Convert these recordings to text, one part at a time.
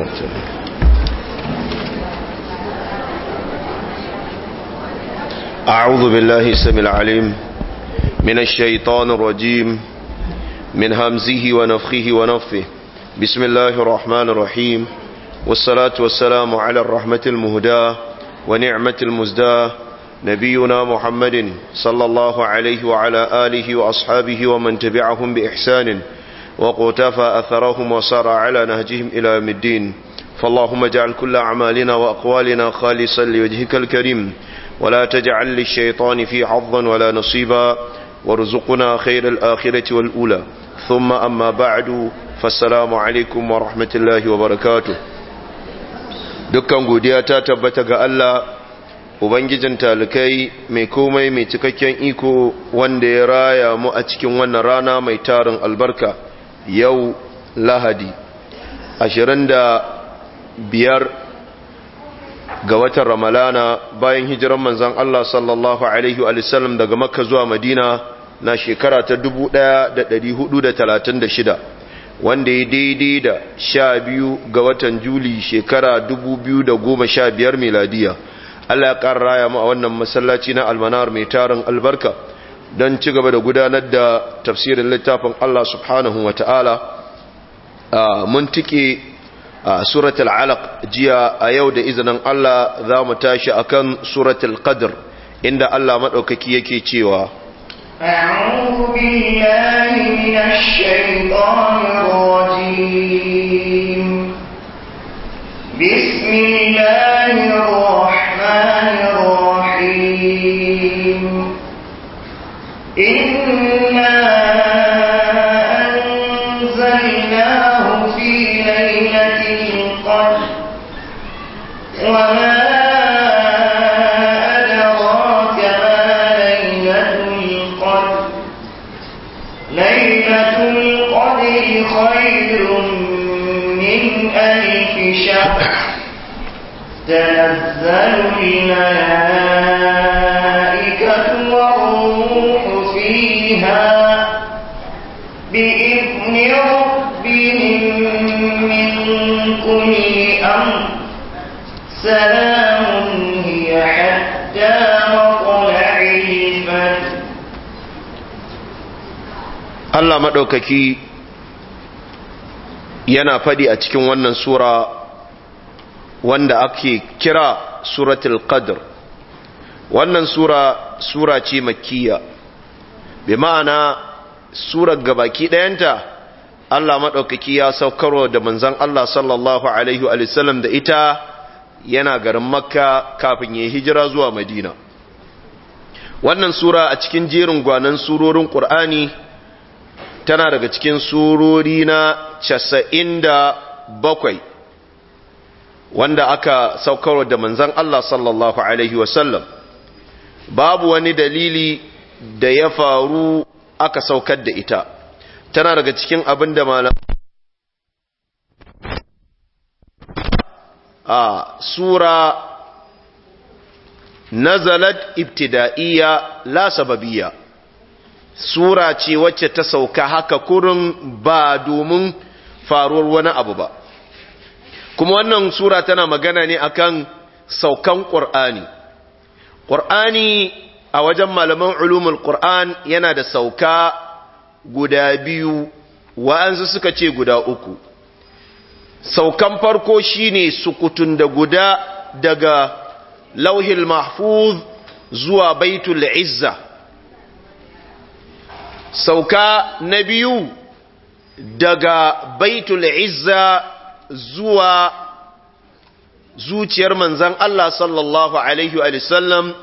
وارتقي أعوذ بالله السميع العليم من الشيطان الرجيم من همزه ونفخه ونفه بسم الله الرحمن الرحيم والصلاة والسلام على الرحمة المهداة ونعمة المزداة نبينا محمد صلى الله عليه وعلى آله وأصحابه ومن تبعهم بإحسان وقتفى أثرهم وصار على نهجهم إلى يوم الدين فاللهم اجعل كل أعمالنا وأقوالنا خالصا لوجهك الكريم ولا تجعل للشيطان في حظا ولا نصيبا وارزقنا خير الآخرة والأولى ثم أما بعد فالسلام عليكم ورحمة الله وبركاته dukkan godiya ta tabbata ga Allah ubangijin talikai mai komai mai cikakken iko wanda ya raya mu a cikin wannan rana mai tarin albarka yau lahadi biyar ga watan ramalana bayan hijiran manzan Allah sallallahu Alaihi wasallam daga makka zuwa madina na shekara ta da da shida. wanda ya daidai da 12 ga watan juli shekara da goma 2015 miladiya Allah ya ƙara raya mu a wannan masallaci na almanar mai tarin albarka don ci gaba da gudanar da tafsirin littafin Allah subhanahu wa ta'ala mun tike suratul alaq jiya a yau da izinin Allah za mu tashi kan suratul qadr inda Allah maɗaukaki yake cewa أعوذ بالله من الشيطان الرجيم تنزل الملائكة والروح فيها بإذن ربهم من كل أمر سلام هي حتى مطلع الفجر الله مدوككي yana faɗi a cikin wannan sura wanda ake kira suratul qadr wannan sura sura ce makkiya bi ma'ana surar gabaki ɗayanta Allah maɗaukaki ya saukarwa da manzon Allah sallallahu alaihi wa sallam da ita yana garin makka kafin ya hijira zuwa madina wannan sura a cikin jerin gwanan surorin qur'ani tana daga cikin surori na casa'in da bakwai wanda aka saukarwa da manzan Allah sallallahu Alaihi wasallam babu wani dalili da ya faru aka saukar da ita tana daga cikin abinda malam a sura nazalat ibtida'iyya la sababiyya sura ce wacce ta sauka haka kurin ba domin faruwar wani abu ba kuma wannan sura tana magana ne akan saukan ƙur'ani ƙur'ani a wajen malaman ulumul ƙur'an yana da sauka guda biyu wa'ansu suka ce guda uku saukan farko shine sukutun da guda daga lauhil mahfuz zuwa baitul izza sauka na biyu daga baitul izza zuwa zuciyar manzan Allah sallallahu Alaihi wasallam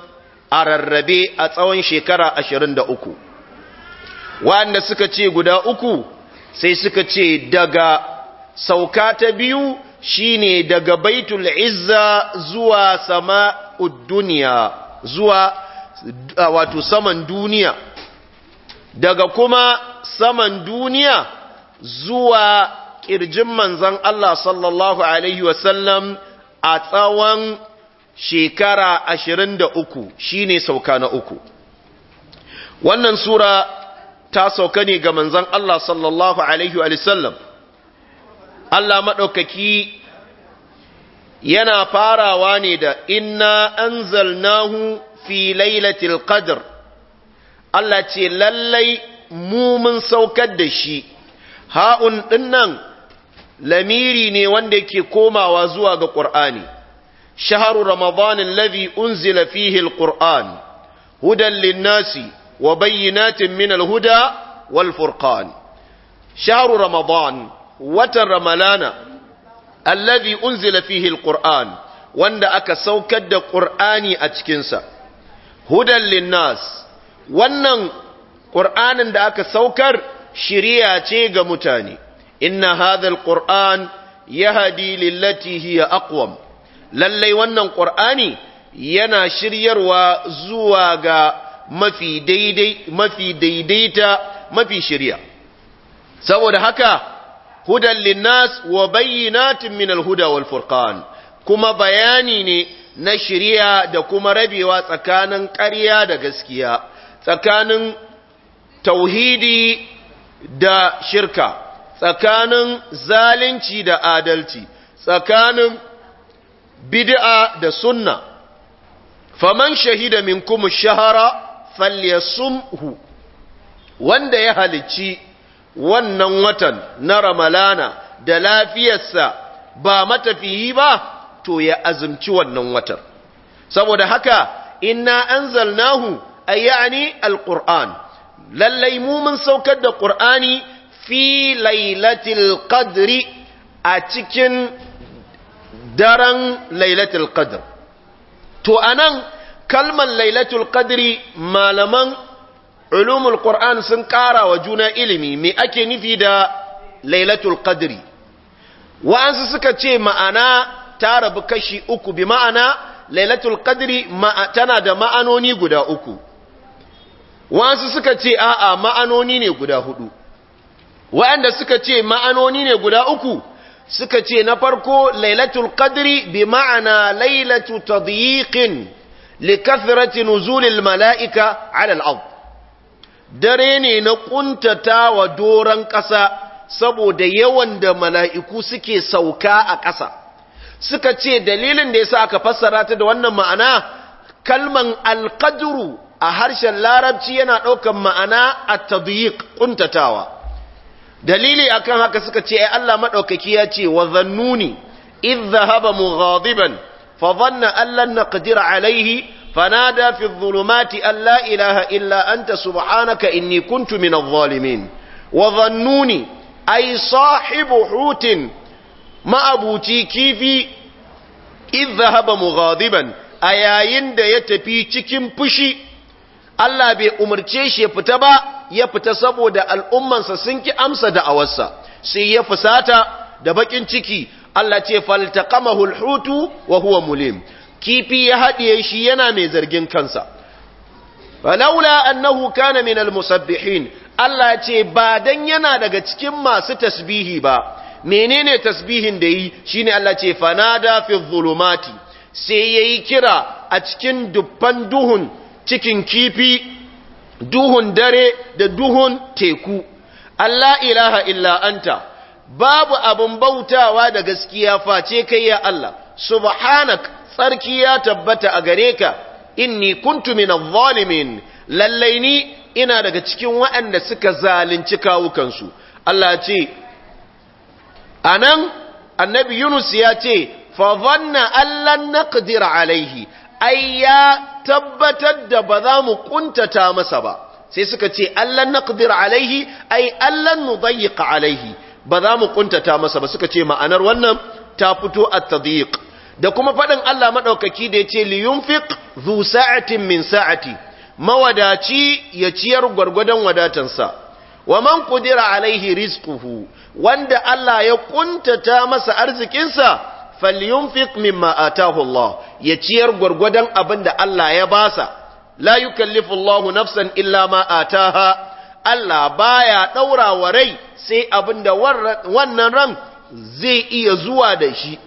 a rarrabe a tsawon shekara ashirin da uku. Wanda suka ce guda uku sai suka ce daga sauka ta biyu shine daga baitul izza zuwa sama duniya zuwa wato saman duniya daga kuma saman duniya zuwa ƙirjin manzan Allah sallallahu Alaihi wasallam a tsawon shekara ashirin da uku shi ne sauka na uku. Wannan Sura ta sauka ne ga manzan Allah sallallahu Alaihi wasallam. Allah maɗaukaki yana farawa ne da inna anzalnahu fi lailatul qadr Allah ce lallai mu mun saukar da shi ha'un dinnan lamiri ne wanda ke komawa zuwa ga ƙur'ani shaharu ramadanin lazi unzila fihi alƙur'an hudan linnasi wa bayyanatin minal huda, wal furqan shaharu ramadan watan ramalana allazi unzila fihi alƙur'an wanda aka saukar da ƙur'ani a cikinsa hudan linnas wannan ƙur'anin da aka saukar shiriya ce ga mutane inna hadhal qur'an yahdi lillati hiya aqwam lallai wannan qur'ani yana shiryarwa zuwa ga mafi daidai mafi daidaita mafi shirya saboda haka hudan linnas wa bayyinatin min alhuda wal furqan kuma bayani ne na shirya da kuma rabewa tsakanin ƙarya da gaskiya tsakanin tauhidi da shirka tsakanin zalunci da adalci tsakanin bid'a da sunna faman shahida minkum shahara falyasumhu wanda ya halicci wannan watan na ramalana da lafiyarsa ba matafiyi ba to ya azumci wannan watan saboda haka inna anzalnahu ayani alquran lallai mu mun saukar da qur'ani fi lailatul qadri a cikin daren lailatul qadr to anan kalman lailatul qadri malaman ulumul qur'an sun ƙara wa juna ilimi me ake nufi da lailatul qadri wa'ansu suka ce ma'ana ta rabu kashi uku bi ma'ana lailatul qadri tana da ma'anoni guda uku wasu suka ce a'a ma'anoni ne guda hudu waɗanda suka ce ma'anoni ne guda uku suka ce na farko lailatul qadri bi ma'ana lailatu tadyiqin li kathrati nuzulil mala'ika 'ala al-ard dare ne na kuntata wa doran ƙasa saboda yawan da mala'iku suke sauka a ƙasa suka ce dalilin da yasa aka fassara ta da wannan ma'ana kalman al-qadru a harshen larabci yana ɗaukan ma'ana at-tadyiq kuntatawa dalili akan haka suka ce ai Allah madaukaki ya ce wa zannuni idh dhahaba mughadiban fa dhanna an lan naqdir alayhi fanada fi dhulumati an la ilaha illa anta subhanaka inni kuntu min adh-dhalimin wa zannuni ay sahibu hutin ma'abuci kifi idh dhahaba mughadiban a yayin da ya tafi cikin fushi Allah bai umarce shi ya fita ba ya fita saboda al'ummansa sun ki amsa da awarsa sai ya fusata da bakin ciki Allah ce faltaqamahu hulhutu, wa huwa mulim kifi ya haɗiye shi yana mai zargin kansa falaula annahu kana min musabbihin Allah ce ba dan yana daga cikin masu tasbihi ba menene tasbihin da yi shine Allah ce fanada fi dhulumati sai yayi kira a cikin dubban duhun cikin kifi duhun dare da duhun teku Allah ilaha illa anta babu abin bautawa da gaskiya face kai ya Allah subhanak tsarki ya tabbata a gare ka inni kuntu minadh zalimin lallai ni ina daga cikin waɗanda suka zalunci kawukansu Allah ce anan annabi Yunus ya ce fa dhanna lan naqdir alaihi ayya tabbatar da ba za mu kuntata masa ba sai suka ce allan naqdir alaihi ai allan nudayyiq alaihi ba za mu kuntata masa ba suka ce ma'anar wannan ta fito at-tadyiq da kuma fadin Allah madaukaki da yace li yunfiq zu sa'atin min sa'ati mawadaci ya ciyar gwargwadon wadatansa wa man ƙudira alaihi rizquhu wanda Allah ya kuntata masa arzikinsa falyunfiq mimma atahu Allah ya ciyar gurgurdan abinda Allah ya basa la yukallifu Allah nafsan illa ma ataha Allah baya daura wa rai sai abin da wannan ran zai iya zuwa da shi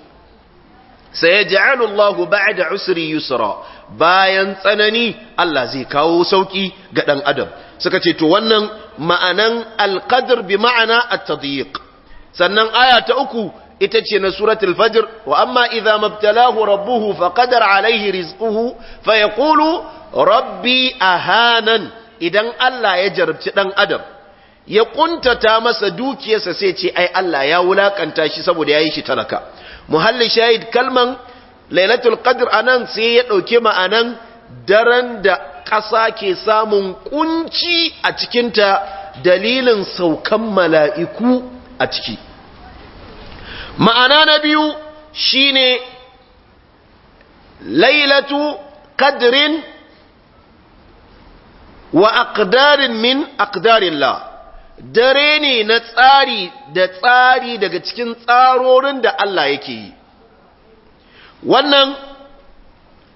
sayaj'alu Allah ba'da usri yusra bayan tsanani Allah zai kawo sauki ga dan adam suka ce to wannan ma'anan alqadr bi ma'ana at-tadyiq sannan aya ta uku ita ce na suratul fajr wa amma idza mabtalahu rabbuhu faqadara alaihi rizquhu fayaqulu rabbi ahanan idan Allah ya jarabci dan adam ya kuntata masa dukiyarsa sai ce ai Allah ya wulakanta shi saboda yayi shi talaka muhalli shahid kalman lailatul qadr anan sai ya dauke ma'anan daren da ƙasa ke samun kunci a cikinta dalilin saukan mala'iku a ciki ma'ana na biyu shine lailatu qadrin wa aqdarin min aqdarillah dare ne na tsari da tsari daga cikin tsarorin da Allah yake yi wannan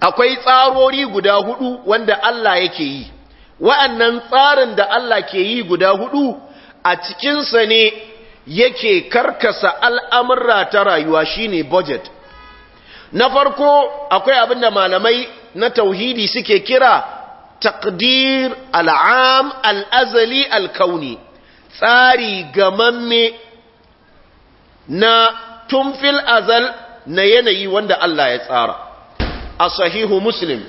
akwai tsarori guda hudu wanda Allah yake yi wa'annan tsarin da Allah ke yi guda hudu a cikinsa ne yake karkasa al'amurra ta rayuwa shine budget na farko akwai abin da malamai na tauhidi suke kira takdir al'am al'azali alkauni tsari gamanme na tumfil azal na yanayi wanda Allah ya tsara a sahihu muslim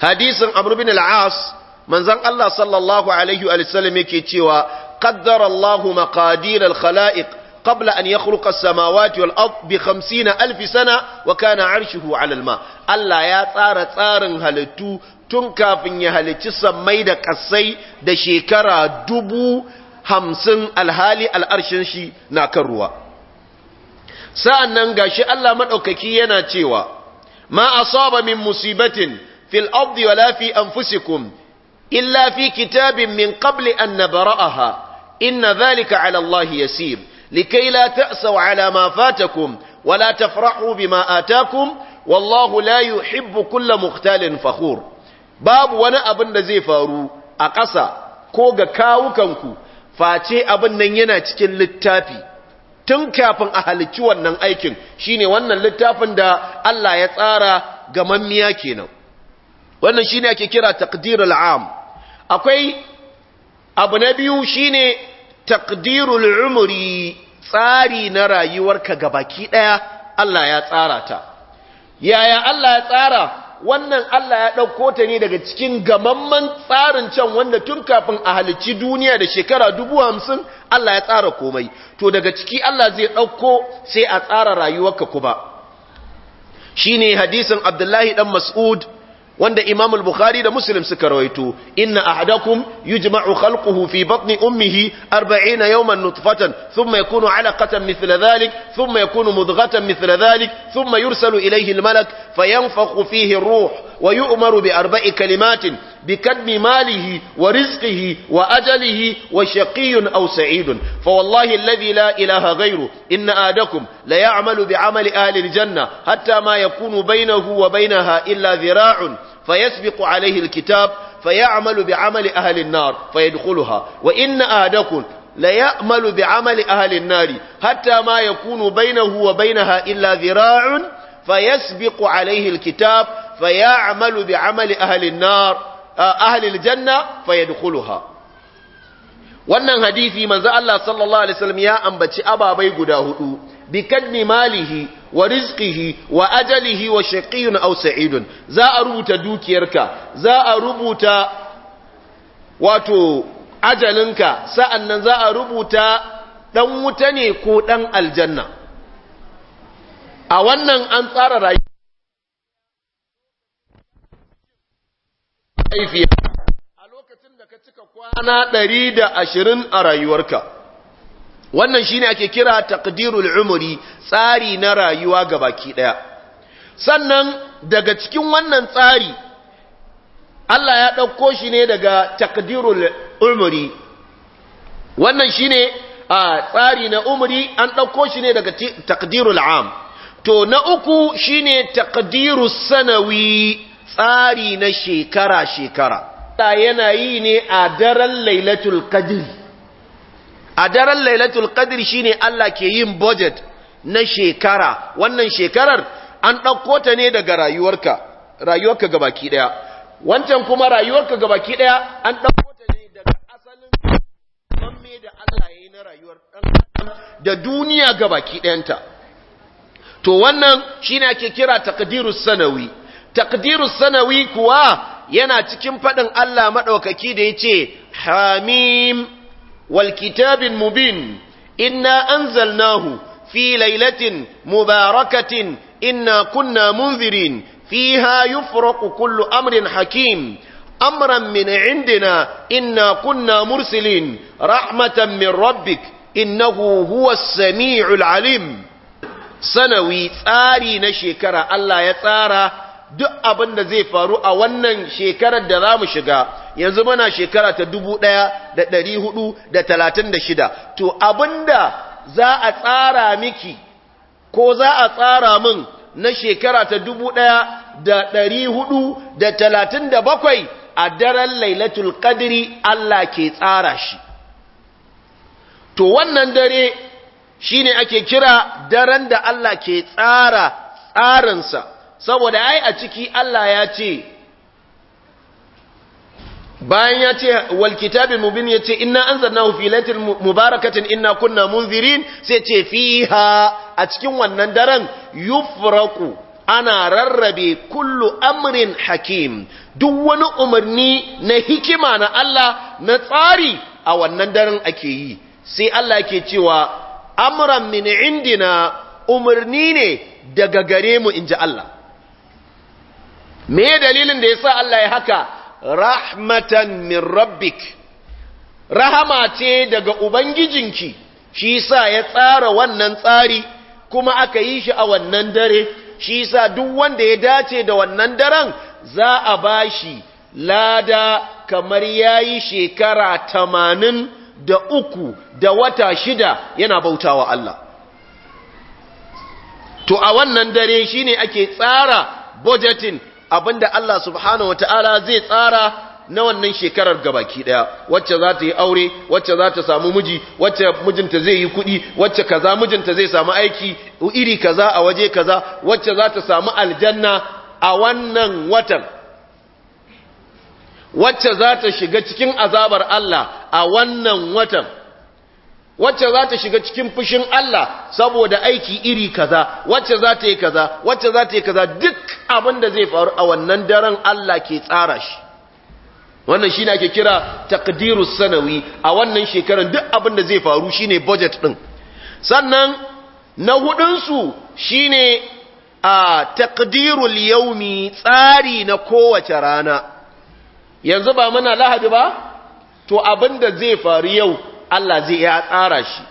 hadisin abubuwan al'as manzan Allah sallallahu Alaihi wasallam yake cewa قدر الله مقادير الخلائق قبل أن يخلق السماوات والأرض بخمسين ألف سنة وكان عرشه على الماء ألا يا تار تار هلتو تنكاف يهلت السميد قصي دشيكرا دبو همسن الهالي الأرشنشي ناكروا sa'annan gashi Allah madaukaki yana cewa ma asaba min musibatin fil ardi wala fi anfusikum illa fi kitabin min qabli an nabra'aha inna zalika ala Allah yasir likai la ta'sau ala ma fatakum wa la tafrahu bima atakum wallahu la yuhibbu kulla mukhtalin fakhur babu wani abin da zai faru a ƙasa ko ga kawukanku face abin nan yana cikin littafi tun kafin a halicci wannan aikin shine wannan littafin da Allah ya tsara ga mammiya kenan wannan shine ake kira taqdirul am akwai abu na biyu shi ne takdirul umuri tsari na rayuwarka gabaki ɗaya Allah ya tsara ta yaya Allah ya tsara wannan Allah ya ɗauko ta ne daga cikin gamamman tsarin can wanda tun kafin a halicci duniya da shekara dubu hamsin Allah ya tsara komai to daga ciki Allah zai ɗauko sai a tsara rayuwarka kuma shi ne hadisin abdullahi ɗan mas'ud wanda Imam al-Bukhari da Muslim suka rawaito inna ahadakum yujma'u khalquhu fi batni ummihi 40 yawman nutfatan thumma yakunu 'alaqatan mithla dhalik thumma yakunu mudghatan mithla dhalik thumma yursalu ilayhi al-malak fayanfakhu fihi ar-ruh wa yu'maru bi arba'i kalimatin بكدم ماله ورزقه وأجله وشقي أو سعيد فوالله الذي لا إله غيره إن آدكم ليعمل بعمل أهل الجنة حتى ما يكون بينه وبينها إلا ذراع فيسبق عليه الكتاب فيعمل بعمل أهل النار فيدخلها وإن آدكم ليأمل بعمل أهل النار حتى ما يكون بينه وبينها إلا ذراع فيسبق عليه الكتاب فيعمل بعمل أهل النار ahlil janna fayadkhuluha wannan hadisi manzo Allah sallallahu alaihi wasallam ya ambaci ababai guda hudu bi kadmi malihi wa rizqihi wa ajalihi wa shaqiyyun aw sa'idun za a rubuta dukiyarka za a rubuta wato ajalinka sa'annan za a rubuta dan wuta ne ko dan aljanna a wannan an tsara rayuwa mahaifiya a lokacin da ka cika kwana ɗari da ashirin a rayuwarka wannan shine ake kira taƙadirul umri tsari na rayuwa gabaki ɗaya sannan daga cikin wannan tsari Allah ya ɗauko shi ne daga taƙadirul umri wannan shine a tsari na umri an ɗauko shi ne daga taƙadirul am to na uku shi ne taqdirus sanawi tsari na shekara-shekara ta yana yi ne a daren lailatul qadr a daren lailatul qadr shine Allah ke yin budget na shekara wannan shekarar an ɗauko ta ne daga rayuwarka rayuwarka gabaki ɗaya wancan kuma rayuwarka gabaki ɗaya an ɗauko ta ne daga asalin mamme da Allah ya yi na rayuwar da duniya gabaki ɗayanta to wannan shine ake kira taqdirus sanawi taqdiru sanawi kuwa yana cikin faɗin Allah maɗaukaki da yace hamim wal kitabin mubin inna anzalnahu fi lailatin mubarakatin inna kunna munzirin fiha yufraqu kullu amrin hakim amran أمرا inna kunna mursilin rahmatan min rabbik innahu huwa sami'ul alim sanawi tsari na shekara allah ya tsara duk abin da zai faru a wannan shekarar da za mu shiga yanzu mana shekara ta dubu ɗaya da ɗari hudu da talatin da shida to abin da za a tsara miki ko za a tsara min na shekara ta dubu ɗaya da ɗari hudu da talatin da bakwai a daren lailatul ƙadiri Allah ke tsara shi to wannan dare shi ake kira daren da Allah ke tsara tsarinsa saboda ai a ciki Allah ya ce bayan ya ce wal kitabil mubin ya ce inna anzalnahu fi lailatin mubarakatin inna kunna munzirin sai ce fiha a cikin wannan daren yufraqu ana rarrabe kullu amrin hakim duk wani umarni na hikima na Allah na tsari a wannan daren ake yi sai Allah ke cewa amran min indina umarni ne daga gare mu ji Allah me dalilin da ya sa Allah ya haka rahmatan min rabbik rahama ce daga ubangijinki shi yasa ya tsara wannan tsari kuma aka yi shi a wannan dare shi yasa duk wanda ya dace da wannan daren za a bashi lada kamar yayi shekara tamanin da uku da wata shida yana bautawa Allah to a wannan dare shine ake tsara budgeting Abin da Allah subhanahu wataala zai tsara na wannan shekarar gabaki daya wacce za ta yi aure wacce za ta samu miji wacce mijinta zai yi kudi wacce kaza mijinta zai samu aiki iri kaza a waje kaza wacce za ta samu aljanna a wannan watan wacce za ta shiga cikin azabar Allah a wannan watan wacce za ta shiga cikin fushin Allah saboda aiki iri kaza wacce za ta yi kaza wacce za ta yi kaza duk abin da zai faru a wannan daren Allah ke tsara shi wannan shine ake kira takdiru sanawi a wannan shekarar duk abin da zai faru shine budget din sannan na hudun su shine a taqdirul yawmi tsari na kowace rana yanzu ba muna lahadi ba to abin da zai faru yau Allah zai ya tsara shi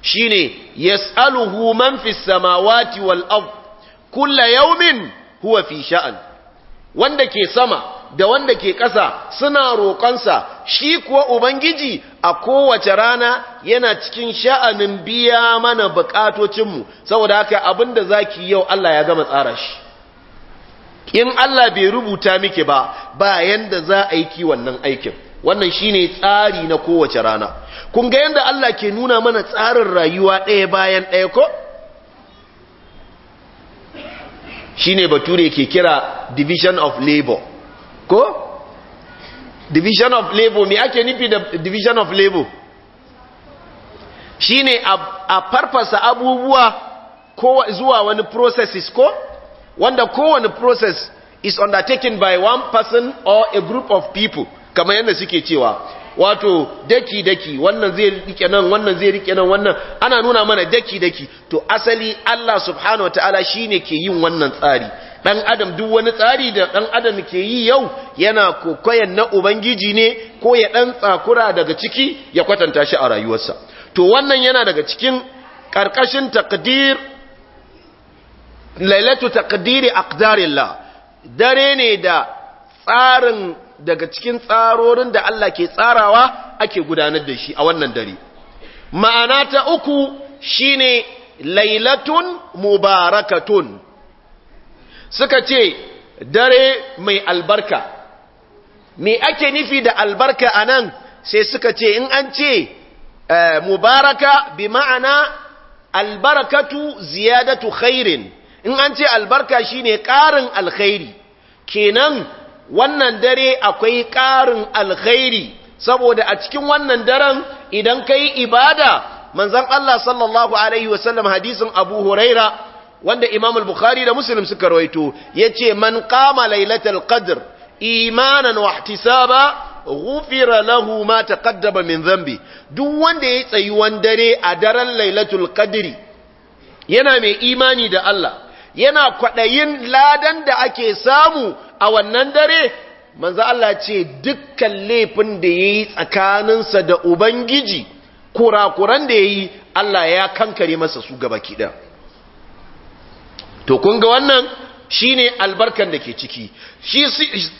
shine yas'aluhu man fis samawati wal ard kullu yawmin huwa fi sha'an wanda ke sama da wanda ke ƙasa suna roƙonsa shi kuwa ubangiji a kowace rana yana cikin sha'anin biya mana buƙatocinmu saboda haka abinda zaki yau Allah ya gama tsara shi in Allah bai rubuta miki ba bayan da za a yi kiwon nan aikin wannan shine tsari na kowace rana kun ga yadda Allah ke nuna mana tsarin rayuwa ɗaya bayan ɗaya ko shine bature ke kira division of labor ko division of labor me ake nufi da division of labor shine a farfasa abubuwa zuwa wani processes ko wanda kowane process is undertaken by one person or a group of people kamar yadda suke cewa wato daki daki wannan zai rike nan wannan zai rike nan wannan ana nuna mana daki daki to asali Allah subhanahu wataala shine ke yin wannan tsari dan adam duk wani tsari da dan adam ke yi yau yana kokoyen na ubangiji ne ko ya dan tsakura daga ciki ya kwatanta shi a rayuwarsa to wannan yana daga cikin karkashin taqdir lailatu taqdiri aqdarillah dare ne da tsarin daga cikin tsarorin da Allah ke tsarawa ake gudanar da shi a wannan dare ma'ana ta uku shine lailatun mubarakatun suka ce dare mai albarka me ake nufi da albarka anan sai suka ce in an ce eh, mubaraka bi ma'ana albarakatu ziyadatu khairin in an ce albarka shine ƙarin alkhairi kenan wannan dare akwai ƙarin alkhairi saboda a cikin wannan daren idan ka yi ibada manzan Allah sallallahu Alaihi wasallam hadisin abu huraira wanda imam al-bukhari da muslim suka rawaito ya ce man kama lailatul qadr imanan wa ihtisaba ghufira lahu ma taqaddama min dhanbi duk wanda ya tsayuwan dare a daren lailatul qadri yana mai imani da Allah yana kwaɗayin ladan da ake samu a wannan dare manzo Allah ce dukkan laifin da yayi tsakaninsa da ubangiji kurakuran da yayi Allah ya kankare masa su gaba kida to kun ga wannan shine albarkan da ke ciki shi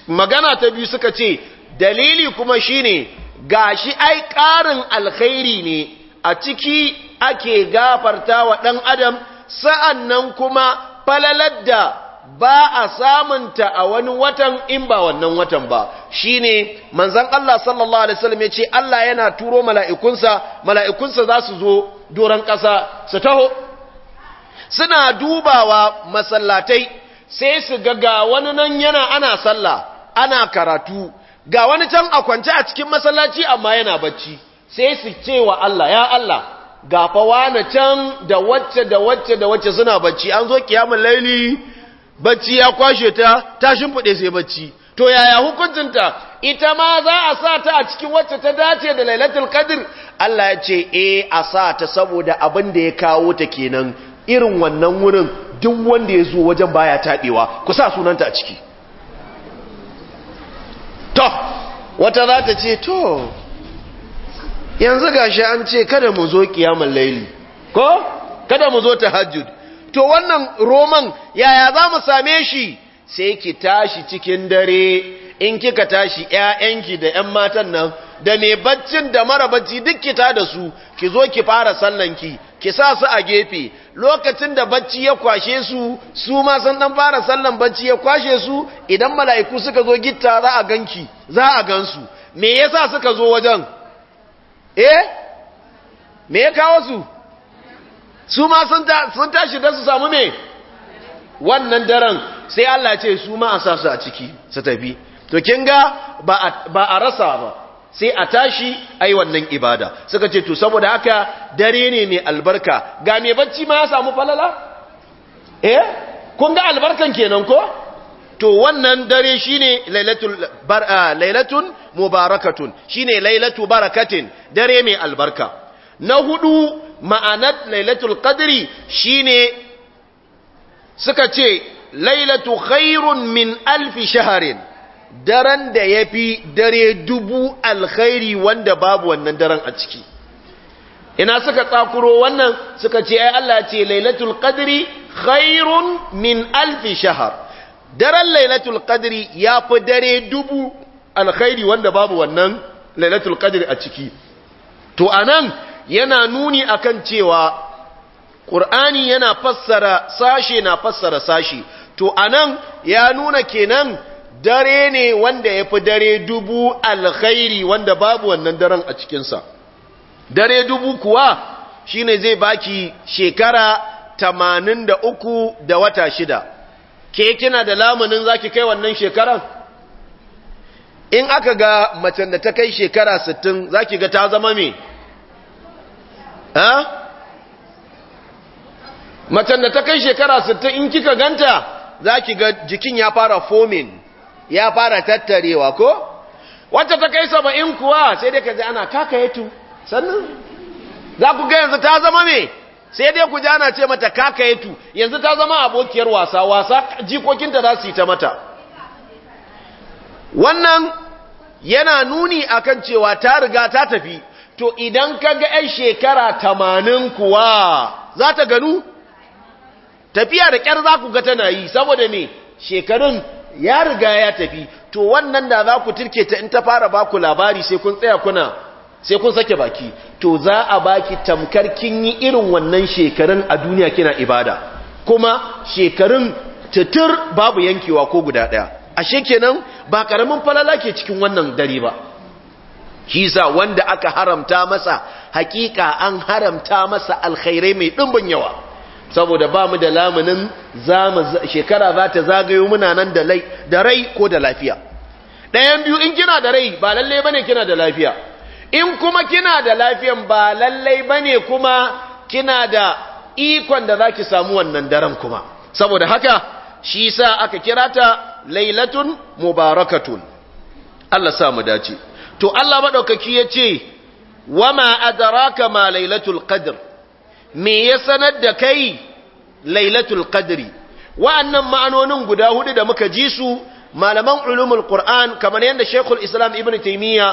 magana ta biyu suka ce dalili kuma shine gashi ai ƙarin alkhairi ne a ciki ake gafarta wa ɗan adam sa'an nan kuma falalar da ba a samunta a wani watan in ba wannan watan ba shine manzon Allah sallallahu alaihi wasallam yace Allah yana turo mala'ikunsa mala'ikunsa za su zo doran ƙasa su taho suna dubawa masallatai sai su ga ga wani nan yana ana sallah ana karatu ga wani can a kwance a cikin masallaci amma yana bacci sai su cewa Allah ya Allah gafawa na can da wacce da wacce da wacce suna bacci an zo kiyamun laili bacci ya kwashe ta ta shimfiɗe sai bacci to yaya hukuncinta ita ma za a sa ta a cikin wacce ta dace da lailatul qadr Allah ya ce eh a sa ta saboda abin da ya kawo ta kenan irin wannan wurin duk wanda ya zo wajen baya taɗewa ku sa sunanta a ciki to wata za ta ce to yanzu gashi an ce kada mu zo kiyamar laili ko kada mu zo tahajjud to wannan roman yaya za mu same shi sai ki tashi cikin dare in kika tashi ƴaƴanki da ƴan matan nan da mai baccin da mara bacci duk ta da su ki zo ki fara sallanki ki sa su a gefe lokacin da bacci ya kwashe su su ma san dan fara sallan bacci ya kwashe su idan mala'iku suka zo gitta za a ganki za a gansu me yasa suka zo wajen eh me ya kawo su su ma sun tashi da su samu me wannan daren sai Allah ce su ma a sa su a ciki su tafi to kin ga ba a rasa ba sai a tashi ai wannan ibada suka ce to saboda haka dare ne mai albarka ga mai bacci ma ya samu falala eh kun ga albarkan kenan ko to wannan dare shine lailatul ah, lailatun mubarakatun shine lailatu barakatin dare mai albarka na hudu ma'anar lailatul qadri shine suka ce lailatu khairun min alfi shaharin daren da ya fi dare dubu alkhairi wanda babu wannan daren a ciki ina suka tsakuro wannan suka ce ai Allah ce lailatul qadri khairun min alfi shahar daren lailatul qadri ya fi dare dubu alkhairi wanda babu wannan lailatul qadri a ciki to anan yana nuni akan cewa ƙur'ani yana fassara sashe na fassara sashe to anan ya nuna kenan dare ne wanda ya fi dare dubu alkhairi wanda babu wannan daren a cikinsa dare dubu kuwa shine zai baki shekara tamanin da uku da wata shida ke kina da lamunin zaki kai wannan shekaran in aka ga macen da ta kai shekara 60 zaki ga ta zama me ha macen da ta kai shekara 60 in kika ganta zaki ga jikin ya fara fomin, ya fara tattarewa ko wacce ta kai 70 kuwa sai dai kaje ana kakayetu sannan za ku ga yanzu ta zama me sai dai ku jana ce mata kakayatu yanzu ta zama abokiyar wasa wasa jikokinta za su yi ta mata wannan yana nuni akan cewa ta riga ta tafi to idan ka ga 'yan shekara tamanin kuwa za ta ganu tafiya da ƙyar za ku ga tana yi saboda ne shekarun ya riga ya tafi to wannan da za ku turke ta in ta fara ba ku labari sai kun tsaya kuna sai kun sake baki to za a baki tamkar kin yi irin wannan shekarun a duniya kina ibada kuma shekarun titir babu yankewa ko guda daya ashe kenan ba karamin falala ke cikin wannan dare ba kisa wanda aka haramta masa hakika an haramta masa alkhairai mai dimbin yawa saboda ba mu da lamunin shekara za ta zagayo muna nan da rai ko da lafiya ɗayan biyu in kina da rai ba lalle bane kina da lafiya in kuma kina da lafiyan ba lallai bane kuma kina da ikon da zaki samu wannan daren kuma saboda haka shi sa aka kira ta lailatun mubarakatun Allah sa mu dace to Allah madaukaki yace wama adraka ma lailatul qadr me ya sanar da kai lailatul qadri wa'annan ma'anonin guda hudu da muka ji su malaman ulumul qur'an kamar yanda shaykhul islam ibnu taymiya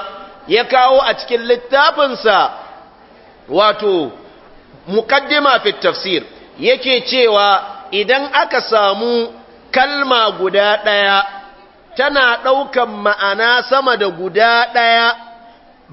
ya kawo a cikin littafinsa wato mukaddima fi tafsir yake cewa idan aka samu kalma guda ɗaya tana ɗaukan ma'ana sama da guda ɗaya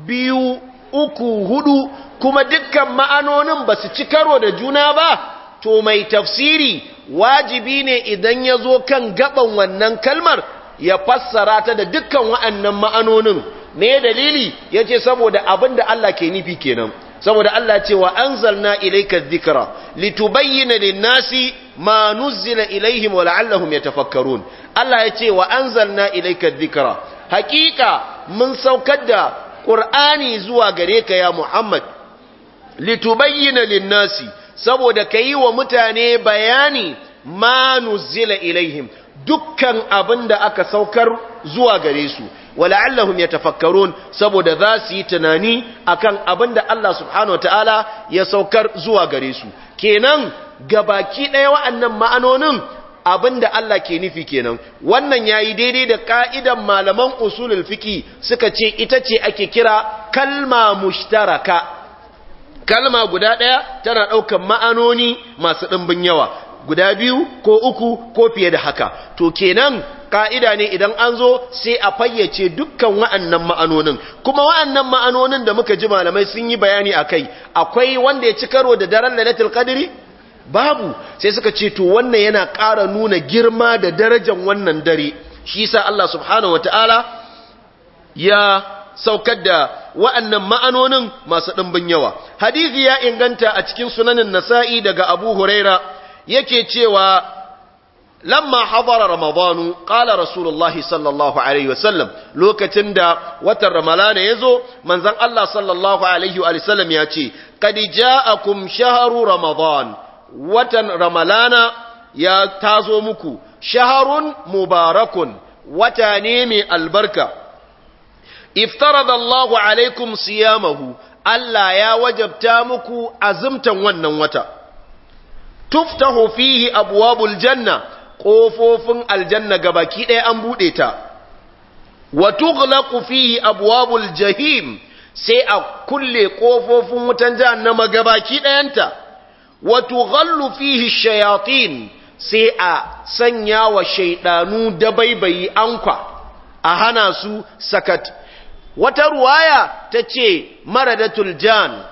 biyu uku hudu kuma dukkan ma'anonin ba su ci karo da juna ba to mai tafsiri wajibi ne idan ya zo kan gaban wannan kalmar ya fassara ta da dukkan wa'annan ma'anonin me dalili Ya ce saboda abinda Allah ke nufi kenan saboda Allah ce wa anzalna ilayka dhikra litubayyana lin-nasi ma nuzila ilaihim wa la'allahum yatafakkarun Allah yace wa anzalna ilayka dhikra haqiqa mun saukar da Qur'ani zuwa gare ka ya Muhammad litubayyana lin-nasi saboda yi wa mutane bayani ma nuzila ilaihim dukkan abin da aka saukar zuwa gare su wala'allahum tafakkarun saboda za su yi tunani akan abin da Allah subhanahu wa ta'ala ya saukar zuwa gare su kenan baki ɗaya wa'annan ma'anonin abin da Allah ke nufi kenan wannan ya yi daidai da ka'idan malaman usulul fiki suka ce ita ce ake kira kalma mushtaraka kalma guda ɗaya tana ɗaukan ma'anoni masu ɗimbin yawa guda biyu ko uku ko fiye da haka to kenan ka'ida ne idan an zo sai a fayyace dukkan wa'annan ma'anonin kuma wa'annan ma'anonin da muka ji malamai sun yi bayani akai akwai wanda ya ci karo da daren lailatul qadri babu sai suka ce to wannan yana ƙara nuna girma da darajar wannan dare shi sa Allah subhanahu wataala ya saukar da wa'annan ma'anonin masu ɗimbin yawa hadisi ya inganta a cikin sunanin nasa'i daga abu huraira yake cewa lamma hadara ramadanu qala rasulullahi sallallahu alaihi wasallam lokacin da watan ramalana yazo manzon Allah sallallahu alaihi sallam ya ce qad ja'akum shahru ramadan watan ramalana ya tazo muku shaharun mubarakun wata ne mai albarka iftarada Allahu alaikum siyamahu Allah ya wajabta muku azumtan wannan wata tuftahu fihi abwabul janna kofofin aljanna gabaki ɗaya an buɗe ta wa tughlaqu fihi abwabul jahim sai a kulle kofofin wutan jahannama gabaki ɗayanta wa tughallu fihi shayatin sai a sanya wa da dabaibayi ankwa a hana su sakat wata ruwaya tace ce maradatul jan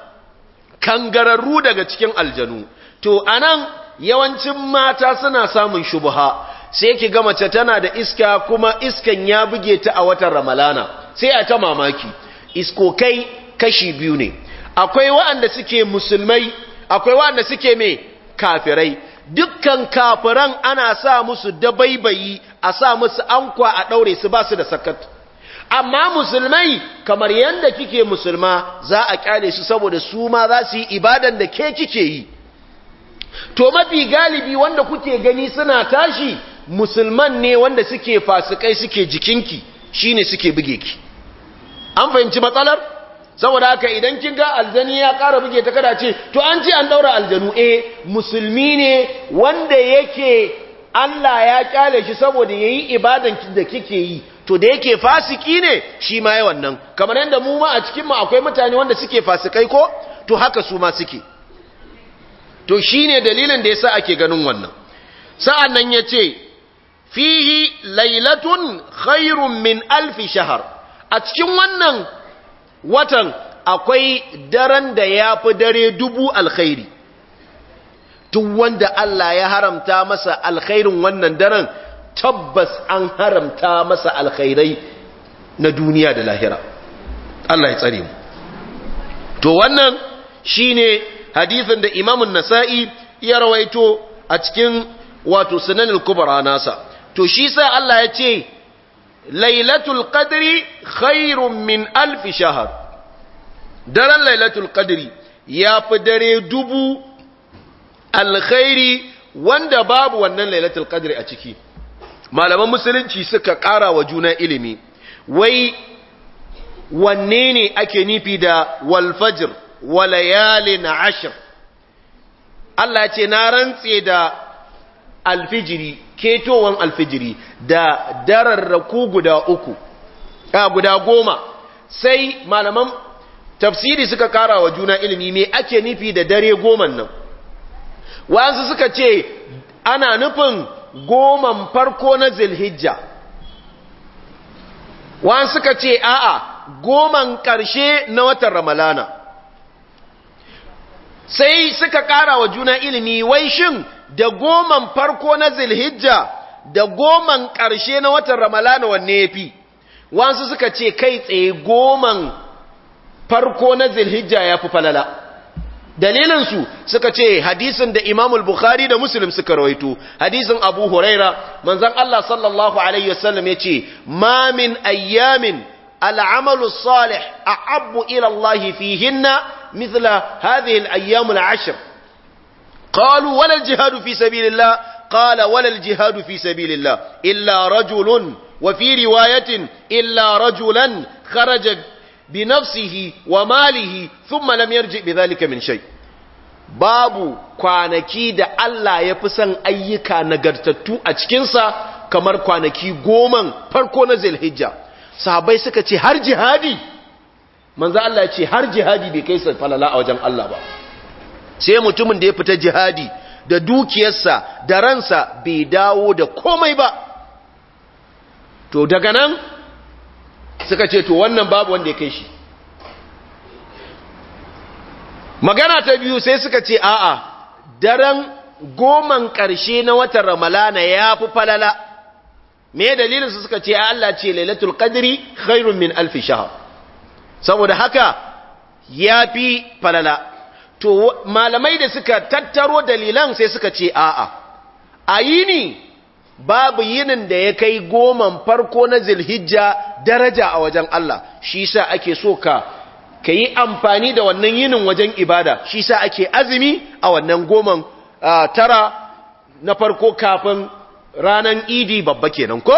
kangararru daga cikin aljanu to anan yawancin mata suna samun shubha sai ki ga mace tana da iska kuma iskan ya buge ta a watan ramalana sai a ta mamaki Isko kai kashi biyu ne akwai waɗanda suke musulmai akwai waɗanda suke me kafirai dukkan kafiran ana sa musu dabaibayi a sa musu ankwa a ɗaure su ba su da sakat amma musulmai kamar yadda kike musulma za a kyale su saboda su ma za su yi ibadan da ke kike yi to mafi galibi wanda kuke gani suna tashi musulman ne wanda suke fasikai suke jikinki shine suke buge ki an fahimci matsalar saboda haka idan kin ga aljani ya ƙara buge ta kada ce to an ce an daura aljanu eh musulmi ne wanda yake Allah ya kyale shi saboda yayi ibadan da kike yi to da yake fasiki ne shi ma yawan nan kamar yadda mu ma a cikin mu akwai mutane wanda suke fasikai ko to haka su ma suke to shine dalilin da yasa ake ganin wannan sa'an nan ce fihi lailatun khairun min alfi shahar a cikin wannan watan akwai daren da ya fi dare dubu alkhairi duk wanda Allah ya haramta masa alkhairin wannan daren tabbas an haramta masa alkhairai na duniya da lahira Allah ya tsare mu to wannan shine hadisin da imamun nasa'i ya rawaito a cikin wato sunanin kubara nasa to shi sa Allah ya ce lailatul qadri khairun min alfi shahar daren lailatul qadri ya fi dare dubu alkhairi wanda babu wannan lailatul qadri a ciki malaman musulunci suka ƙara wa juna ilimi wai wanne ne ake nifi da walfajir wa layalin ashr Allah ce na rantse da alfijiri ketowan alfijiri da dararraku guda uku a guda goma sai malaman tafsiri suka kara wa juna ilimi me ake nufi da dare goman nan wasu suka ce ana nufin goman farko na zilhijja wasu suka ce a'a goman ƙarshe na watan ramalana sai suka ƙara wa juna ilimi wai shin da goman farko na zilhijja da goman ƙarshe na watan ramalana wanne ya fi wasu suka ce kai tsaye goman farko na zilhijja ya fi falala dalilinsu suka ce hadisin da imamul bukhari da muslim suka rawaito hadisin abu huraira manzan allah sallallahu alaihi wasallam ya ce ma min ayyamin al'amalu salih a abu ilallahi hinna. مثل هذه الأيام العشر قالوا ولا الجهاد في سبيل الله قال ولا الجهاد في سبيل الله إلا رجل وفي رواية إلا رجلا خرج بنفسه وماله ثم لم يرجع بذلك من شيء babu kwanaki da Allah ya fi son ayyuka nagartattu a cikinsa kamar kwanaki goman farko na zilhijja sahabai suka ce har jihadi manzo Allah ya ce har jihadi bai kai sai falala a wajen Allah ba sai mutumin da ya fita jihadi da dukiyarsa da ransa bai dawo da komai ba to daga nan suka ce to wannan babu wanda ya kai shi magana ta biyu sai suka ce a'a daren goman ƙarshe na watan ramalana ya fi falala me dalilinsa suka ce Allah ce lailatul qadri khairun min alfi shahr saboda haka ya fi falala to malamai da suka tattaro dalilan sai suka ce a'a a yini babu yinin da ya kai goman farko na zilhijja daraja a wajen Allah shi sa ake so ka ka yi amfani da wannan yinin wajen ibada shi sa ake azumi a wannan goman tara na farko kafin ranar idi babba kenan ko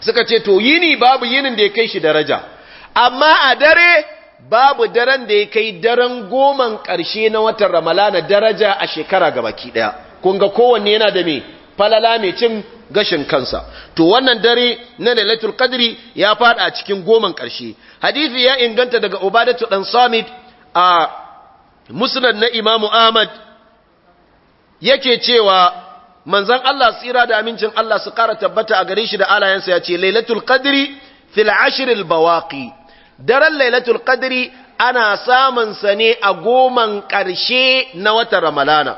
suka ce to yini babu yinin da ya kai shi daraja amma a dare babu daren da ya kai daren goman ƙarshe na watan ramalana daraja a shekara ga baki ɗaya Kunga kowanne yana da me falala mai cin gashin kansa to wannan dare na lailatul qadri ya fada a cikin goman ƙarshe hadisi ya inganta daga ubadatu dan samit a musnad na imamu ahmad yake cewa manzan Allah tsira da amincin Allah su kara tabbata a gare shi da alayensa ya ce lailatul qadri fil ashril bawaqi daren lailatul qadri ana samun sa ne a goman ƙarshe na watan ramalana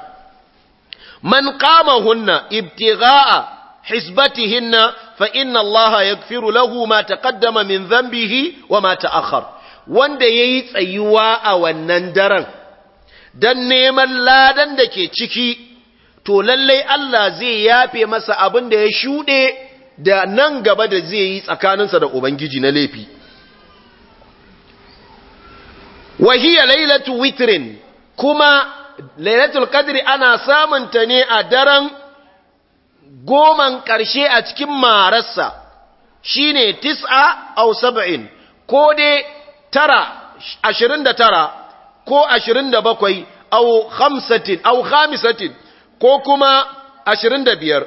man qama hunna ibtiga'a hisbatihinna fa inna allaha firu lahu ma ƙaddama min zambihi wa ma akhar. wanda yayi tsayuwa a wannan daren dan neman ladan da ke ciki to lallai Allah zai yafe masa abin da ya shuɗe da nan gaba da zai yi tsakaninsa da ubangiji na laifi wa hiya lailatu witrin kuma lailatul qadri ana samun ta ne a daren goman karshe a cikin mararsa shine tis'a a sab'in ko dai tara 29 ko 27 au khamsatin au khamisatin ko kuma 25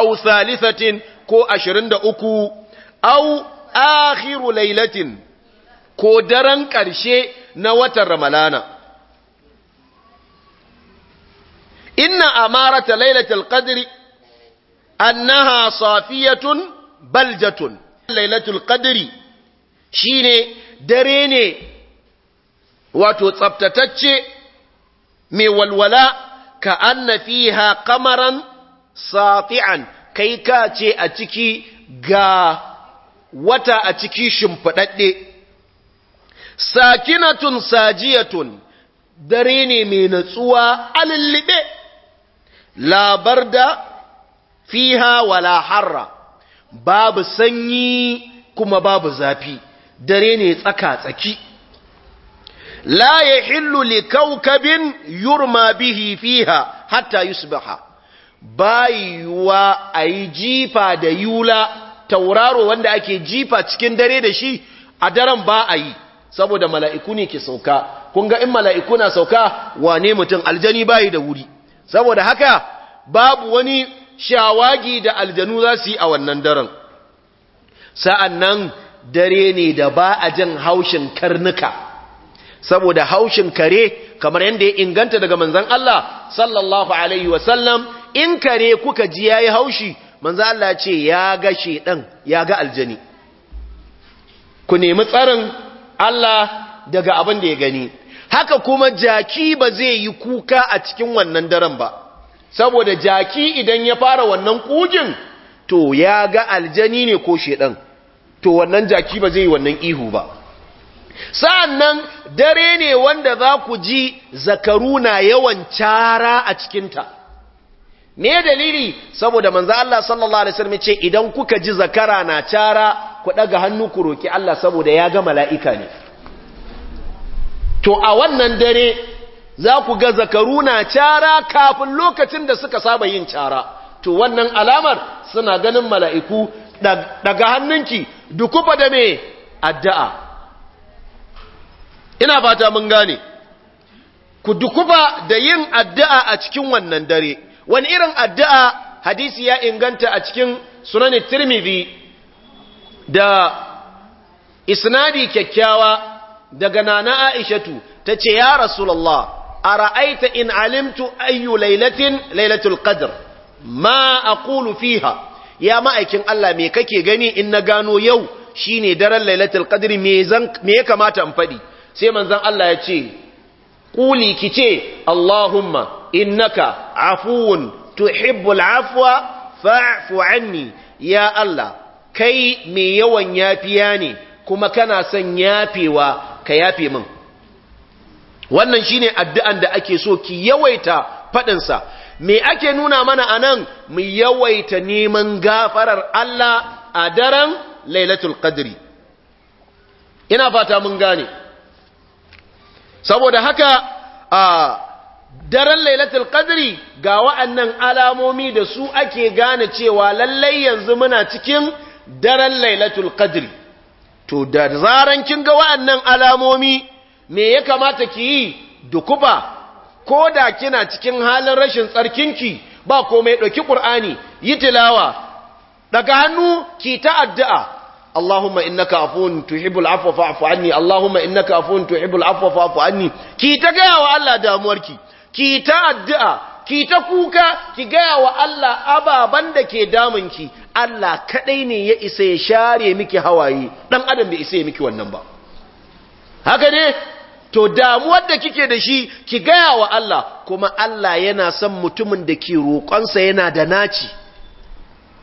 au thalithatin ko 23 au akhiru lailatin ko daren ƙarshe na watan ramalana inna amarata lailatul qadri annaha safiyatun baljatun lailatul qadri shine dare ne wato tsaftatacce mai walwala ka anna fiha safi'an kai ka ce a ciki ga wata a ciki shimfadadde sakinatun sajiyatun dare ne mai natsuwa alillibe labar da fiha wala harra babu sanyi kuma babu zafi dare ne tsaka-tsaki la ya hillu li kaukabin yurma bihi fiha hatta yusbaha bayuwa a yi jifa da yula tauraro wanda ake jifa cikin dare da shi a daren ba a yi saboda mala'iku ne ke sauka kun ga in mala'iku na sauka wane mutum aljani bayi da wuri saboda haka babu wani shawagi da aljanu za su yi a wannan daren sa'an nan, dare ne da ba a jan haushin karnuka saboda haushin kare kamar yadda ya inganta daga manzan Allah sallallahu alaihi wasallam in kare kuka ji ya yi haushi manzan Allah ce ya ga shedan ya ga aljani ku nemi tsarin Allah daga abin da ya gani haka kuma jaki ba zai yi kuka a cikin wannan daren ba saboda jaki idan ya fara wannan kugin to ya ga aljani ne ko shedan to wannan jaki ba zai yi wannan ihu ba sa'annan dare ne wanda za ku ji zakaru na yawan cara a cikinta me dalili saboda manzo Allah sallallahu alaihi wasallam ce idan kuka ji zakara na cara ku daga hannu ku roki Allah saboda ya ga mala'ika ne to a wannan dare za ku ga zakaru na cara kafin lokacin da suka saba yin cara to wannan alamar suna ganin mala'iku daga hannunki dukufa da me addu'a ina fata mun gane ku dukufa da yin addu'a a cikin wannan dare wani irin addu'a hadisi ya inganta a cikin sunan tirmidhi da isnadi kyakkyawa daga nana aishatu ta ce ya rasulallah a ra'aita in alimtu ayyu lailatin lailatul qadr ma aqulu fiha ya ma'aikin Allah me kake gani in na gano yau shine daren lailatul qadr me ya kamata in faɗi? sai manzon Allah ya ce quli kice allahumma innaka afuwun tuhibbul afuwa fa'afu anni ya Allah kai mai yawan yafiya ne kuma kana son yafewa ka yafe min wannan shine addu'an da ake so ki yawaita faɗinsa me ake nuna mana anan mu yawaita neman gafarar Allah a daren lailatul qadri ina fata mun gane saboda haka a daren lailatul qadri ga wa'annan alamomi da su ake gane cewa lallai yanzu muna cikin daren lailatul qadri to da zaran kin ga wa'annan alamomi me ya kamata ki yi dukuba ko da kina cikin halin rashin tsarkinki ba komai ɗauki ƙur'ani yi tilawa daga hannu ki ta addu'a Allahumma innaka afuwun tuhibbul afwa fa'fu anni Allahumma innaka afuwun tuhibbul afwa fa'fu anni ki ta gaya wa Allah damuwarki ki ta addu'a ki ta kuka ki gaya wa Allah ababan da ke damun ki. Allah kaɗai ne ya isa ya share miki hawaye dan adam bai isa ya miki wannan ba haka ne to damuwar da kike da shi ki gaya wa Allah kuma Allah yana son mutumin da ke roƙonsa yana da naci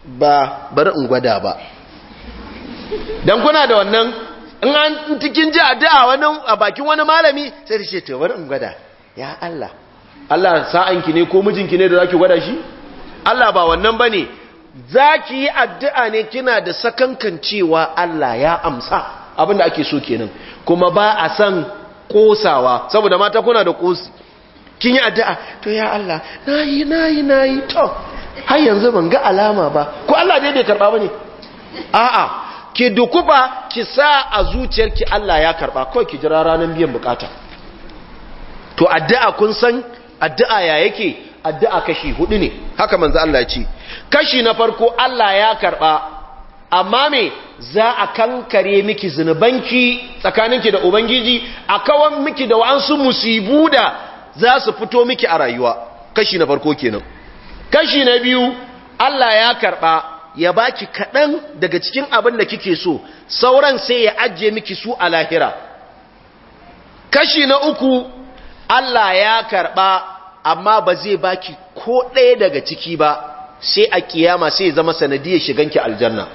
ba bari in gwada ba dan kuna da wannan in an cikin ji addu'a wani a bakin wani malami sai ta ce to bari in gwada ya Allah Allah sa'anki ne ko mijinki ne da zaki gwada shi Allah ba wannan bane zaki yi addu'a ne kina da sakankan cewa Allah ya amsa abinda ake so kenan kuma ba a san kosawa saboda mata kuna da kosi kin yi addu'a to ya Allah nayi nayi nayi to har yanzu ban ga alama ba ko Allah dai bai karba bane a'a ki dukuba ki sa a zuciyarki Allah ya karba kawai ki jira ranar biyan bukata to addu'a kun san addu'a ya yake addu'a kashi hudu ne haka manzo Allah ce kashi na farko Allah ya karɓa amma me za a kankare miki zunubanki tsakaninki da ubangiji a kawan miki da wa'ansu musibu da za su fito miki a rayuwa kashi na farko kenan kashi na biyu Allah ya karɓa ya baki kaɗan daga cikin abin da kike so sauran sai ya ajiye miki su a lahira kashi na uku Allah ya karɓa amma ba zai baki ko ɗaya daga ciki ba sai a kiyama sai ya zama sanadiyar shiganki aljanna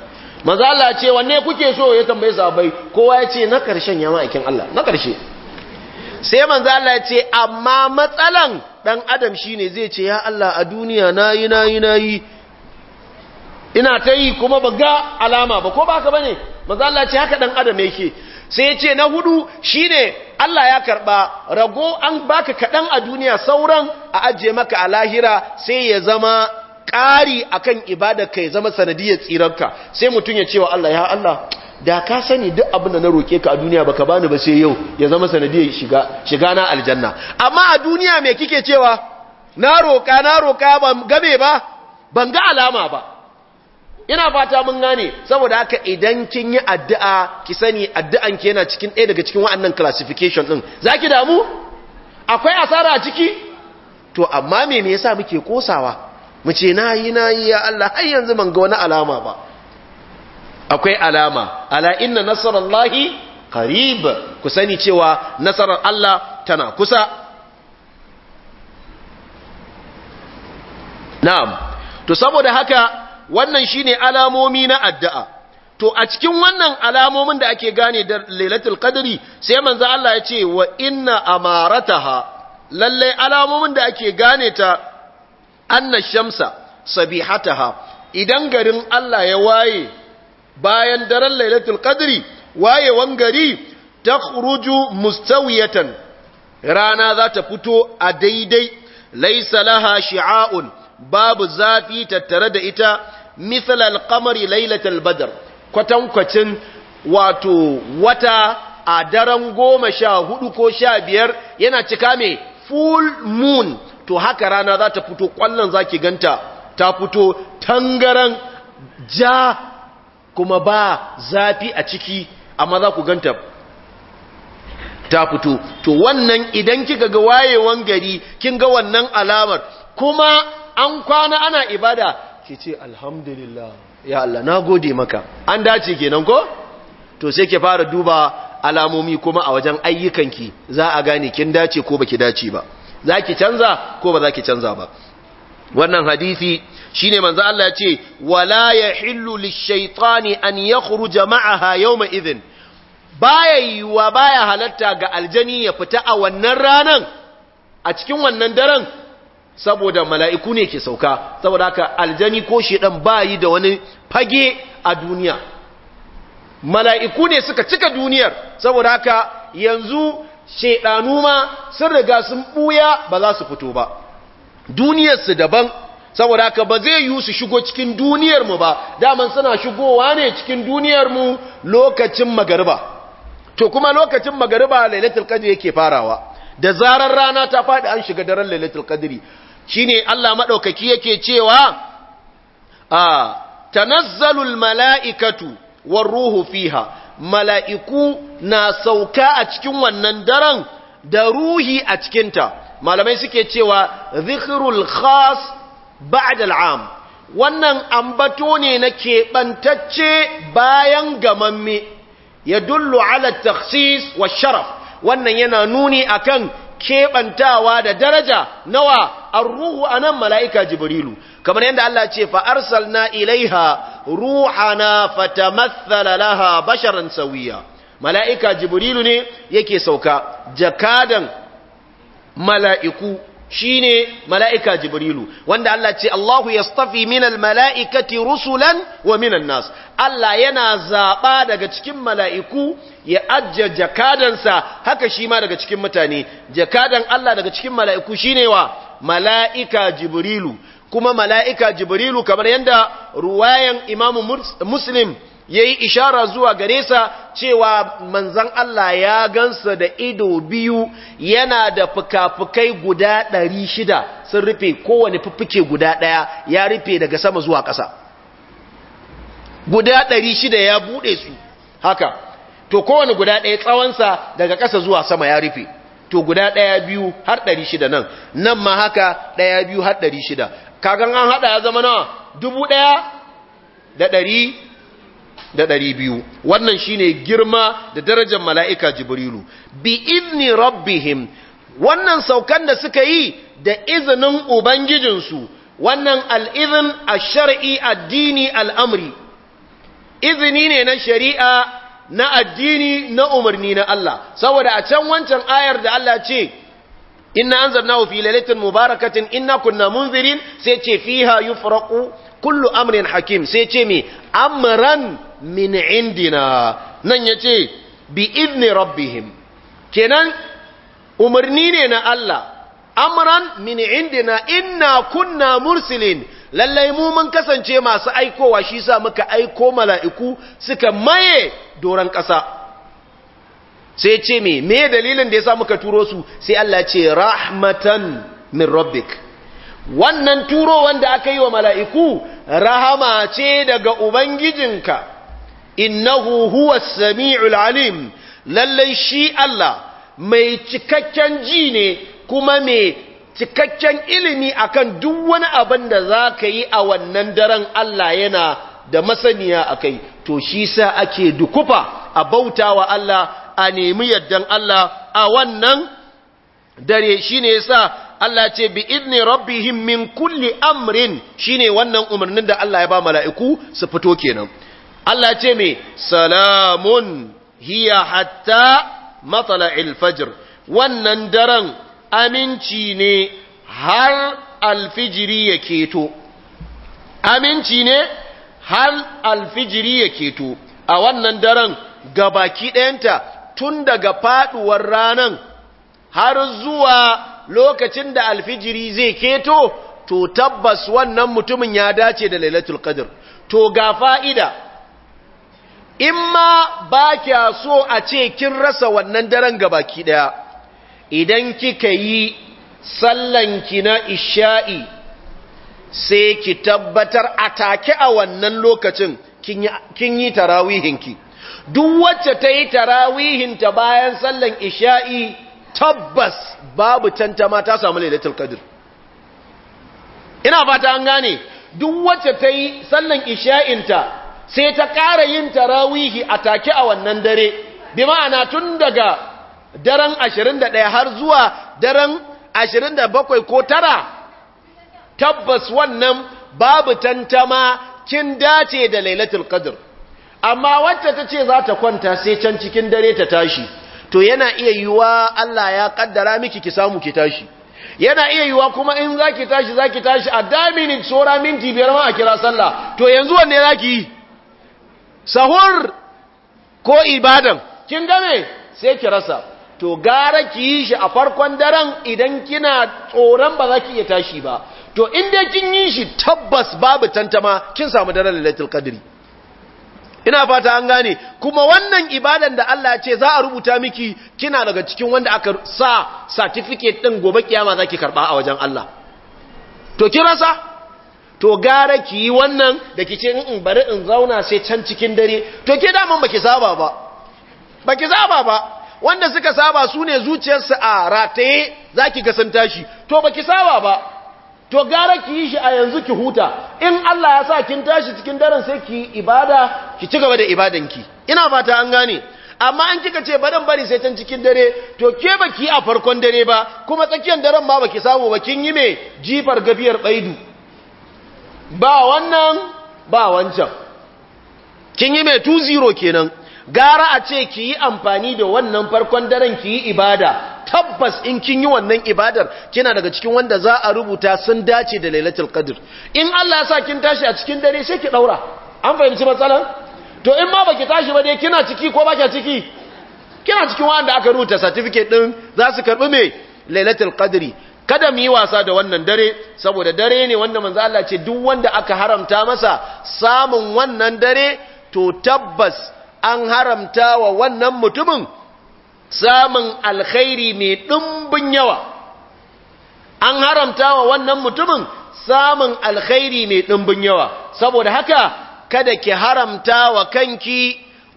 maza Allah ce wanne kuke so ya tambaye sabai kowa ya ce na karshen ya aikin Allah na karshe sai maza Allah ya ce amma matsalan ɗan adam shi ne zai ce ya Allah a duniya na na yi yi na yi ina ta yi kuma ba ga alama ba ko ba haka bane manzo Allah ce haka ɗan adam yake sai ya ce na hudu ne Allah ya karba rago an baka kaɗan a duniya sauran a ajiye maka a lahira sai ya zama ƙari akan ibada ka ya zama sanadiyar tsirarka sai mutum ya cewa Allah ya Allah da ka sani duk abin da na roke ka a duniya baka bani ba sai yau ya zama sanadiyar shiga shiga na aljanna amma a duniya me kike cewa na roka na roka ban game ba ban ga alama ba ina fata mun gane saboda haka idan kin yi addu'a ki sani addu'an ki yana cikin ɗaya daga cikin wa'annan classification din zaki damu akwai asara a ciki to amma me me yasa muke kosawa mu ce nayi nayi ya Allah har yanzu ban ga wani alama ba akwai alama ala inna nasrallahi qarib ku sani cewa nasarar Allah tana kusa na'am to saboda haka wannan shine alamomi na addu'a to a cikin wannan alamomin da ake gane da lailatul qadri sai manzo Allah ya ce wa inna amarataha lalle alamomin da ake gane ta anna shamsa sabihataha idan garin Allah ya waye bayan daren lailatul qadri wayewan gari takhruju mustawiyatan rana za ta fito a daidai laysa laha shi'a'un babu zafi tattare da ita misal al-qamari lailatul badr kwatankwacin wato wata a daren goma sha hudu ko sha biyar yana cika mai full moon to haka rana za ta fito kwallon za ki ganta ta fito tangaran ja kuma ba zafi a ciki amma za ku ganta ta fito to wannan idan kika ga wayewan gari kin ga wannan alamar kuma an kwana ana ibada ki ce alhamdulillah ya Allah na gode maka an dace kenan ko to sai ki fara duba alamomi kuma a wajen ayyukanki za a gane kin dace ko baki dace ba zaki canza ko ba za ki canza ba wannan hadisi shine manzo Allah ya ce wala yahillu lishaitani an yakhruja ma'aha yawma idhin baya wa baya halatta ga aljani ya fita a wannan ranan a cikin wannan daren saboda mala'iku ne ke sauka saboda haka aljani ko ba bayi da wani fage a duniya mala'iku ne suka cika duniyar saboda haka yanzu shedanu ma sun riga sun buya ba za su fito ba duniyarsu daban saboda haka ba zai yi su shigo cikin duniyarmu ba daman suna shigowa ne cikin duniyarmu lokacin magariba to kuma lokacin magariba lailatul qadri yake farawa da zarar rana ta faɗi an shiga daren lailatul qadri shine Allah madaukaki yake cewa a tanazzalul malaikatu war ruhu fiha mala'iku na sauka a cikin wannan daren da ruhi a cikinta malamai suke cewa zikirul khas ba'd al'am wannan ambato ne na keɓantacce bayan gamamme ya dullu ala takhsis wa sharaf wannan yana nuni akan keɓantawa da daraja nawa a anan mala'ika jibrilu kamar yadda Allah ce fa arsalna ilaiha ruhana fatamassala laha basharan sawiya mala'ika jibrilu ne yake sauka jakadan mala'iku shine mala'ika jibrilu wanda Allah ce Allahu ya yastafi minal mala'ikati rusulan wa minan nas Allah yana zaɓa daga cikin mala'iku ya ajja jakadansa haka shi ma daga cikin mutane jakadan Allah daga cikin mala'iku shine wa mala'ika jibrilu kuma mala'ika jibrilu kamar yadda ruwayan imamu muslim ya yi ishara zuwa gare sa cewa manzan Allah ya gansa da ido biyu yana da fuka-fukai guda ɗari shida sun rufe kowane fuffuke guda ɗaya ya rufe daga sama zuwa ƙasa guda ɗari shida ya buɗe su haka to kowane guda ɗaya tsawonsa daga ƙasa zuwa sama ya rufe to guda ɗaya biyu har ɗari shida nan nan ma haka ɗaya biyu har ɗari shida kagan an haɗa ya zama nawa dubu ɗaya da ɗari da ɗari biyu wannan shine girma da darajar mala'ika jibrilu bi izni rabbihim wannan saukan da suka yi da izinin ubangijinsu wannan al'izin a shari'i addini al'amri izini ne na shari'a na addini na umarni na Allah saboda a can wancan ayar da Allah ce inna an zarna fi mubarakatin inna kunna munzirin sai ce fiha yufraku kullu amrin hakim sai ce mai amran min indina nan ya ce bi izni rabbihim kenan umarni ne na Allah amran min indina inna kunna mursilin lallai mu mun kasance masu aikowa shi sa muka aiko mala'iku suka maye doron ƙasa sai ce me me dalilin da ya sa muka turo su sai Allah ce rahmatan min rabbik wannan turo wanda aka yi wa mala'iku rahama ce daga Ubangijinka, innahu huwa sami'ul alim lallai shi Allah mai cikakken ji ne kuma mai cikakken ilimi akan duk wani abin da za ka yi a wannan daren Allah yana da masaniya a kai to shi sa ake dukufa a bautawa Allah a nemi yaddan Allah a wannan dare shi ne sa Allah ce bi idni rabbihim min kulli amrin shine wannan umarnin da Allah ya ba mala'iku su fito kenan Allah ce me salamun hiya hatta matala'il fajr wannan daren aminci ne har alfijiri ya keto aminci ne har alfijiri ya keto a wannan daren gabaki ɗayanta tun daga faduwar ranan har zuwa lokacin da alfijiri zai keto to tabbas wannan mutumin ya dace da lailatul qadr to ga fa'ida in ma ba kya so a ce kin rasa wannan daren gabaki daya idan kika yi ki na isha'i sai ki tabbatar a take a wannan lokacin kin yi tarawihinki duk wacce ta yi tarawihinta bayan sallan isha'i tabbas babu tantama ta samu lailatul kadir ina fata an gane duk wacce ta yi sallan isha'inta sai ta ƙara yin tarawihi a take a wannan dare bi ma'ana tun daga daren 21 har zuwa daren 27 ko tara tabbas wannan babu tantama kin dace da lailatul qadr amma wacce ta ce za ta kwanta sai can cikin dare ta tashi to yana iya yiwuwa Allah ya kaddara miki ki samu ki tashi yana iya yiwuwa kuma in za ki tashi za tashi a daminin tsora minti biyar ma a kira sallah to yanzu wanne zaki yi sahur ko ibadan kin game sai ki rasa to gara ki yi shi a farkon daren idan kina tsoron ba za ki iya tashi ba to in inda kin yi shi tabbas babu tantama kin samu daren lailatul qadri ina fata an gane kuma wannan ibadan da Allah ya ce za a rubuta miki kina daga cikin wanda aka sa certificate din gobe kiyama zaki karba a wajen Allah to kin rasa to gara ki yi wannan da ki ce in mm, mm, bari in zauna sai can cikin dare to ke daman baki saba ba baki saba ba wanda suka saba su ne zuciyarsu a rataye zaki ki gasanta shi to baki saba ba to gara ki yi shi a yanzu ki huta in Allah ya sa kin tashi cikin daren sai ki ibada ki ci gaba da ibadanki ina fata an gane amma an kika ce badan bari sai can cikin dare to ke baki a farkon dare ba kuma tsakiyar daren ma baki samu ba kin yi me jifar gabiyar baidu ba wannan ba wancan kin yi mai 2-0 kenan gara a ce ki yi amfani da wannan farkon daren ki yi ibada tabbas in kin yi wannan ibadar kina daga cikin wanda za a rubuta sun dace da lailatul qadr in Allah ya sa kin tashi a cikin dare sai ki daura an fahimci matsalan to in ma baki tashi ba dai kina ciki ko baki ciki kina cikin wanda aka rubuta certificate din za su karbi me lailatul qadri kada mu yi wasa da wannan dare saboda dare ne wanda manzo Allah ce duk wanda aka haramta masa samun wannan dare to tabbas an haramta wa wannan mutumin samun alkhairi mai dimbin yawa an haramta wa wannan mutumin samun alkhairi mai dimbin yawa saboda haka kada ki haramta wa kanki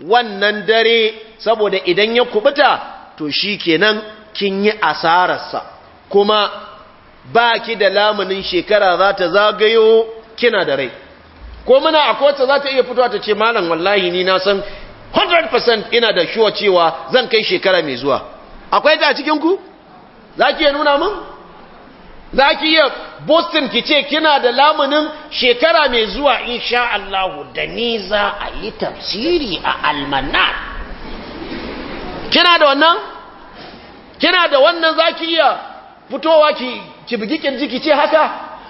wannan dare saboda idan ya kubuta to shikenan kin yi asararsa kuma ba ki da lamunin shekara za ta zagayo kina da rai ko muna a kowace za ta iya fitowa ta ce malam wallahi ni na san 100% ina da shiwa cewa zan kai shekara mai zuwa akwai ta a cikinku za ki iya nuna min za ki iya boston ki ce kina da lamunin shekara mai zuwa insha Allahu da ni za a yi tafsiri a almana kina da wannan kina da wannan za ki iya fitowa ki ki bugi ki ce haka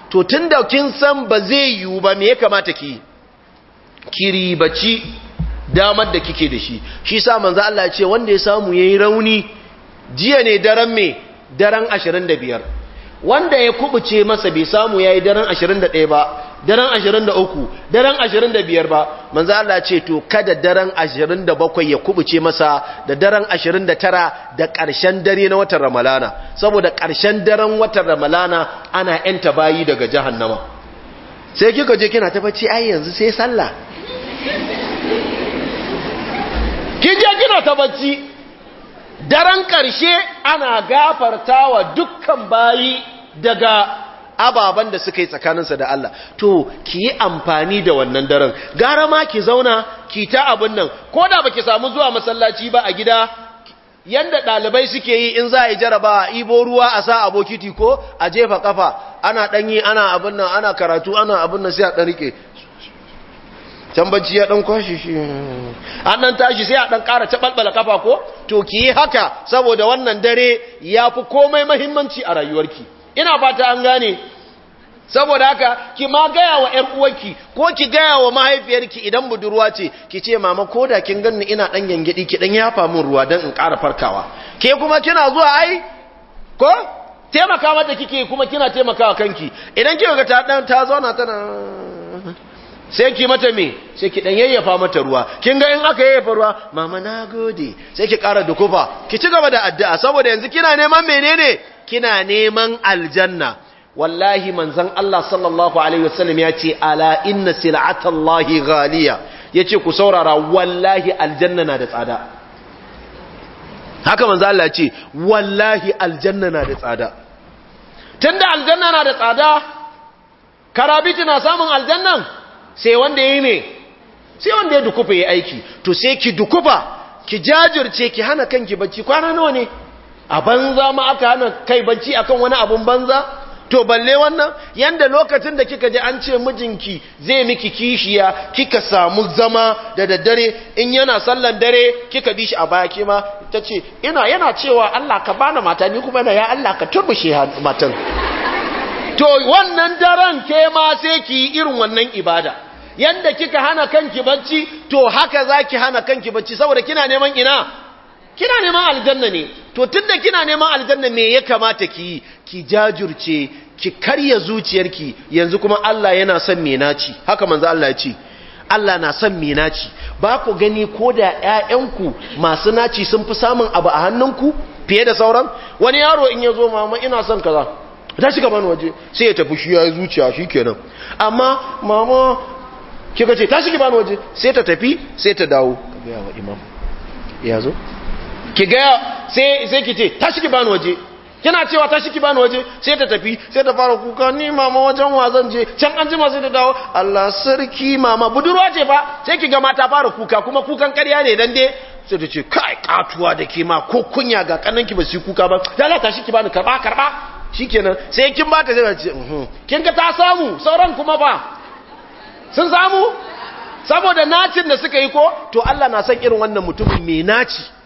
to tunda kin san ba zai yiwu ba me ya kamata ki ribaci damar da kike da shi shi sa manzo Allah ya ce wanda ya samu yayi rauni jiya ne daren me daren 25 wanda ya kubuce masa bai samu yayi daren 21 ba daren 23 daren 25 ba manzo Allah ce to kada daren 27 ya kubuce masa da daren 29 da ƙarshen dare na watan Ramalana saboda ƙarshen daren watan Ramalana ana yanta bayi daga jahannama sai kika je kina ta bacci ai yanzu sai sallah kije kina ta bacci daren ƙarshe ana gafarta wa dukkan bayi daga ababen da suka yi tsakaninsa da Allah to ki yi amfani da wannan daren gara ma ki zauna ki ta abin nan ko da baki samu zuwa masallaci ba a gida Yadda ɗalibai suke yi in za a yi jaraba ibo ruwa a sa abokiti ko a jefa kafa ana ɗanyi ana abin nan ana karatu ana abin nan sai a ɗan rike can ya dan kwashe shi an tashi sai a ɗan ƙara taɓalɓala kafa ko to ki haka saboda wannan dare ya fi komai mahimmanci a rayuwarki ina fata an gane saboda haka ki ma gaya wa ƴan uwarki ko ki gaya wa mahaifiyarki idan budurwa ce ki ce mama ko da kin ganni ina ɗan gangadi ki ɗan yafa min ruwa don in ƙara farkawa ke kuma kina zuwa ai ko taimaka mata kike kuma kina taimakawa kanki idan kika ga ta dan ta zauna tana sai ki mata me sai ki dan yayyafa mata ruwa kin ga in aka yayyafa ruwa mama na sai ki ƙara dukufa ki ci gaba da addu'a saboda yanzu kina neman menene kina neman aljanna wallahi manzan Allah sallallahu alaihi wasallam ya ce ala inna sil'atallahi ghaliya yace ku saurara wallahi aljanna na da tsada haka manzan Allah ya ce wallahi aljanna na da tsada tunda aljanna na da tsada karabiti na samun aljannan sai wanda yayi ne sai wanda ya dukufa yayi aiki to sai ki dukufa ki jajirce ki hana kanki bacci kwana nawa ne a banza ma aka hana kai bacci akan wani abun banza to balle wannan yanda lokacin da kika ji an ce mijinki zai miki kishiya kika samu zama da daddare in yana sallan dare kika bi shi a baya kima ta ce ina yana cewa Allah ka bani mata ni kuma na ya Allah ka turbushe matan to wannan daren ke ma sai ki yi irin wannan ibada yanda kika hana kanki bacci to haka zaki hana kanki bacci saboda kina neman ina kina neman aljanna ne to tunda kina neman aljanna me ya kamata ki yi ki jajurce ki karya zuciyarki yanzu kuma Allah yana son me naci haka manzo Allah ya ce Allah na son me naci ba ku gani ko da ƴaƴanku masu naci sun fi samun abu a hannunku fiye da sauran wani yaro in ya zo mama ina son kaza ta shiga bani waje sai ya tafi shi ya yi zuciya shi kenan amma mama kika ce ta shiga bani waje sai ta tafi sai ta dawo ga imam ya zo ki ga sai ki ce tashi ki bani waje kina cewa tashi ki bani waje sai ta tafi sai ta fara kuka ni mama wajen wa zan je can an jima sai ta dawo Allah sarki mama budurwa ce fa sai ki ga mata fara kuka kuma kukan ƙarya ne dan dai sai ta ce kai katuwa da ke ma ko kunya ga kananki ba su kuka ba da Allah ta ki bani karba karba shikenan sai kin ba ta zai ce kin ga ta samu sauran kuma ba sun samu saboda nacin da suka yi ko to Allah na san irin wannan mutumin mai naci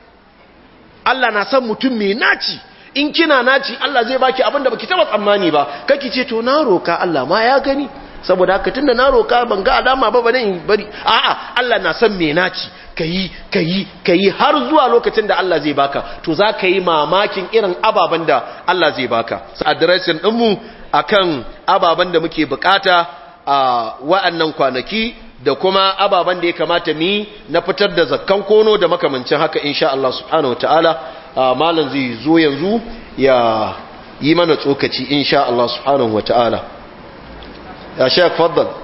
Allah na san mutum mai naci in kina naci Allah zai baki abinda baki taba tsammani ba kake ce to na roka Allah ma ya gani saboda haka tunda na roka ban ga alama ba bane in bari a'a Allah na san mai naci kayi kayi kayi har zuwa lokacin da Allah zai baka to za ka yi mamakin irin ababen da Allah zai baka sa adireshin mu akan ababen da muke bukata a wa'annan kwanaki da kuma ababen da ya kamata mi na fitar da zakkan kono da makamancin haka insha Allah subhanahu ta'ala malam zai zo yanzu ya yi mana tsokaci insha Allah subhanahu ta'ala. ya shek faddal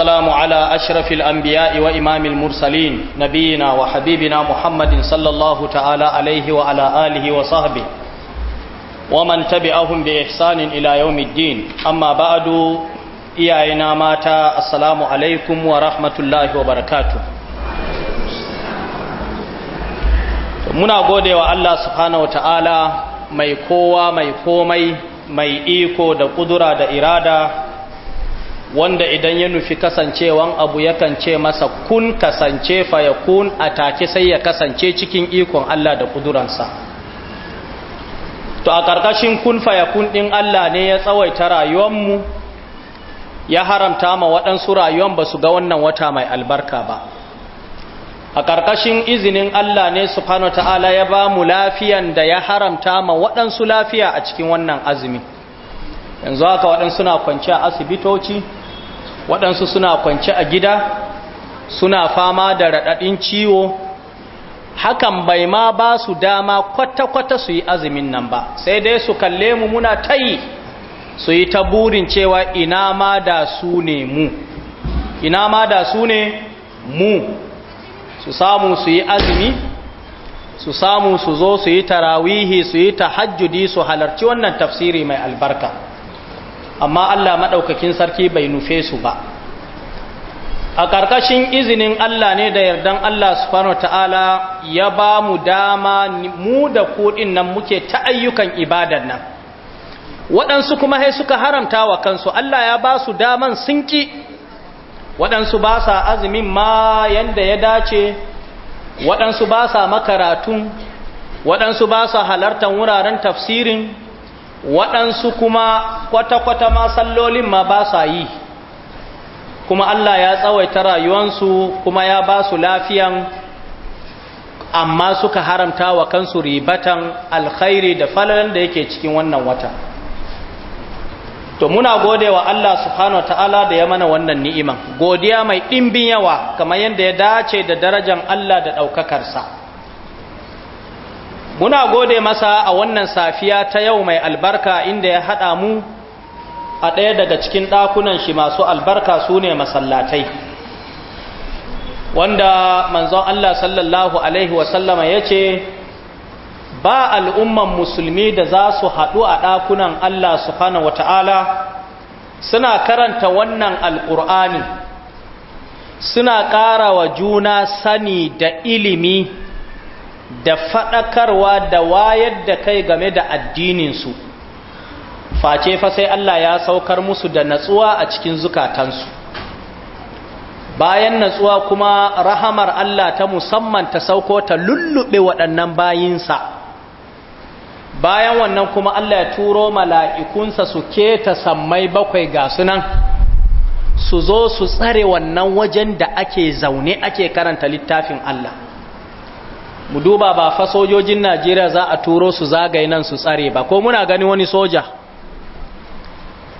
والسلام على أشرف الأنبياء وإمام المرسلين نبينا وحبيبنا محمد صلى الله تعالى عليه وعلى آله وصحبه ومن تبعهم بإحسان إلى يوم الدين أما بعد إيائنا ماتا السلام عليكم ورحمة الله وبركاته muna gode wa Allah subhanahu ta'ala mai kowa mai komai mai iko da kudura da irada wanda idan ya nufi kasancewan abu yakan ce masa kun kasance fa kun a take sai ya kasance cikin ikon Allah da kuduransa to a ƙarƙashin kun fa kun ɗin Allah ne ya tsawaita rayuwanmu ya haramta ma waɗansu rayuwan ba su ga wannan wata mai albarka ba a ƙarƙashin izinin Allah ne subhanahu ta'ala ya ba mu lafiyan da ya haramta ma waɗansu lafiya a cikin wannan azumi yanzu haka waɗansu na kwanciya asibitoci waɗansu suna kwance a gida suna fama da raɗaɗin ciwo hakan bai ma ba su dama kwata-kwata su yi azumin nan ba sai dai su kalle mu muna ta yi su yi ta burin cewa ina ma da su ne mu ina ma da su ne mu su samu su yi azumi su samu su zo su yi tarawihi su yi ta hajjudi, su halarci wannan tafsiri mai albarka amma Allah maɗaukakin sarki bai nufe su ba a ƙarƙashin izinin Allah ne da yardan Allah subhanahu ta'ala ya ba mu dama mu da kuɗin nan muke ta ayyukan ibadan nan waɗansu kuma sai suka haramta wa kansu Allah ya ba su daman sun ki waɗansu ba sa azumin ma yanda ya dace waɗansu ba sa makaratun waɗansu ba sa halartar wuraren tafsirin waɗansu kuma kwata-kwata ma ma ba sa yi kuma Allah ya tsawaita rayuwansu kuma ya ba su lafiyan amma suka haramta wa kansu ribatan alkhairi da falalan da yake cikin wannan wata to muna gode wa Allah subhanahu wa ta'ala da ya mana wannan ni'iman godiya mai ɗimbin yawa kamar yadda ya dace da darajan Allah da ɗaukakarsa muna gode masa a wannan safiya ta yau mai albarka inda ya haɗa mu a ɗaya daga cikin ɗakunan shi masu albarka su ne masallatai wanda manzon Allah sallallahu Alaihi wasallama ya ce ba al'umman musulmi da za su haɗu a ɗakunan Allah subhanahu wata'ala suna karanta wannan Alkur'ani, suna ƙara wa juna sani da ilimi da faɗakarwa da wayar da kai game da addininsu face fa sai Allah ya saukar musu da natsuwa a cikin zukatansu bayan natsuwa kuma rahamar Allah ta musamman ta sauko ta lullube waɗannan bayinsa bayan wannan kuma Allah ya turo mala'ikunsa su keta sammai bakwai ga sunan su zo su tsare wannan wajen da ake zaune ake karanta littafin Allah mu duba ba fa sojojin najeriya za a turo su zagaye nan su tsare ba ko muna gani wani soja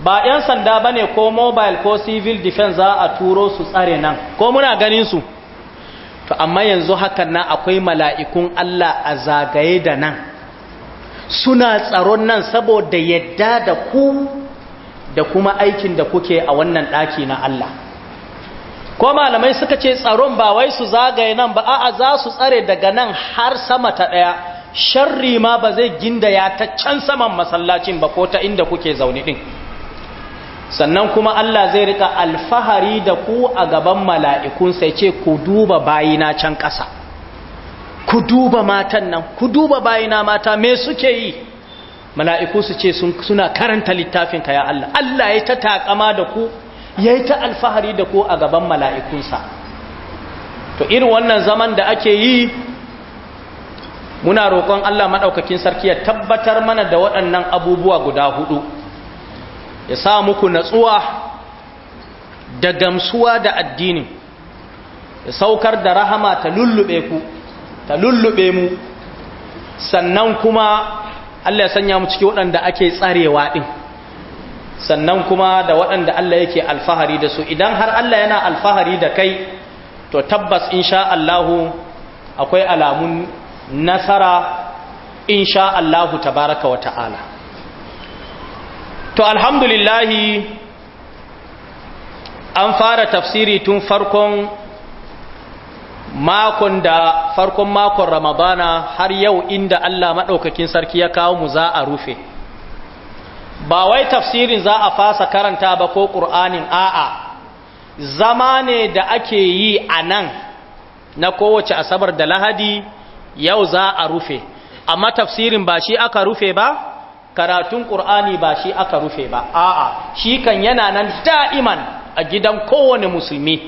ba 'yan sanda bane ko mobile ko civil defense za a turo su tsare nan ko muna ganin su to amma yanzu hakan na akwai mala'ikun allah a zagaye da nan suna tsaron nan saboda yadda da ku da kuma aikin da kuke a wannan ɗaki na allah ko malamai suka ce tsaron ba wai su zagaye nan ba a'a za su tsare daga nan har sama ta ɗaya sharri ma ba zai gindaya ta can saman masallacin ba ko ta inda kuke zaune ɗin sannan kuma Allah zai rika alfahari da ku a gaban mala'ikun sai ce ku duba bayina can ƙasa ku duba matan nan ku duba bayina mata me suke yi mala'iku su ce suna karanta littafinka ya Allah Allah ya ta takama da ku ya yi ta alfahari da ko a gaban mala'ikunsa to irin wannan zaman da ake yi muna roƙon Allah maɗaukakin sarki ya tabbatar mana da waɗannan abubuwa guda hudu ya sa muku natsuwa da gamsuwa da addini ya saukar da rahama ta lullube ku ta lullube mu sannan kuma Allah ya sanya mu ciki waɗanda ake tsarewa ɗin sannan kuma da waɗanda Allah yake alfahari da su idan har Allah yana alfahari da kai to tabbas insha Allahu akwai alamun nasara insha Allahu tabaraka wa ta'ala to alhamdulillahi an fara tafsiri tun farkon makon da farkon makon ramadana har yau inda Allah maɗaukakin sarki ya kawo mu za a rufe ba wai tafsirin za a fasa karanta ba ko ƙur'anin a'a zama ne da ake yi a nan na kowace asabar da lahadi yau za a rufe amma tafsirin ba shi aka rufe ba karatun ƙur'ani ba shi aka rufe ba a'a shi kan yana nan da'iman a gidan kowane musulmi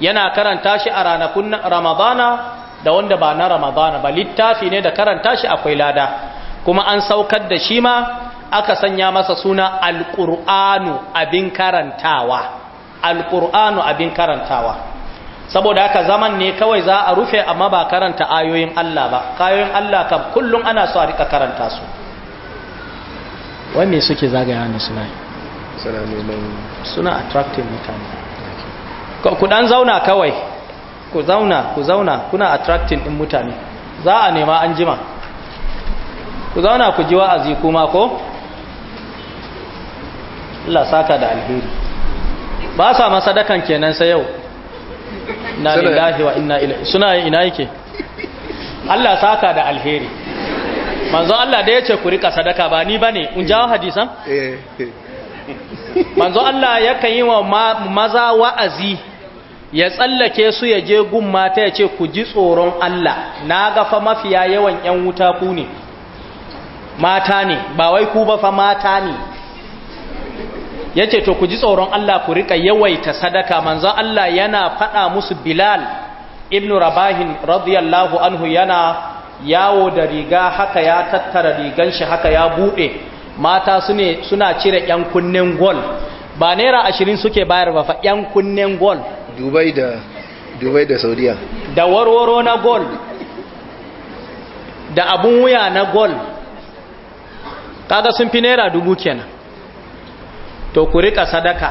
yana karanta shi a ranakun ramadana da wanda ba na ramadana ba littafi ne da karanta shi akwai lada kuma an saukar da shi ma aka sanya masa suna alƙur'anu abin karantawa alƙur'anu abin karantawa saboda haka zaman ne kawai za a rufe amma ba karanta ayoyin Allah ba kayoyin Allah kam kullum ana so a rika karanta su wanne suke zagaya ne suna suna attractive mutane ku dan zauna kawai ku zauna ku zauna kuna attracting din mutane za a nema an jima ku zauna ku ji wa'azi kuma ko Allah saka da alheri ba sa ma sadakan kenan sai yau na lillahi wa inna ilaihi suna ina yake Allah saka da alheri manzo Allah da yace ku rika sadaka ba ni bane un jawo hadisan eh, eh, eh. manzo Allah yakan yi wa maza wa'azi ya tsallake su ya je gun mata ya ce ku ji tsoron Allah na ga fa mafiya yawan yan wuta ku ne mata ne ba wai ku ba fa mata ne ya ce to ku ji tsoron Allah ku riƙa yawaita sadaka manzon Allah yana faɗa musu Bilal ibn Rabahin radiyallahu anhu yana yawo da riga haka ya tattara rigan shi haka ya buɗe mata sune suna cire yan kunnen gol ba naira ashirin suke bayar ba fa yan kunnen gol Dubai da Dubai da Saudiya da warwaro na gol da abun wuya na gol kaga sun fi naira dubu kenan to ku rika sadaka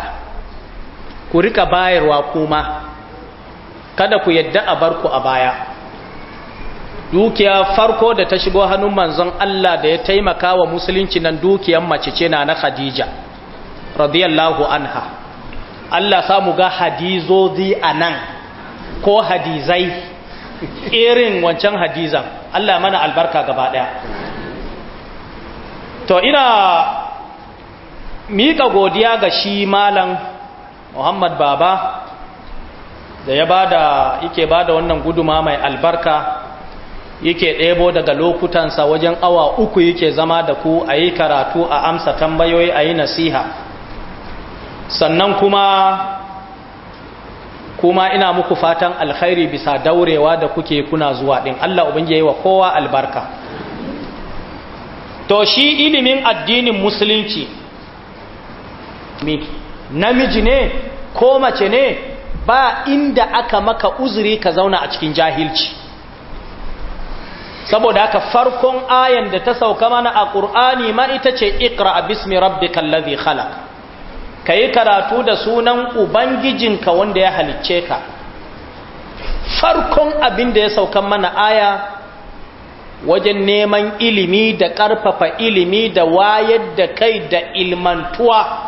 ku rika bayarwa kuma kada ku yadda a barku a baya dukiya farko da ta shigo hannun manzon Allah da ya taimaka wa musulunci nan dukiyar mace ce na na Khadija radiyallahu anha Allah samu ga hadizozi anan ko hadizai irin wancan hadizan Allah mana albarka gaba daya to ina miƙa godiya ga shi malam muhammad baba da ya bada yake bada wannan guduma mai albarka yake ɗebo daga lokutansa wajen awa uku yake zama da ku a yi karatu a amsa tambayoyi a yi nasiha sannan kuma kuma ina muku fatan alkhairi bisa daurewa da kuke kuna zuwa ɗin Allah ubangi yi wa kowa albarka to shi ilimin addinin musulunci namiji ne ko mace ne ba inda aka maka uzuri ka zauna a cikin jahilci saboda haka farkon ayan da ta sauka mana a ƙur'ani ma ita ce ikra a bismi rabbika allazi khalaq yi karatu da sunan ubangijinka wanda ya halicce ka farkon abin da ya sauka mana aya wajen neman ilimi da ƙarfafa ilimi da wayar da kai da ilmantuwa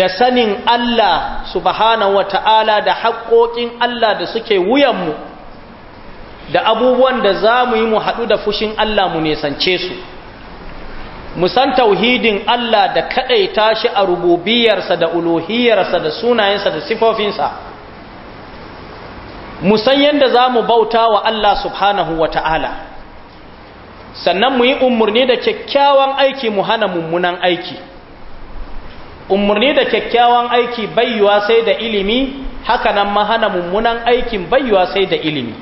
da sanin Allah subhanahu wa ta'ala da haƙoƙin Allah da suke wuyanmu da abubuwan da za mu yi mu haɗu da fushin Allah mu nesance su mu san tauhidin Allah da kaɗaita shi a rububiyarsa da uluhiyarsa da sunayensa da sifofinsa mu san yadda za mu bauta wa Allah subhanahu wa ta'ala sannan mu yi umarni da kyakkyawan aiki mu hana mummunan aiki umarni da kyakkyawan aiki bayyuwa sai da ilimi hakanan nan mahana mummunan aikin bayyuwa sai da ilimi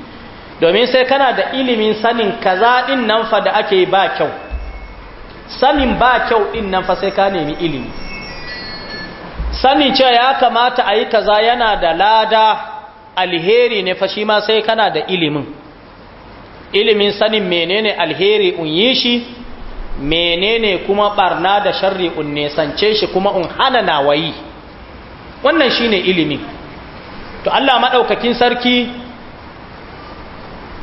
domin sai kana da ilimin sanin kaza din nan fa da ake ba kyau sanin ba kyau din nan fa sai ka nemi ilimi sanin cewa ya kamata a yi kaza yana da lada alheri ne fa shi ma sai kana da ilimin ilimin sanin menene alheri un shi menene kuma barna da sharri un nesance shi kuma un hana nawayi wannan shine ilimi to Allah madaukakin sarki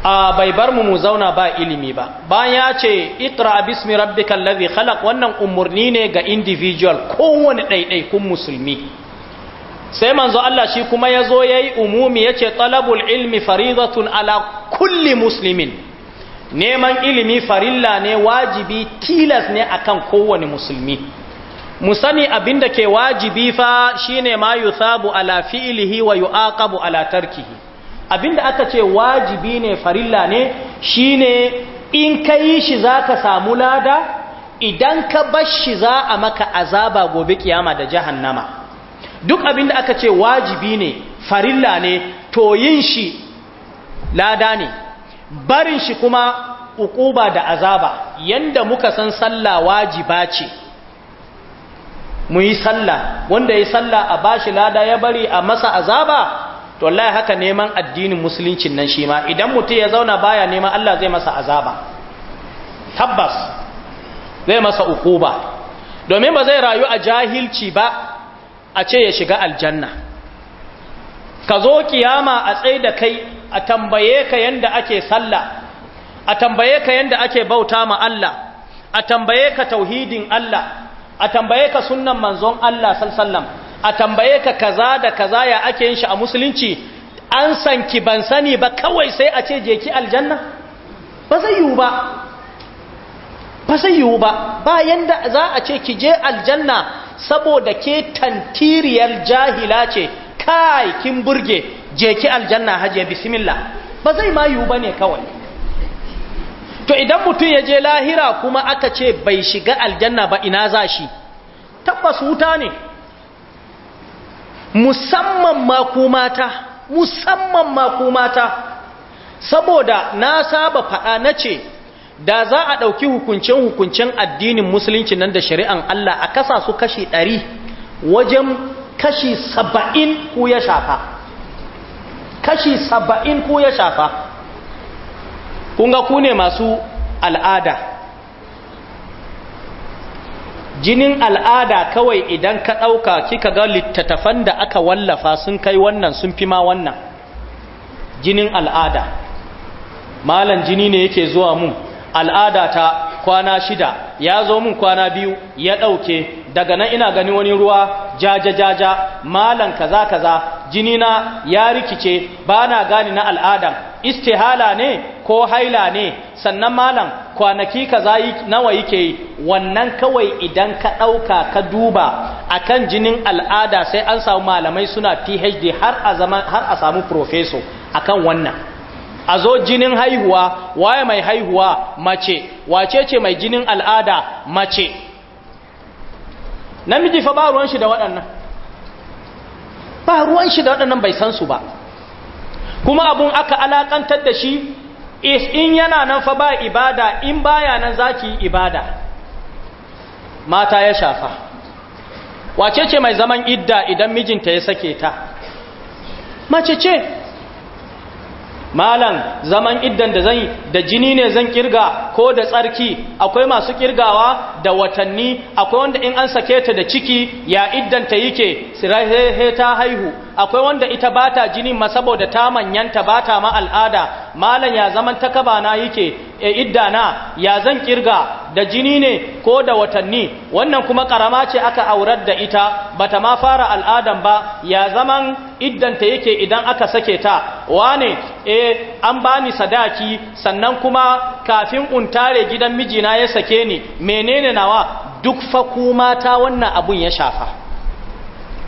a bai bar mu mu zauna ba ilimi ba bayan ya ce itra bismi rabbikal ladhi khalaq wannan umurni ne ga individual kowane kun musulmi sai manzo Allah shi kuma yazo yayi umumi yace talabul ilmi faridatun ala kulli muslimin neman ilimi farilla ne wajibi tilas ne akan kowane musulmi musani sani abin ke wajibi fa shine ma yusabu ala fi'lihi wa yu'aqabu ala tarkihi abin aka ce wajibi ne farilla ne shine in ka shi zaka samu lada idan ka bar shi za a maka azaba gobe kiyama da jahannama duk abinda aka ce wajibi ne farilla ne to yin shi lada ne barin shi kuma uquba da azaba yanda muka san sallah wajiba ce mu yi sallah wanda ya sallah a bashi lada ya bari a masa azaba to wallahi haka neman addinin musulunci nan shi ma idan mutum ya zauna baya neman Allah zai masa azaba tabbas zai masa uquba domin ba zai rayu a jahilci ba a ce ya shiga aljanna ka zo kiyama a tsaye da kai a tambaye ka yanda ake sallah a tambaye ka yanda ake bauta ma Allah a tambaye ka tauhidin Allah a tambaye ka sunnan manzon Allah sallallahu a tambaye ka kaza da kaza ya ake yin shi a musulunci an san ki ban sani ba kawai sai a ce je ki aljanna ba zai yiwu ba ba zai yiwu ba ba yanda za a ce ki je aljanna saboda ke tantiriyar jahila ce kai kin burge je ki aljanna hajiya bismillah ba zai ma yiwu bane kawai to idan mutum ya je lahira kuma aka ce bai shiga aljanna ba ina za shi tabbas wuta ne musamman ma ku musamman ma saboda na saba faɗa na ce da za a ɗauki hukuncin hukuncin addinin musulunci nan da shari'an Allah a kasa su kashi ɗari wajen kashi saba'in ku ya shafa kashi saba'in ku ya shafa kunga ku ne masu al'ada jinin al'ada kawai idan ka ɗauka kika ga littattafan da aka wallafa sun kai wannan sun fi ma wannan jinin al'ada malan jini ne yake zuwa mun al'ada ta kwana shida ya zo mun kwana biyu ya ɗauke daga nan ina gani wani ruwa jaja jaja malan kaza kaza jini na ya rikice bana na gani na al'adam istihala ne ko haila ne sannan malan kwanaki kaza nawa yake wannan kawai idan ka ɗauka ka duba akan jinin al'ada sai an samu malamai suna phd har a zaman har a samu professor akan wannan a zo jinin haihuwa waye mai haihuwa mace wace ce mai jinin al'ada mace namiji fa ba ruwan shi da waɗannan ba ruwan shi da waɗannan bai san su ba kuma abun aka alakantar da shi in yana nan fa ba ibada in baya nan zaki ibada mata ya shafa wace ce mai zaman idda idan mijinta ya sake ta mace ce malam zaman iddan da zan da jini ne zan kirga ko da tsarki akwai masu kirgawa da watanni akwai wanda in an sake ta da ciki ya iddan ta yake sirahe ta haihu akwai wanda ita bata jini ma saboda ta manyanta bata ma al'ada malam ya zaman takaba na yake e iddana ya zan kirga da jini ne ko da watanni wannan kuma karama ce aka aurar da ita bata ma fara al'adan ba ya zaman iddanta yake idan aka sake ta wane e an bani sadaki sannan kuma kafin tare gidan mijina ya sake ni menene nawa duk fa kuma ta wannan abun ya shafa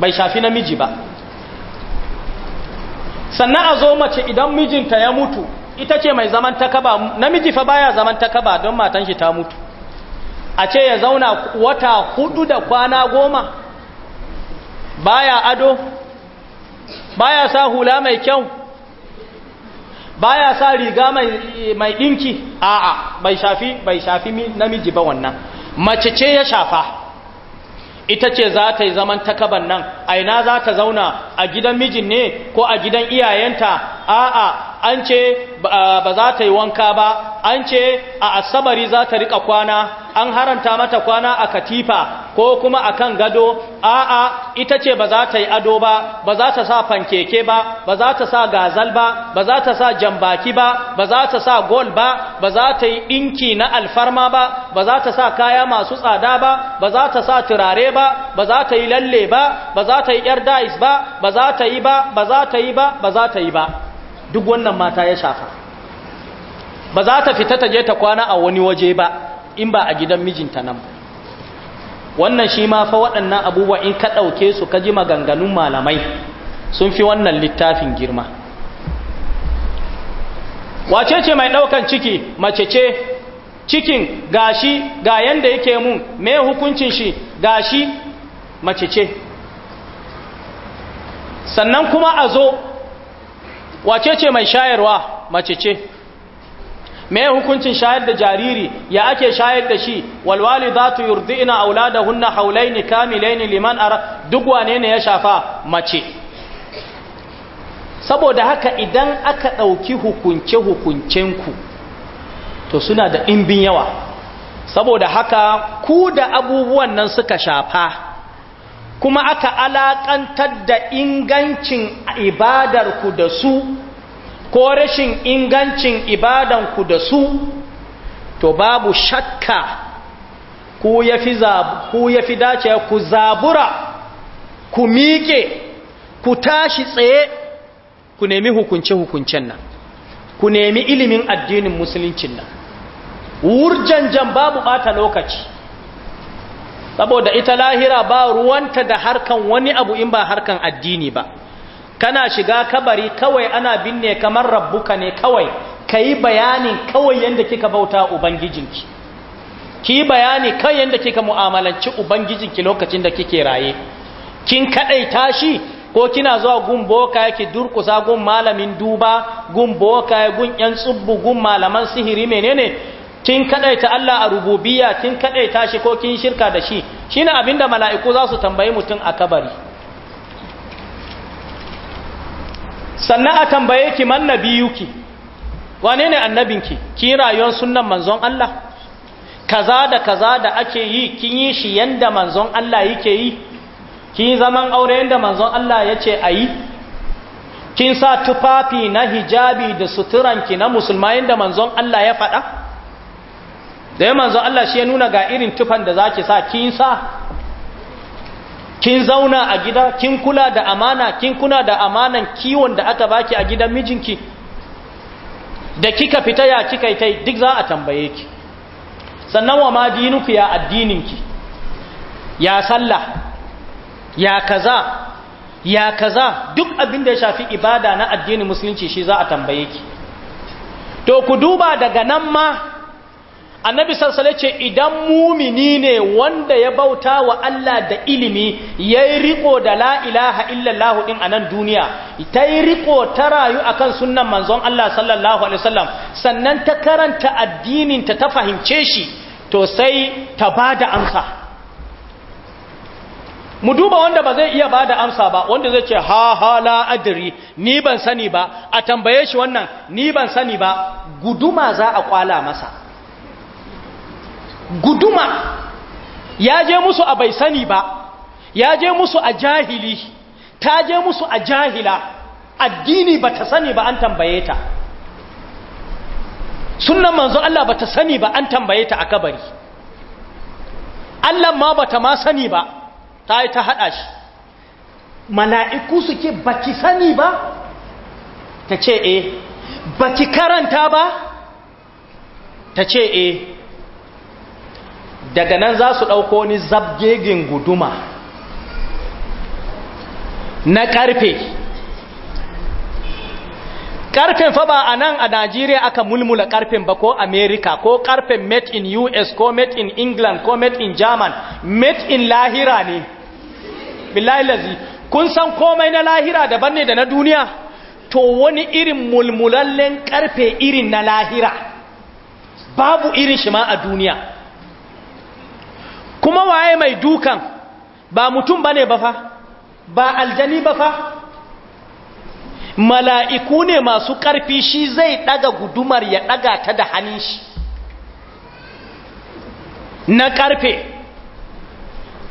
bai shafi namiji ba sannan a zo mace idan mijinta ya mutu ita ce mai zaman takaba namiji fa baya zaman takaba don matan shi ta mutu a ce ya zauna wata hudu da kwana goma baya ado baya sa hula mai kyau baya sa riga mai ɗinki a'a bai shafi bai shafi namiji ba wannan mace ce ya shafa ita ce za ta yi zaman takaban nan aina za ta zauna a gidan mijin ne ko a gidan iyayenta a'a an ce ba za ta yi wanka ba an ce a asabari za ta riƙa kwana an haranta mata kwana a katifa ko kuma a kan gado a'a ita ce ba za ta yi ado ba ba za ta sa fankeke ba ba za ta sa gazal ba ba za ta sa jambaki ba ba za ta sa gol ba ba za ta yi ɗinki na alfarma ba ba za ta sa kaya masu tsada ba ba za ta sa turare ba ba za ta yi lalle ba ba za ta yi yar dais ba ba za ta yi ba ba za ta yi ba ba za ta yi ba duk wannan mata ya shafa ba za ta fita ta je ta kwana a wani waje ba in ba a gidan mijinta nan wannan shi ma fa waɗannan abubuwa in ka ɗauke su ka ji maganganun malamai sun fi wannan littafin girma wace ce mai ɗaukan ciki mace ce cikin gashi ga yanda yake mun me hukuncin shi gashi mace ce sannan kuma a zo wace ce mai shayarwa mace ce me hukuncin shayar da jariri ya ake shayar da shi walwali za tu auladahunna haulaini kamilaini liman ara duk wane ne ya shafa mace saboda haka idan aka ɗauki hukunce hukuncenku to suna da imbin yawa saboda haka ku da abubuwan nan suka shafa kuma aka alaƙantar da ingancin ibadarku da su ko rashin ingancin ibadanku da su to babu shakka ku ya fi dace ku zabura ku miƙe ku tashi tsaye ku nemi hukunce-hukuncen nan ku nemi ilimin addinin musuluncin nan wurjanjan babu bata lokaci saboda ita lahira ba ruwanta da harkan wani abu in ba harkan addini ba kana shiga kabari kawai ana binne kamar rabbuka ne kawai ka yi bayanin kawai yadda kika bauta ubangijinki ki yi bayani kan yadda kika mu'amalanci ubangijinki lokacin da kike raye kin kadai tashi ko kina zuwa gun boka yake durkusa gun malamin duba gun boka gun yan tsubbu gun malaman sihiri menene kin kadai ta Allah a rububiyya kin kadai tashi ko kin shirka da shi shine abinda mala'iku za su tambayi mutum a kabari sannan a tambaye ki man ki wane ne annabinki ki rayuwar sunan manzon Allah kaza da kaza da ake yi kin yi shi yanda manzon Allah yake yi kin zaman aure yanda manzon Allah yace yi kin sa tufafi na hijabi da suturanki na musulma yanda manzon Allah ya faɗa da manzon Allah shi ya nuna ga irin tufan da zaki sa kin sa kin zauna a gida kin kula da amana kin kula da amanan kiwon da aka baki a gidan mijinki da kika fita ya kika tai duk za a tambaye ki sannan wa ma dinuku ya addininki ya sallah ya kaza ya kaza duk abin da ya shafi ibada na addinin musulunci shi za a tambaye ki to ku duba daga nan ma annabi sarsale ce idan mumini ne wanda ya bauta wa Allah da ilimi ya yi riko da la'ilaha illallahu din a nan duniya ta yi riko ta rayu a kan sunan manzon Allah sallallahu Alaihi wasallam sannan ta karanta addininta ta fahimce shi to sai ta ba da amsa mu duba wanda ba zai iya ba da amsa ba wanda zai ce ha ha la adiri ni ban sani ba a tambaye shi wannan ni ban sani ba guduma za a kwala masa guduma ya je musu a bai sani ba ya je musu a jahili ta je musu a jahila addini ba ta sani ba an tambaye ta sunan manzo Allah ba ta sani ba an tambaye ta a kabari Allah ma ba ta ma sani ba ta yi ta haɗa shi mala'iku suke ki sani ba ta ce eh. ba baki karanta ba ta ce eh. daga nan za su ɗauko ni zabgegen guduma na ƙarfe ƙarfen fa ba a nan a najeriya aka mulmula ƙarfen ba ko america ko ƙarfen made in us ko made in england ko made in german made in lahira ne bilalazi kun san komai na lahira daban ne da na duniya to wani irin mulmulallen ƙarfe irin na lahira babu irin shi ma a duniya kuma waye mai dukan ba mutum bane ba fa ba aljani ba fa mala'iku ne masu ƙarfi shi zai ɗaga gudumar ya ɗaga ta da hannun shi na ƙarfe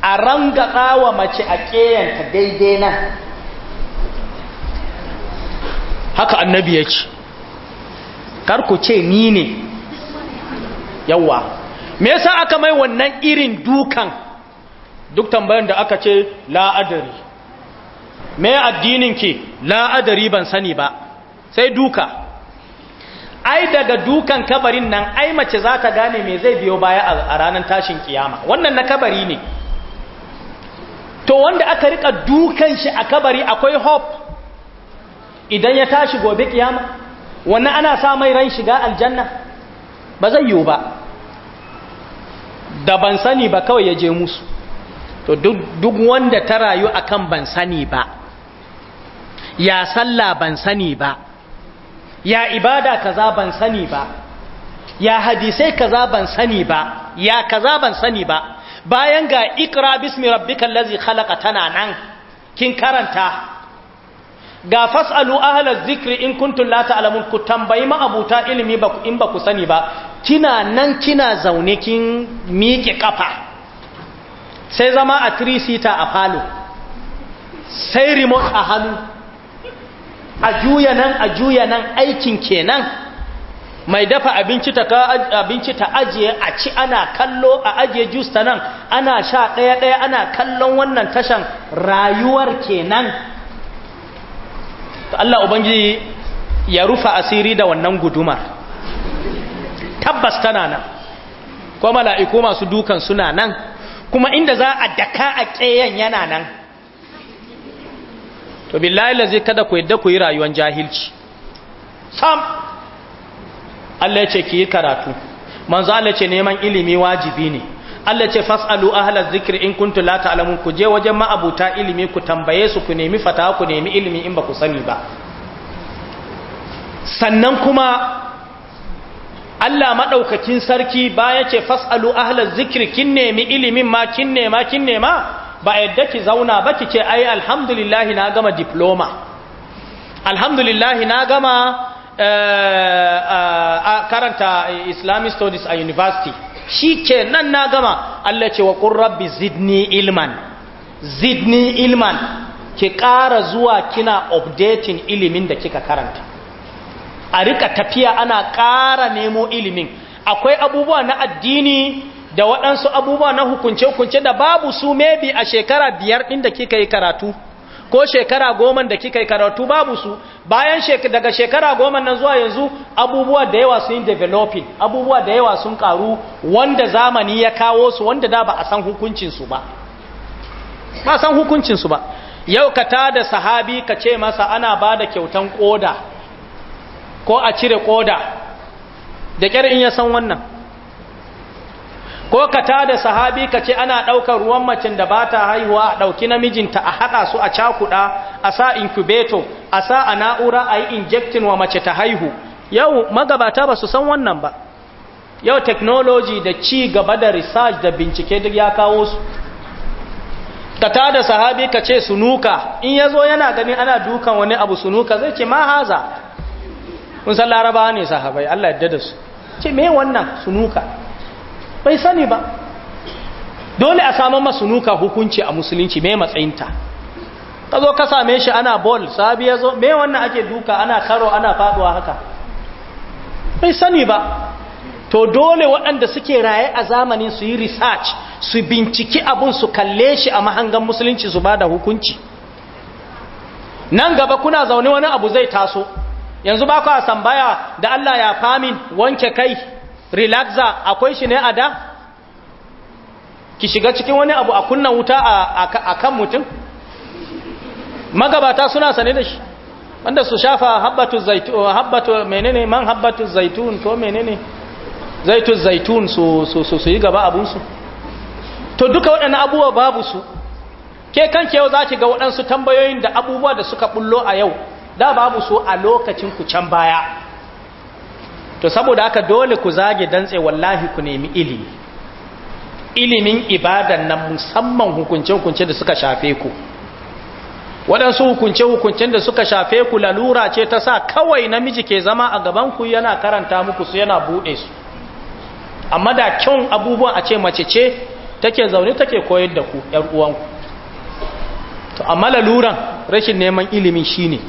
a ranga wa mace a ƙeyanta daidai nan haka annabi ya ce karku ce ni ne yawa me yasa aka mai wannan irin dukan duk tambayan da aka ce la'adari me addinin ki la'adari ban sani ba sai duka ai daga dukan kabarin nan ai mace za ta gane me zai biyo baya a ranar tashin kiyama wannan na kabari ne to wanda aka rika dukan shi a kabari akwai hope idan ya tashi gobe kiyama wannan ana sa mai ran shiga aljanna ba zai yiwu ba da ban sani ba kawai ya je musu to duk wanda ta rayu akan ban sani ba ya sallah ban sani ba ya ibada kaza ban sani ba ya hadisai kaza ban sani ba ya kaza ban sani ba bayan ga ikra bismi rabbikal ladzi khalaqa tana nan kin karanta ga fasalu ahlaz zikri in kuntu la ta'lamun ku tambayi ma'abuta ilimi in ba ku sani ba kina nan kina zaune kin miƙe kafa sai zama a 3 seater a falo sai remote a hannu a juya nan a juya nan aikin kenan mai dafa abinci ta ajiye a ci ana kallo a ajiye juice ta nan ana sha ɗaya ɗaya ana kallon wannan tashan rayuwar kenan to Allah ubangiji ya rufa asiri da wannan gudumar tabbas tana nan ko mala'iku masu dukan suna nan kuma inda za a daka a ƙeyan yana nan to billahi lazai kada ku yadda ku yi rayuwar jahilci sam Allah ya ce ki karatu manzo Allah ce neman ilimi wajibi ne Allah ce fasalu ahlaz zikri in kuntum la ta'lamun ku je wajen ma'abuta ilimi ku tambaye su ku nemi fata ku nemi ilimi in ba ku sani ba sannan kuma Allah madaukakin sarki baya ce fasalu ahlaz zikri kin nemi ilimin ma kin nema kin nema ba yadda ki zauna ba ki ce ai alhamdulillah na gama diploma alhamdulillah na gama Eh, eh, a karanta islamic studies a university shi ke nan na gama Allah ce wa rabbi zidni ilman zidni ilman ki ƙara zuwa kina updating ilimin da kika karanta a rika tafiya ana ƙara nemo ilimin akwai abubuwa na addini da waɗansu abubuwa na hukunce-hukunce da babu su mebi a shekara biyar ɗin da kika yi karatu ko shekara goma da kika yi karatu babu su bayan daga shekara goma nan zuwa yanzu abubuwa da yawa sun developing abubuwa da yawa sun karu wanda zamani ya kawo su wanda da ba a san hukuncinsu ba ba san su ba yau ka tada sahabi ka ce masa ana ba da kyautan koda ko a cire koda da kyar in ya san wannan ko ka da sahabi ka ce ana ɗaukar ruwan macin da ba ta haihuwa a ɗauki namijinta a haɗa su a cakuɗa a sa incubator a sa a na'ura a yi injectin wa mace ta haihu yau magabata ba su san wannan ba yau technology da ci gaba da research da bincike duk ya kawo su ka tada sahabi ka ce sunuka in ya zo yana gani ana dukan wani abu sunuka zai ce ma haza kun san larabawa ne sahabai Allah yadda da su ce me wannan sunuka bai sani ba dole a samun nuka hukunci a musulunci mai matsayinta ka zo ka same shi ana bol sabi ya zo mai wannan ake duka ana karo ana faduwa haka bai sani ba to dole waɗanda suke raye a zamanin su yi research su binciki abun su kalle shi a mahangan musulunci su ba da hukunci nan gaba kuna zaune wani abu zai taso yanzu ba ku a sambaya da Allah ya famin wanke kai relaxa akwai shi ne a da ki shiga cikin wani abu a kunna wuta a kan mutum magabata suna sane da shi wanda su shafa habbatu zaitun habbatu menene man habbatu zaitun to menene zaitun zaitun su su su, su yi gaba abunsu to duka waɗannan abubuwa babu su ke kanke yau za ki ga waɗansu tambayoyin da abubuwa da suka bullo a yau da babu su a lokacin ku can baya to saboda haka dole ku zage dantse wallahi ku nemi ilimi ilimin ibadan nan musamman hukunce-hukunce da suka shafe ku waɗansu hukunce-hukuncen da suka shafe ku lalura ce ta sa kawai namiji ke zama a gabanku yana karanta muku su yana buɗe su amma da kyau abubuwan a ce mace ce take zaune take koyar da ku uwanku. to amma laluran rashin neman ilimin shine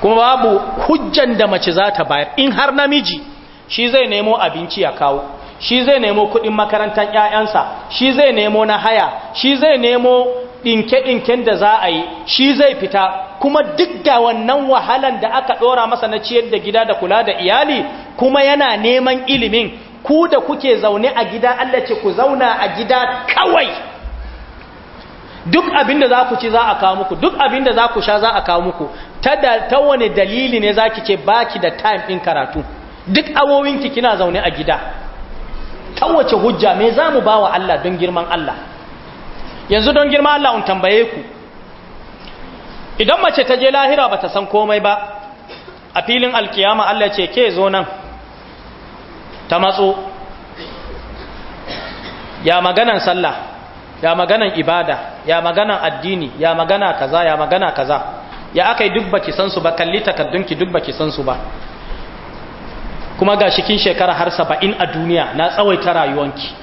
kuma babu hujjan da mace za ta bayar in har namiji shi zai nemo abinci ya kawo shi zai nemo kuɗin makarantar ƴaƴansa shi zai nemo na haya shi zai nemo ɗinke-ɗinken da za a yi shi zai fita kuma duk da wannan wahalan da aka ɗora masa na ciyar da gida da kula da iyali kuma yana neman ilimin ku da kuke zaune a gida Allah ce ku zauna a gida kawai duk abinda za ku ci za a kawo muku duk abinda za ku sha za a kawo muku ta wane dalili ne zaki ce baki da time ɗin karatu duk awowinki kina zaune a gida ta wace hujja me za mu ba wa Allah don girman Allah yanzu don girman Allah un tambaye ku idan mace ta je lahira ba ta san komai ba a filin alkiyama Allah ce ke zo nan ta matso ya maganan sallah ya maganan ibada ya maganan addini ya magana kaza ya magana kaza ya aka yi dubba ki san su ba kalli takaddun ki dubba ki san su ba kuma ga shi kin shekara har saba'in a duniya na tsawaita rayuwanki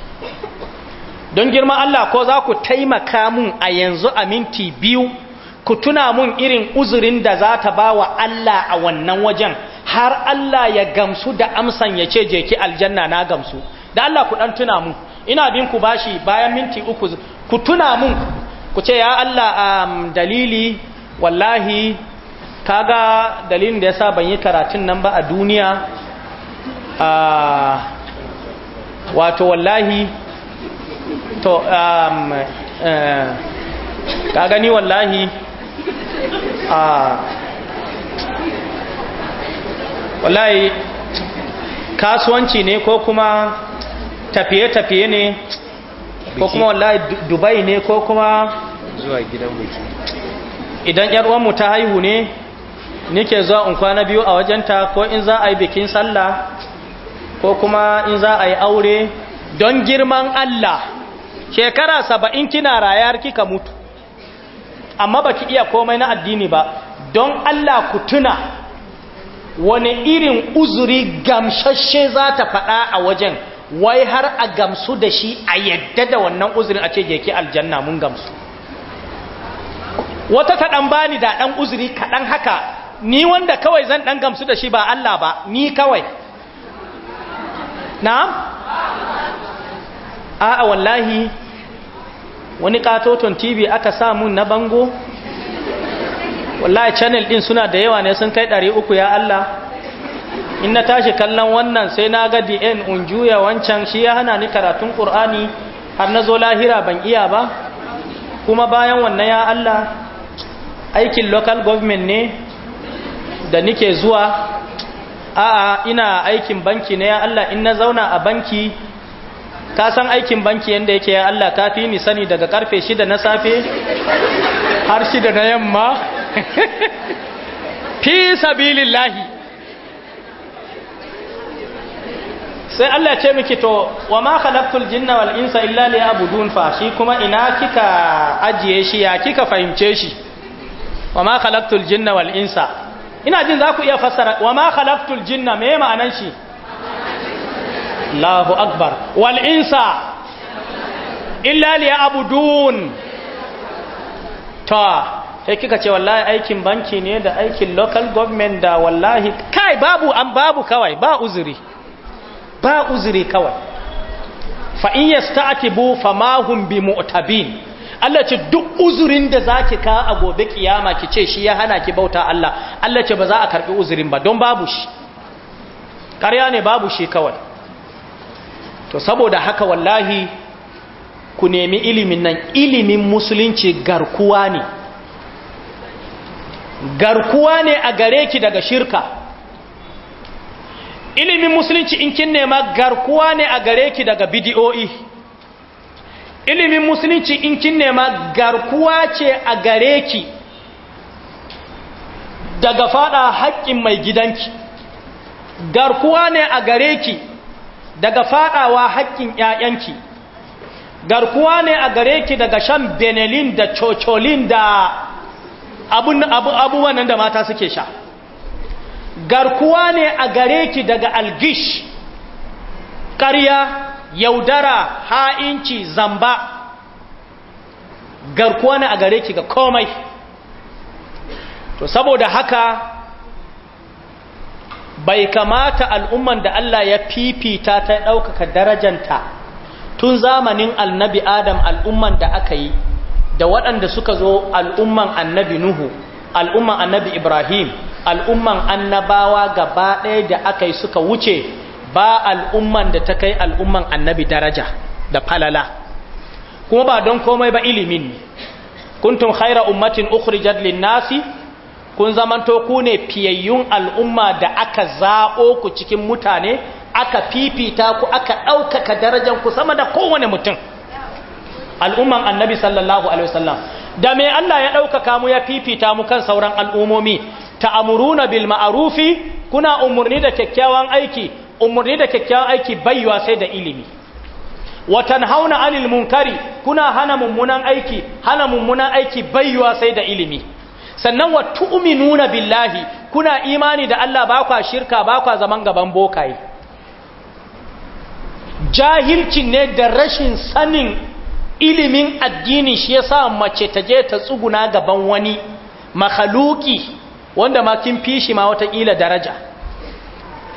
don girma Allah ko za ku taimaka mun a yanzu a minti biyu ku tuna mun irin uzurin da za ta ba wa Allah a wannan wajen har Allah ya gamsu da amsan ya ce je ki aljanna na gamsu da Allah ku dan tuna mun ina bin ku bashi bayan minti uku ku tuna mun ku ce ya Allah dalili wallahi kaga dalilin da yasa ban yi karatun nan ba a duniya a wato wallahi to um, uh, gani ni wallahi a wallahi kasuwanci ne ko kuma tafiye-tafiye ne ko kuma wallahi dubai ne ko kuma zuwa gidan biki idan yar uwanmu ta haihu ne nike zuwa in kwana biyu a wajenta ko in za a yi bikin sallah ko kuma in za a yi aure don girman Allah shekara saba'in kina rayar kika mutu amma baki iya komai na addini ba don Allah ku tuna wani irin uzuri gamsashe za ta faɗa a wajen wai har a gamsu da shi a yadda da wannan uzurin a ce je aljanna mun gamsu wata ta dan bani da ɗan uzuri kaɗan haka ni wanda kawai zan ɗan gamsu da shi ba Allah ba ni kawai na'am a'a wallahi wani katoton tv aka sa mun na bango wallahi channel ɗin suna da yawa ne sun kai ɗari uku ya Allah in na tashi kallon wannan sai na ga dn unjuya wancan shi ya hana ni karatun qur'ani har na zo lahira ban iya ba kuma bayan wannan ya Allah aikin local government ne da nike zuwa a'a ina aikin banki ne ya Allah in na zauna a banki ka san aikin banki yanda yake ya Allah ka fi ni sani daga karfe shida na safe har shida na yamma fi sabilillahi sai Allah ce miki to wa ma khalaqtul jinna wal insa illa liya'budun fa shi kuma ina kika ajiye shi ya kika fahimce shi wa ma khalaqtul jinna wal insa ina jin za ku iya fassara wa ma khalaqtul jinna me ma'anan shi Allahu akbar wal insa illa liya'budun ta sai kika ce wallahi aikin banki ne da aikin local government da wallahi kai babu an babu kawai ba uzuri ba uzuri kawai fa in yasta'tibu famahum bi mu'tabin Allah ce duk uzurin da za ki ka a gobe kiyama ki ce shi ya hana ki bauta Allah Allah ce ba za a karɓi uzurin ba don babu shi ƙarya ne babu shi kawai to saboda haka wallahi ku nemi ilimin nan ilimin musulunci garkuwa ne garkuwa ne a gare ki daga shirka ilimin musulunci in kin nema garkuwa ne a gare ki daga bidiyo'i ilimin musulunci in kin nema garkuwa ce a gare ki daga fada haƙƙin mai gidanki garkuwa ne a gare ki daga fadawa haƙƙin ƴaƴanki garkuwa ne a gare ki daga shan benelin da cocolin da abubuwan nan da mata suke sha garkuwa ne a gare ki daga algish ƙarya yaudara ha'inci zamba garkuwa na a gare ki ga komai to saboda haka bai kamata al'umman da Allah ya fifita ta ɗaukaka darajanta tun zamanin annabi adam al'umman da aka yi da waɗanda suka zo al'umman annabi nuhu al'umman annabi ibrahim al'umman annabawa gaba ɗaya da aka yi suka wuce ba al'umman da ta kai al'umman annabi daraja da falala kuma ba don komai ba ilimin ne kuntum khaira ummatin ukhrijat Linnasi, nasi kun zamanto ku ne fiyayyun al'umma da aka zaɓo ku cikin mutane aka fifita ku aka ɗaukaka darajan ku sama da kowane mutum al'umman annabi sallallahu alaihi wasallam da mai Allah ya ɗaukaka mu ya fifita mu kan sauran al'umomi ta'amuruna bil ma'arufi kuna umurni da kyakkyawan aiki umarni da kyakkyawan aiki baiwa sai da ilimi watan hauna anil munkari kuna hana mummunan aiki hana mummunan aiki baiwa sai da ilimi sannan wa tu'minuna billahi kuna imani da Allah ba kwa shirka ba kwa zaman gaban bokaye Jahilci ne da rashin sanin ilimin addini shi yasa mace ta je ta tsuguna gaban wani makhaluki wanda ma kin fishi ma wata kila daraja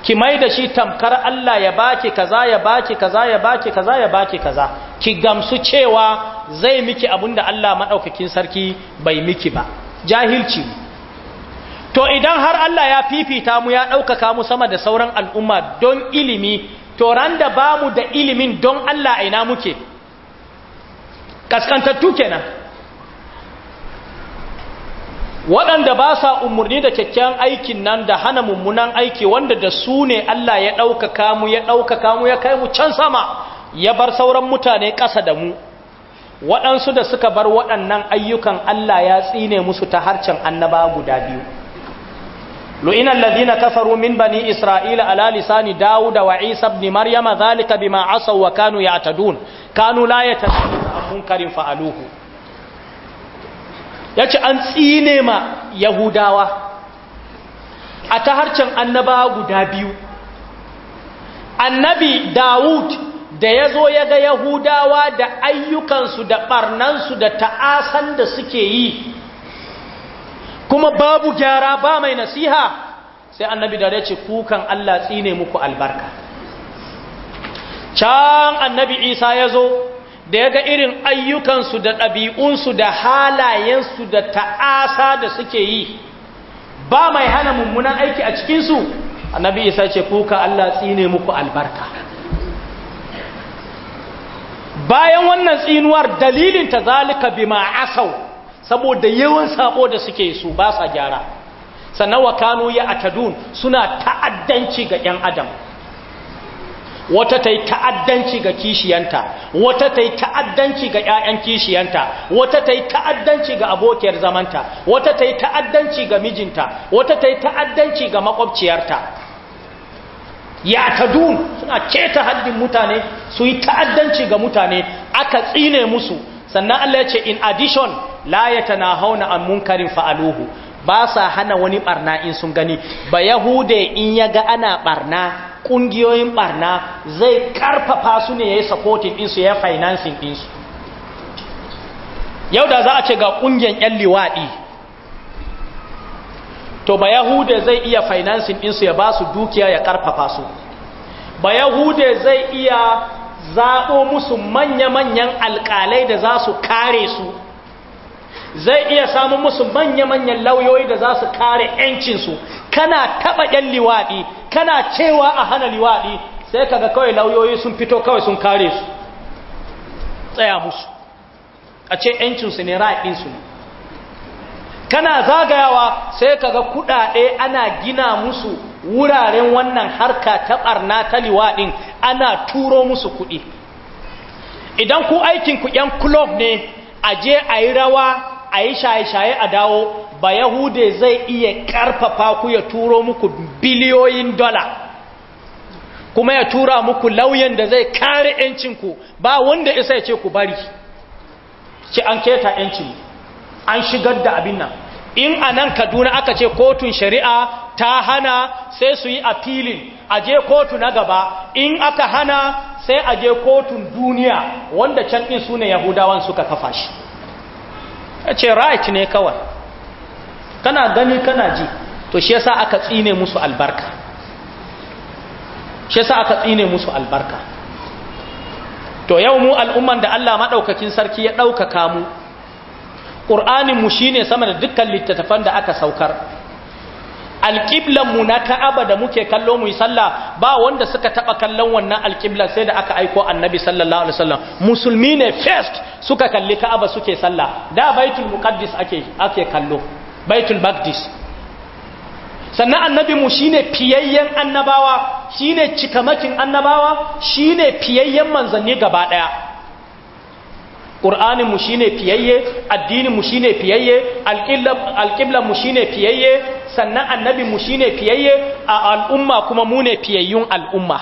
ki mai da shi tamkar Allah ya baki kaza ya baki kaza ya baki kaza ya baki kaza ki gamsu cewa zai miki abinda Allah madaukakin sarki bai miki ba jahilci to idan har Allah ya fifita mu ya ɗaukaka mu sama da sauran al'umma don ilimi to ran da bamu da ilimin don Allah aina muke kaskantattu kenan waɗanda ba sa umarni da kyakkyawan aikin nan da hana mummunan aiki wanda da su ne Allah ya ɗaukaka mu ya ɗaukaka mu ya kai mu can sama ya bar sauran mutane ƙasa da mu waɗansu da suka bar waɗannan ayyukan Allah ya tsine musu ta harcen annaba guda biyu lu'ina alladhina kafaru min bani isra'ila ala lisani dauda wa isa ibn maryama zalika bima asaw wa kanu ya'tadun kanu la yatasawwuna munkarin fa'aluhu ya ce an tsine ma yahudawa a ta harcen annabawa guda biyu annabi dawud da ya zo ya ga yahudawa da ayyukansu da ɓarnansu da ta'asan da suke yi kuma babu gyara ba mai nasiha sai annabi da ya ce kukan allah tsine muku albarka can annabi isa ya zo da ya ga irin ayyukansu da ɗabi'unsu da halayensu da ta'asa da suke yi ba mai hana mummunan aiki a cikinsu annabi isa ce kuka Allah tsine muku albarka bayan wannan tsinuwar dalilin ta zalika bima asau saboda yawan sabo da suke su ba sa gyara sannan wa kanu ya atadun suna ta'addanci ga 'yan adam wata ta yi ta'addanci ga kishiyanta wata ta yi ta'addanci ga 'ya'yan kishiyanta wata ta yi ta'addanci ga abokiyar zamanta wata ta yi ta'addanci ga mijinta wata ta yi ta'addanci ga makwabciyarta ya ta dun suna keta haddin mutane su yi ta'addanci ga mutane aka tsine musu sannan Allah ya ce in addition la ya tana hauna an munkarin fa'aluhu ba sa hana wani barna in sun gani ba yahude in ya ga ana barna ƙungiyoyin barna zai ƙarfafa su ne ya yi supporting ɗinsu ya financing ɗinsu yau da za a ce ga ƙungiyar 'yan liwaɗi to ba yahude zai iya financing ɗinsu ya ba su dukiya ya ƙarfafa su ba yahude zai iya zaɓo musu manya-manyan alƙalai da za su kare su zai iya samu musu manya-manyan lauyoyi da za su kare 'yancinsu kana taɓa 'yan liwaɗi kana cewa a hana liwaɗi sai kaga kawai lauyoyi sun fito kawai sun kare su tsaya musu a ce 'yancinsu ne ra'aɗinsu ne kana zagayawa sai kaga kuɗaɗe ana gina musu wuraren wannan harka ta ɓarna ta liwaɗin ana turo musu kuɗi idan ku aikinku 'yan kulob ne a je a yi rawa a yi shaye-shaye a dawo ba yahude zai iya karfafa ku ya turo muku biliyoyin dola kuma ya tura muku lauyan da zai kare 'yancinku ba wanda isa ya ce ku bari ki an keta 'yancin an shigar da abin nan in a nan kaduna aka ce kotun shari'a ta hana sai su yi appealing a je kotu na gaba in aka hana sai a je kotun duniya wanda can ɗin su ne yahudawan suka kafa shi ya ce right ne kawai kana gani kana ji to shi yasa aka tsine musu albarka shi yasa aka tsine musu albarka to yau mu al'umman da Allah madaukakin sarki ya ɗaukaka mu ƙur'anin mu shine sama da dukkan littattafan da aka saukar alƙiblanmu na ta'aba da muke kallo mu yi sallah ba wanda suka taɓa kallon wannan alƙiblan sai da aka aiko annabi sallallahu alaihi wasallam musulmi ne first suka kalli ka'aba suke sallah da baitul muqaddis ake ake kallo baitul baqdis sannan annabi mu shine fiyayyen annabawa shine cikamakin annabawa shine fiyayyen manzanni gaba daya ƙur'aninmu shi ne fiyayye addininmu shi ne fiyayye alƙiblanmu shi ne fiyayye sannan annabinmu shi ne fiyayye a al'umma kuma mu ne fiyayyun al'umma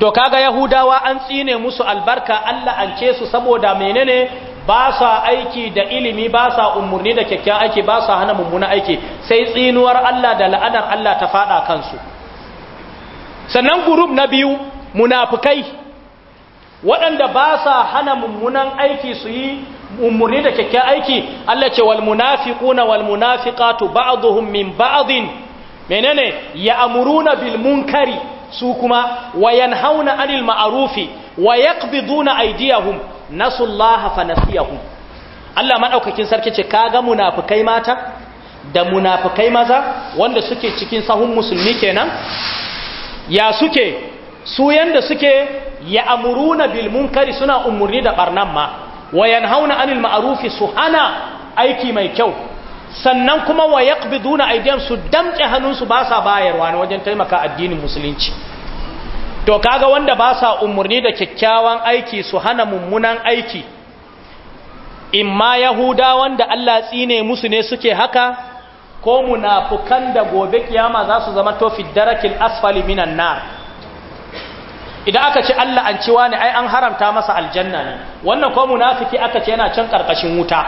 to kaga yahudawa an tsine musu albarka allah an ce su saboda menene ba sa aiki da ilimi ba sa umarni da kyakkyawan aiki ba sa hana mummuna aiki sai tsinuwar allah da la'anar allah ta faɗa kansu sannan gurub na biyu munafukai waɗanda ba sa hana mummunan aiki su yi umarni da kyakkyan aiki Allah ce wal munafiquna wal munafiqatu ba'dhum min ba'dhin menene ya'muruna bil munkari su kuma wayanhauna anil ma'rufi wayaqbiduna aydiyahum nasullaha fanasiyahum Allah madaukakin sarki ce kaga munafikai mata da munafikai maza wanda suke cikin sahun musulmi kenan ya suke su yanda suke ya amuruna bil munkari suna umarni da barnan ma Wayan hauna anil maarufi su hana aiki mai kyau sannan kuma wa yaqbiduna aydiyam su damke hannunsu ba sa bayarwa ne wajen taimaka addinin musulunci to kaga wanda ba sa umurni da kyakkyawan aiki su hana mummunan aiki imma yahuda wanda Allah tsine musu ne suke haka ko munafukan da gobe kiyama za su zama to fi darakil asfali minan nar idan aka ce Allah an ciwa ne ai an haramta masa aljanna ne wannan ko munafiki aka ce yana can karkashin wuta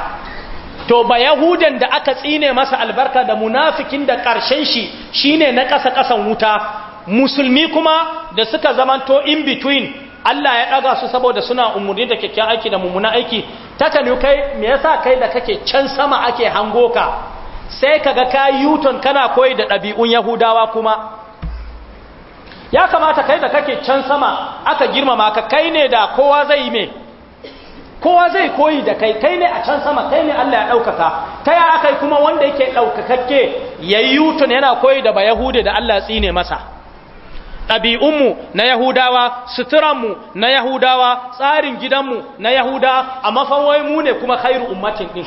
to ba yahudan da aka tsine masa albarka da munafikin da karshen shi shine na ƙasa ƙasan wuta musulmi kuma da suka zamanto in between Allah ya ɗaga su saboda suna umarni da kyakkyan aiki da mummuna aiki ne kai me yasa kai da kake can sama ake hango ka sai kaga ka yuton kana koyi da ɗabi'un yahudawa kuma ya kamata kai da kake can sama aka girmama ka kai ne da kowa zai me kowa zai koyi da kai kai ne a can sama kai ne Allah ya ɗaukaka ta ya akai kuma wanda yake ɗaukakakke ya yi yutun yana koyi da ba yahude da Allah tsine masa ɗabi'unmu na yahudawa suturanmu na yahudawa tsarin gidanmu na yahudawa a mafawai mu ne kuma khairu ummatin ɗin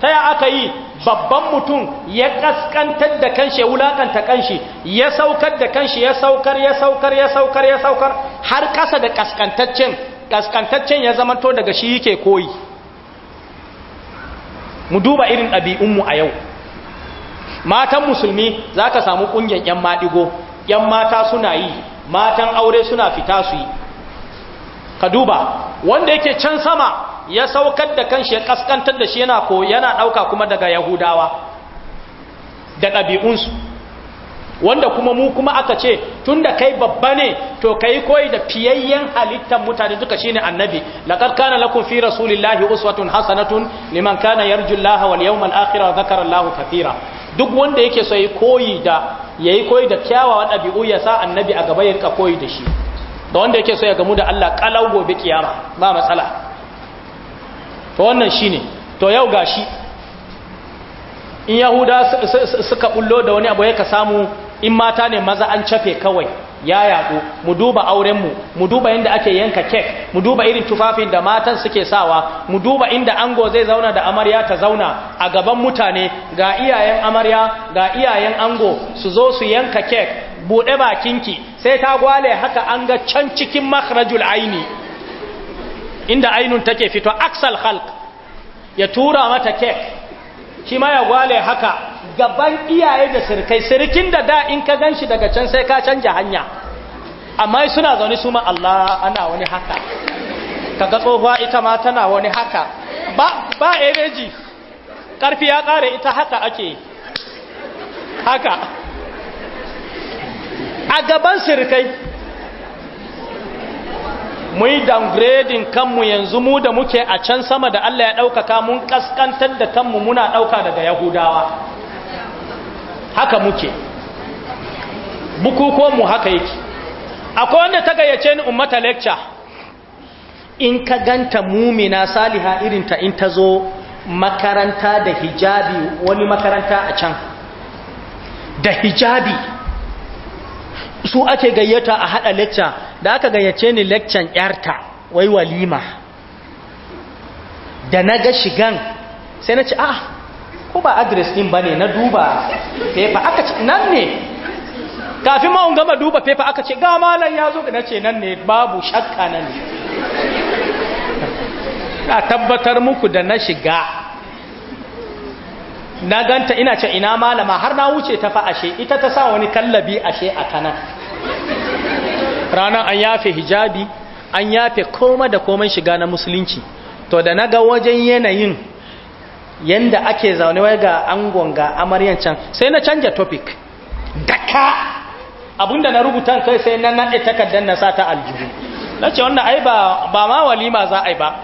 ta ya aka yi babban mutum ya kaskantar da kanshi ya wulaƙanta kanshi ya saukar da kanshi ya saukar ya saukar ya saukar ya saukar har kasa da kaskantaccen kaskantaccen ya zamanto daga shi yake koyi mu duba irin ɗabi'unmu a yau matan musulmi za ka samu ƙungiyar 'yan maɗigo 'yan mata suna yi matan aure suna fita su yi ka duba wanda yake can sama ya saukar da kanshi ya kaskantar da shi yana ko yana ɗauka kuma daga yahudawa da ɗabi'unsu wanda kuma mu kuma aka ce tunda kai babba ne to kai koyi da fiyayyen halittar mutane duka shine annabi laqad kana lakum fi rasulillahi uswatun hasanatun liman kana yarjun Allah wal yawmal akhir wa dhakara kathira duk wanda yake so yi koyi da yayi koyi da kyawawan ɗabi'u ya sa annabi a gaba ya koyi da shi da wanda yake so ya gamu da Allah kalau gobe kiyama ba matsala to wannan shi ne, to yau gashi in yahuda suka bullo da wani abu ya ka samu in mata ne maza an cafe kawai ya yaɗu, mu duba aurenmu mu duba inda ake yanka kek mu duba irin tufafin da matan suke sawa mu duba inda ango zai zauna da amarya ta zauna a gaban mutane ga iyayen amarya ga iyayen ango su zo su yanka kek buɗe bakinki sai ta gwale haka an ga can cikin makarajul aini inda ainun take fito aksal khalq ya tura mata kek shi ma ya gwale haka gaban iyaye da sirkai sirkin da da in ka ganshi daga can sai ka canja hanya amma suna zaune su ma Allah ana wani haka kaga tsohuwa ita ma tana wani haka ba ba ereji karfi ya kare ita haka ake haka a gaban sirkai mu yi downgrading kanmu yanzu mu da muke a can sama da Allah ya ɗaukaka mun ƙasƙantar da kanmu muna ɗauka daga yahudawa haka muke bukukonmu haka yake akwai wanda ta gayyace ni ummata lecture in ka ganta mumina saliha irinta in ta zo makaranta da hijabi wani makaranta a can da hijabi su ake gayyata a hada lecture da aka gayyace ni lecture yarta wai walima da na ga shigan sai na ce ah ko ba adres din bane na duba paper aka ce nan ne kafin ma un gama duba paper aka ce ga malam ya zo na ce nan ne babu shakka nan ne tabbatar muku da na shiga na ganta ina ce ina malama har na wuce ta fa ashe ita ta sa wani kallabi ashe a kana ranar an yafe hijabi an yafe koma da komai shiga na musulunci to da na ga wajen yanayin yanda ake zaune wai ga angon ga amaryan can sai na canja topic daka abinda na rubuta kai sai na naɗe takardar na sata aljihu na ce wannan ai ba ma walima za a yi ba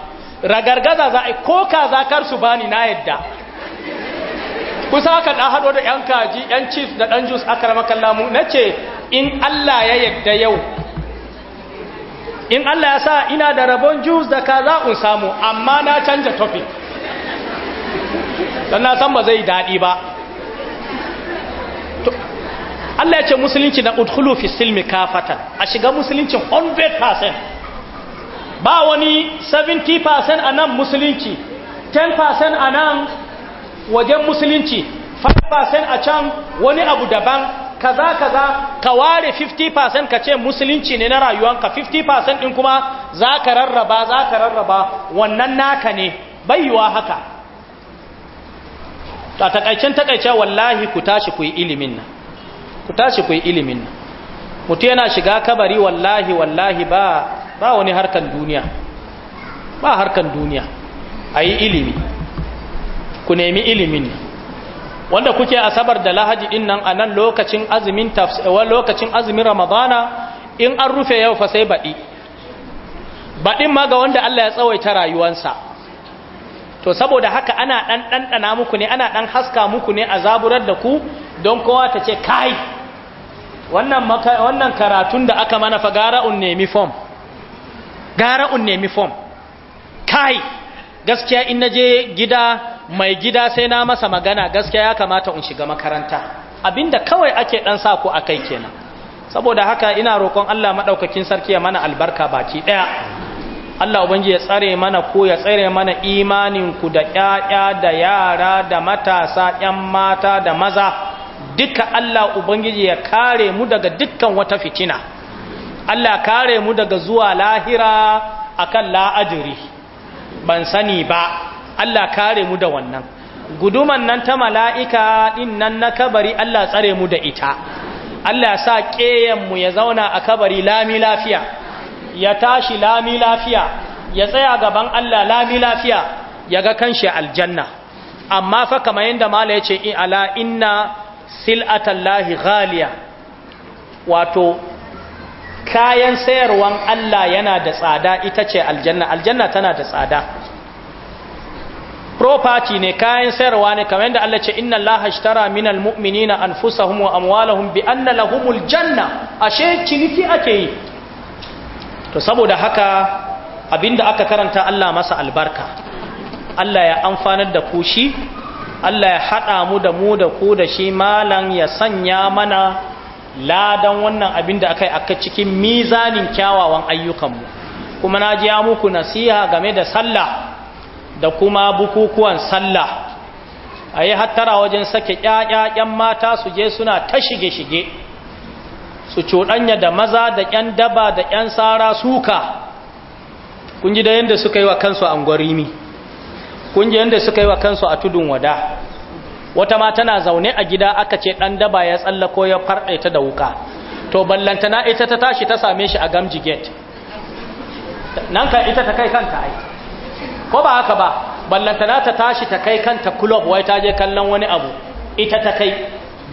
ragargaza za a yi ko ka zakar su bani na yadda kusa haka ɗan haɗo da ‘yan kaji ‘yan chief da ɗan jus aka rama kallamu na ce in Allah ya yadda yau in Allah ya sa ina da rabon juice da za un samu amma na canja topic dan na san ba zai dadi ba Allah ya ce musulunci na udkhulu fi silmi kafatan a shiga musulunci 100% ba wani 70% anan musulunci 10% anan wajen musulunci 5% a can wani abu daban kaza kaza ka ware 50% ka ce musulunci ne na rayuwanka 50% din kuma za ka rarraba za ka rarraba wannan naka ne baiwa haka ta takaicen takaice wallahi ku tashi ku yi ilimin nan ku tashi ku yi ilimin nan mutu yana shiga kabari wallahi wallahi ba ba wani harkan duniya ba harkan duniya a yi ilimi ku nemi ilimin nan wanda kuke asabar da lahadi din nan a nan lokacin azumin eh, lokacin azumin ramadana in an rufe yau fa sai baɗi baɗin ma ga wanda Allah ya tsawaita rayuwansa to saboda haka ana dan ɗanɗana muku ne ana dan haska muku ne a zaburar da ku don kowa ta ce kai wannan karatun da aka mana fa gara un nemi fom gara un nemi form kai gaskiya in na je gida mai gida sai na masa magana gaskiya ya kamata in shiga makaranta abinda kawai ake dan sa ku akai kenan saboda haka ina roƙon Allah madaukakin sarki ya mana albarka baki daya Allah ubangi ya tsare mana ko ya tsare mana imanin ku da ƴaƴa da yara da matasa ƴan mata da maza duka Allah ubangiji ya kare mu daga dukkan wata fitina Allah kare mu daga zuwa lahira akan la'ajiri ban sani ba Allah kare mu da wannan guduman nan ta mala'ika ɗin nan na kabari Allah tsare mu da ita Allah sa mu ya zauna a kabari lami lafiya ya tashi lami lafiya ya tsaya gaban Allah lami lafiya ya ga kanshi aljanna amma fa kamar yadda mala ya ce ala inna lahi ghaliya wato kayan sayarwan Allah yana da tsada ita ce aljanna aljanna tana da tsada property ne kayan sayarwa ne kamar yadda Allah ce inna Allah ashtara minal mu'minina anfusahum wa amwalahum bi anna lahumul janna ashe ciniki ake yi to saboda haka abinda aka karanta Allah masa albarka Allah ya amfanar da ku shi Allah ya hada mu da mu da ku da shi malan ya sanya mana ladan wannan abinda akai aka cikin mizanin kyawawan ayyukanmu kuma na ji ya muku nasiha game da sallah da kuma bukukuwan sallah a yi hattara wajen sake ƴaƴaƴan mata su je suna ta shige-shige su cuɗanya da maza da ƴan daba da ƴan tsara suka kun da yadda suka yi wa kansu a ngwarimi kun ji yadda suka yi wa kansu a tudun wada wata ma tana zaune a gida aka ce ɗan daba ya tsallako ya ta da wuka to ballantana ita ta tashi ta same shi a gamji gate nan ka ita ta kai kanta aiki ko ba haka ba ballantana ta tashi ta kai kanta club wai ta je kallon wani abu ita ta kai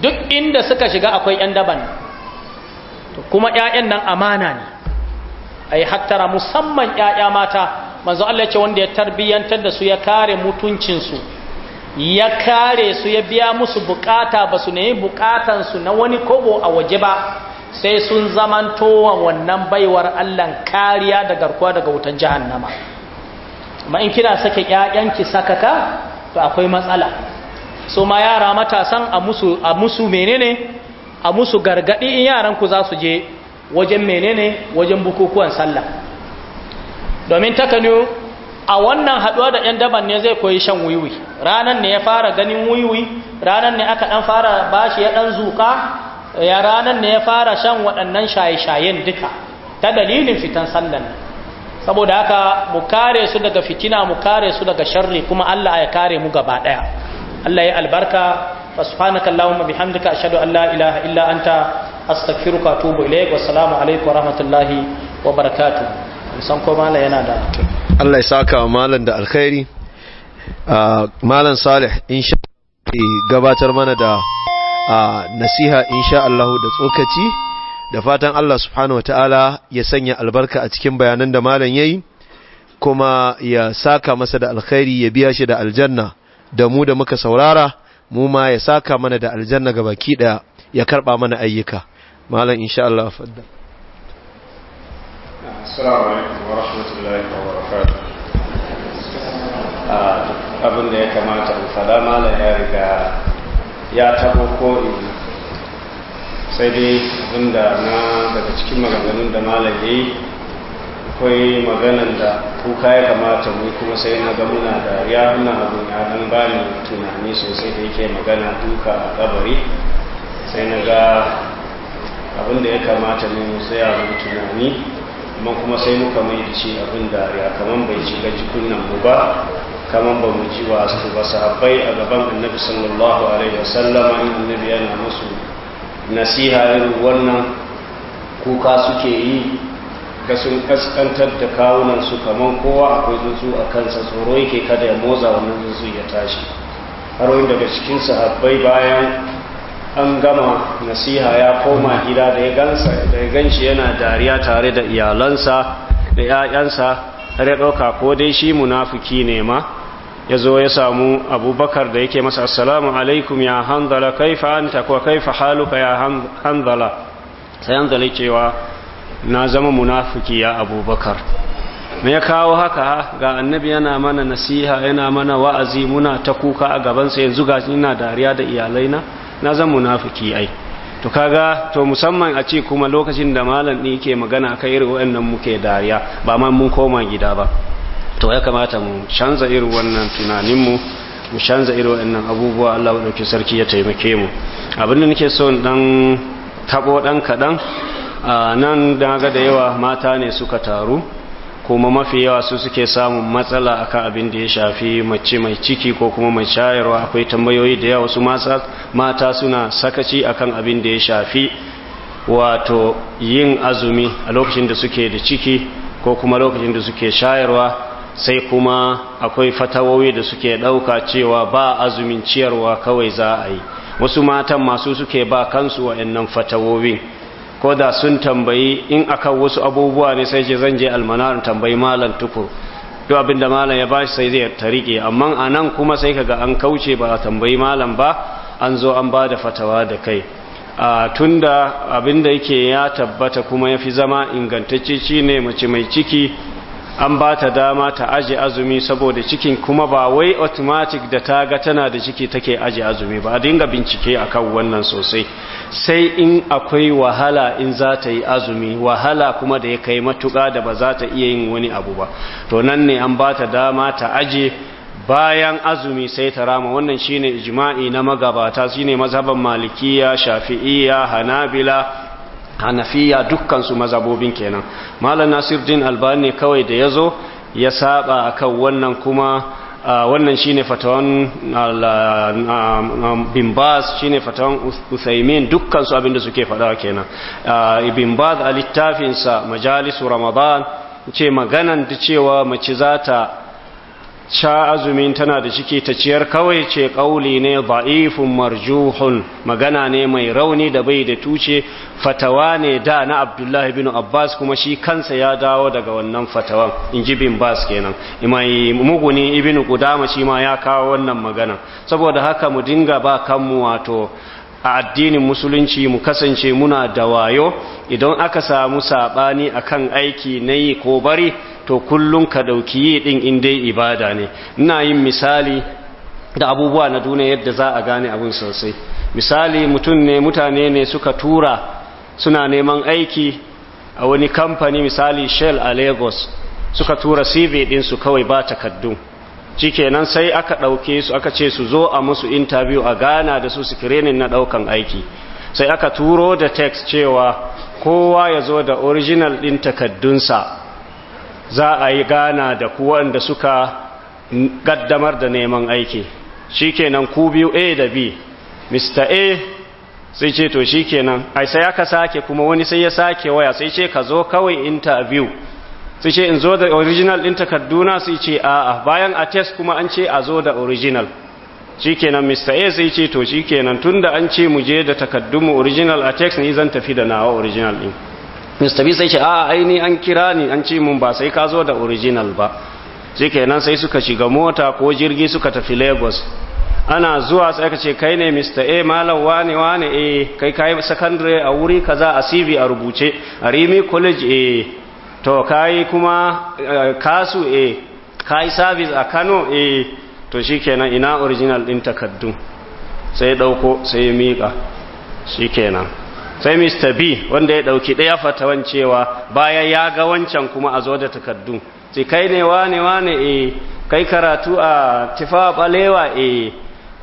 duk inda suka shiga akwai yan daban to kuma ƴaƴan nan amana ne ai hattara musamman ƴaƴa mata manzo Allah ya ce wanda ya tarbiyantar da su ya kare mutuncin su ya kare su ya biya musu bukata ba su nemi bukatan su na wani kobo a waje ba sai sun zamantowa wannan baiwar Allah kariya da garkuwa daga wutan jahannama ma in kina sake ƴaƴanki sakaka to akwai matsala so ma yara matasan a musu a musu menene a musu gargadi in yaran ku za su je wajen menene wajen bukukuwan sallah domin takanu a wannan haduwa da ƴan daban ne zai koyi shan wiwi ranan ne ya fara ganin wiwi ranan ne aka dan fara bashi ya dan zuka ya ranan ne ya fara shan waɗannan shaye-shayen duka ta dalilin fitan sallan saboda haka mu kare su daga fitina mu kare su daga sharri kuma Allah ya kare mu gaba daya Allah ya albarka fa subhanaka allahumma bihamdika ashhadu an la ilaha illa anta astaghfiruka wa atubu wa assalamu alaykum wa rahmatullahi wa barakatuh san ko mallan yana da Allah ya saka mallan da alkhairi ah, mallan salih insha gabatar mana da ah, nasiha insha Allah da tsokaci da fatan Allah subhanahu wa ta'ala ya sanya albarka a cikin bayanan da malam yayi kuma ya saka masa da alkhairi ya biya shi da aljanna da mu da muka saurara mu ma ya saka mana da aljanna ga baki daya ya karba mana ayyuka malam insha Allah fadda assalamu alaikum wa rahmatullahi wa barakatuh ah, abin da ya kamata in fada malam ya riga ya tabo ko in sai dai abinda na daga cikin maganganun da malam akwai maganan da kuka ya kamata mu kuma sai na ga muna da ya muna abin ya dan bani tunani sosai da yake magana duka a kabari sai na ga abin da ya kamata ne mu a mu tunani amma kuma sai muka mai da shi abin da ya kaman bai shiga jikunan mu ba kaman ba mu ji wasu ba sahabbai a gaban annabi sallallahu alaihi wasallam in annabi yana musu nasiha irin wannan kuka suke yi ga sun kaskantar da kawunansu kamar kowa akwai zuzu a kansa tsoro yake kada ya motsa wannan zuzu ya tashi har wani daga cikin sahabbai bayan an gama nasiha ya koma gida da ya gansa da ya ganshi yana dariya tare da iyalansa da 'ya'yansa har ya ɗauka ko dai shi munafuki ne ma ya zo ya samu abubakar da yake masa assalamu alaikum ya hanzala kaifa anta ko fa haluka ya hanzala sai hanzala cewa na zama munafuki ya abubakar me ya kawo haka ga annabi yana mana nasiha yana mana wa'azi muna ta kuka a gabansa yanzu ga nina dariya da iyalaina na zama munafuki ai to kaga to musamman a ce kuma lokacin da malam ɗin yake magana kai irin waɗannan muke dariya ba ma mun koma gida ba to ya kamata mu canza irin wannan tunaninmu mu canza irin wannan abubuwa Allah ɗauki sarki ya taimake mu abin da nake so dan tabo dan kaɗan a nan da ga da yawa mata ne suka taru kuma mafi yawa su suke samun matsala akan abin da ya shafi mace mai ciki ko kuma mai shayarwa akwai tambayoyi da yawa wasu mata suna sakaci akan abin da ya shafi wato yin azumi a lokacin da suke da ciki ko kuma lokacin da suke shayarwa sai kuma akwai fatawowi da suke ɗauka cewa ba azumin ciyarwa kawai za a yi wasu matan masu suke ba kansu wa'annan fatawowi ko da sun tambayi in akan wasu abubuwa ne sai ce zan je almanar tambayi malam tukur to abinda malam ya ba shi sai zai riƙe amma a nan kuma sai kaga an kauce ba a tambayi malam ba an zo an ba da fatawa da kai a tunda abinda yake ya tabbata kuma ya fi zama ingantacce ne mace mai ciki an ba ta dama ta aje azumi saboda cikin kuma ba wai automatic da ta ga tana da ciki take aje azumi ba a dinga bincike akan wannan sosai sai in akwai wahala in za ta yi azumi wahala kuma da ya kai matuƙa da ba za ta iya yin wani abu ba to nan ne an ba ta dama ta aje bayan azumi sai ta rama wannan shine ijma'i na magabata shine mazhaban malikiya shafi'iyya hanabila hanafiya dukkansu mazabobin kenan malam din albani kawai da ya zo ya saba akan wannan kuma wannan shine fatawan bin baz shine fatawan usaimin dukkansu abinda suke fadawa kenan ibn baz a littafinsa majalisu ramadan ce maganan da cewa mace za ta sha azumin tana da ciki ta ciyar kawai ce ƙauli ne ba'ifun marjuhun magana ne mai rauni da bai da tuce fatawa ne da na abdullahi bin abbas kuma shi kansa ya dawo daga wannan fatawan in ji bin bas kenan mai muguni guda kudama shi ma ya kawo wannan magana saboda haka mu dinga ba kanmu wato a addinin musulunci mu kasance muna da wayo idan aka samu saɓani akan aiki na yi ko bari to kullum ka ɗauki yi ɗin in dai ibada ne ina yin misali da abubuwa na duniya yadda za a gane abin sosai misali mutum ne mutane ne suka tura suna neman aiki a wani kamfani misali shell a lagos suka tura cv ɗinsu kawai ba takaddun kenan sai aka ɗauke su aka ce su zo a musu interview a gana da su screening na ɗaukan aiki sai aka turo da text cewa kowa ya zo da original ɗin takaddunsa za a yi gana da da suka gaddamar da neman aiki shi kenan ku biyu A da B Mr A sai ce to shi kenan ai sai aka sake kuma wani sai ya sake waya sai ce ka zo kawai interview sai ce in zo da original ɗin takarduna sai ce a'a bayan a test kuma an ce a zo da original Shi kenan Mr. A sai ce to shi tun da an ce mu je da takardunmu original a text ne zan tafi da nawa original ɗin mr b sai ce a aini an kira ni an ce mun ba sai ka zo da original ba shikenan sai suka shiga mota ko jirgi suka tafi lagos ana zuwa sai ka ce kai ne mr a malam wane wane eh kai kai secondary a wuri kaza a cv a rubuce a rimi college eh to kai kuma kasu eh kai service a kano eh to shikenan ina original din takaddu sai dauko sai ya miƙa shikenan sai mr b wanda ya ɗauki ɗaya fatawan cewa bayan ya ga wancan kuma a zo da takardu sai kai ne wane wane e kai karatu a tifa balewa e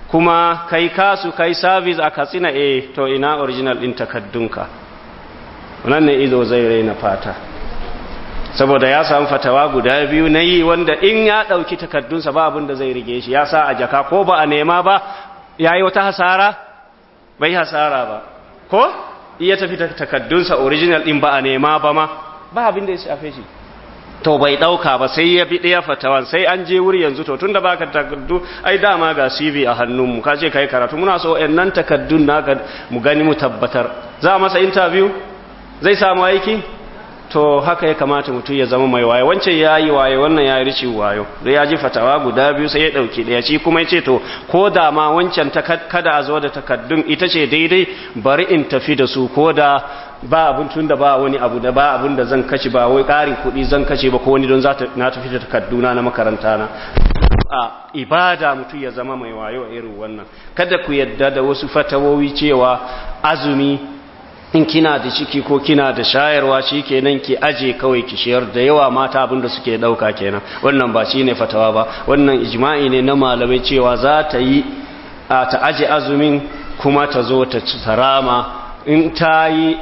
kuma kai kasu kai service a katsina e to ina original ɗin takardunka nan ne izo zai raina fata saboda ya samu fatawa guda biyu na yi wanda in ya ɗauki takardunsa ba abin da zai rige shi ya sa a jaka ko ba a nema ba ya yi wata hasara bai hasara ba ko Iya tafi takaddunsa original din ba a nema ba ma ba abin da ya shafe shi to bai dauka ba sai ya bi daya fatawan sai an je wuri yanzu to tunda baka takaddu ai dama ga CV a hannun mu kace kai karatu muna so nan takaddun naka mu gani mu tabbatar za masa interview zai samu aiki to haka ya kamata mutum ya zama mai waye wancan ya yi wayo wannan ya yi ricin wayo da ya ji fatawa guda biyu sai ya ɗauki ɗaya ci kuma ya ce to ko da ma wancan ta kada a zo da takaddun ita ce daidai bari in tafi da su ko da ba abun tun da ba wani abu da ba abun da zan kashe ba wai ƙarin kuɗi zan kashe ba ko wani don na tafi da takadduna na makaranta na a ibada mutum ya zama mai wayo irin wannan kada ku yadda da wasu fatawowi cewa azumi in kina da ciki ko kina da shayarwa shi kenan ke aje kawai ki shayar da yawa mata abin da suke ɗauka kenan wannan ba shi ne fatawa ba wannan ijma'i ne na malamai cewa za ta yi a ta aje azumin kuma ta zo ta tarama in ta yi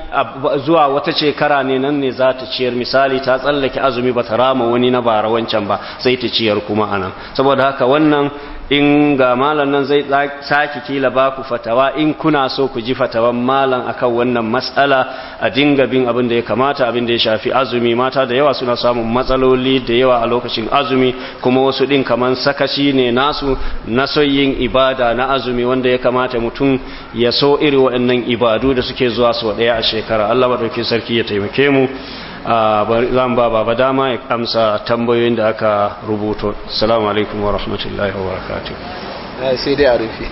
zuwa wata shekara ne nan ne za ta ciyar misali ta tsallake azumi ba ta rama wani na bara wancan ba sai ta ciyar kuma a nan saboda haka wannan in ga malam nan zai saki kila ba ku fatawa in kuna so ku ji fatawan malam akan wannan matsala a dinga bin abin da ya kamata abin da ya shafi azumi mata da yawa suna samun matsaloli da yawa a lokacin azumi kuma wasu din kaman sakashi ne nasu na soyin ibada na azumi wanda ya kamata mutum ya so iri waɗannan ibadu da suke zuwa su ɗaya a shekara Allah madaukin sarki ya taimake mu za mu ba baba dama ya amsa tambayoyin da aka rubuto salamu alaikum wa rahmatullahi wa barakatuh eh, sai dai a rufe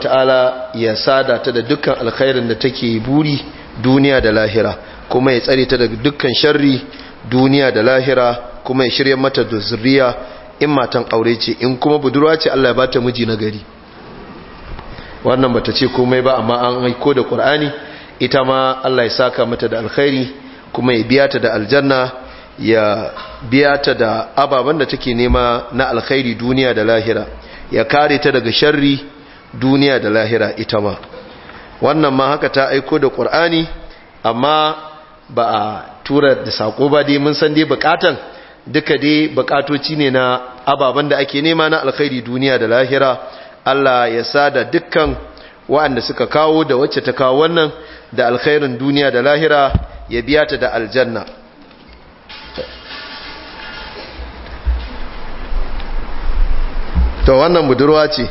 ta'ala ya sada ta da dukkan alkhairin da take buri duniya da lahira kuma ya tsare ta da dukkan sharri duniya da lahira kuma ya shirya mata da zuriya in matan aure ce in kuma budurwa ce Allah ya ba ta miji na gari wannan bata ce komai ba amma an aiko da Qur'ani ita ma Allah ya saka mata da alkhairi kuma ya biya ta da aljanna ya biya ta da ababan da take nema na alkhairi duniya da lahira ya kare ta daga sharri duniya da lahira ita ma wannan ma haka ta aiko da ƙur'ani amma ba a tura da sako ba dai mun san dai buƙatan duka dai bukatoci ne na ababen da ake nema na alkhairi duniya da lahira Allah ya sa da dukkan waɗanda suka kawo da wacce ta kawo wannan da alkhairin duniya da lahira ya biya ta da aljanna to wannan budurwa ce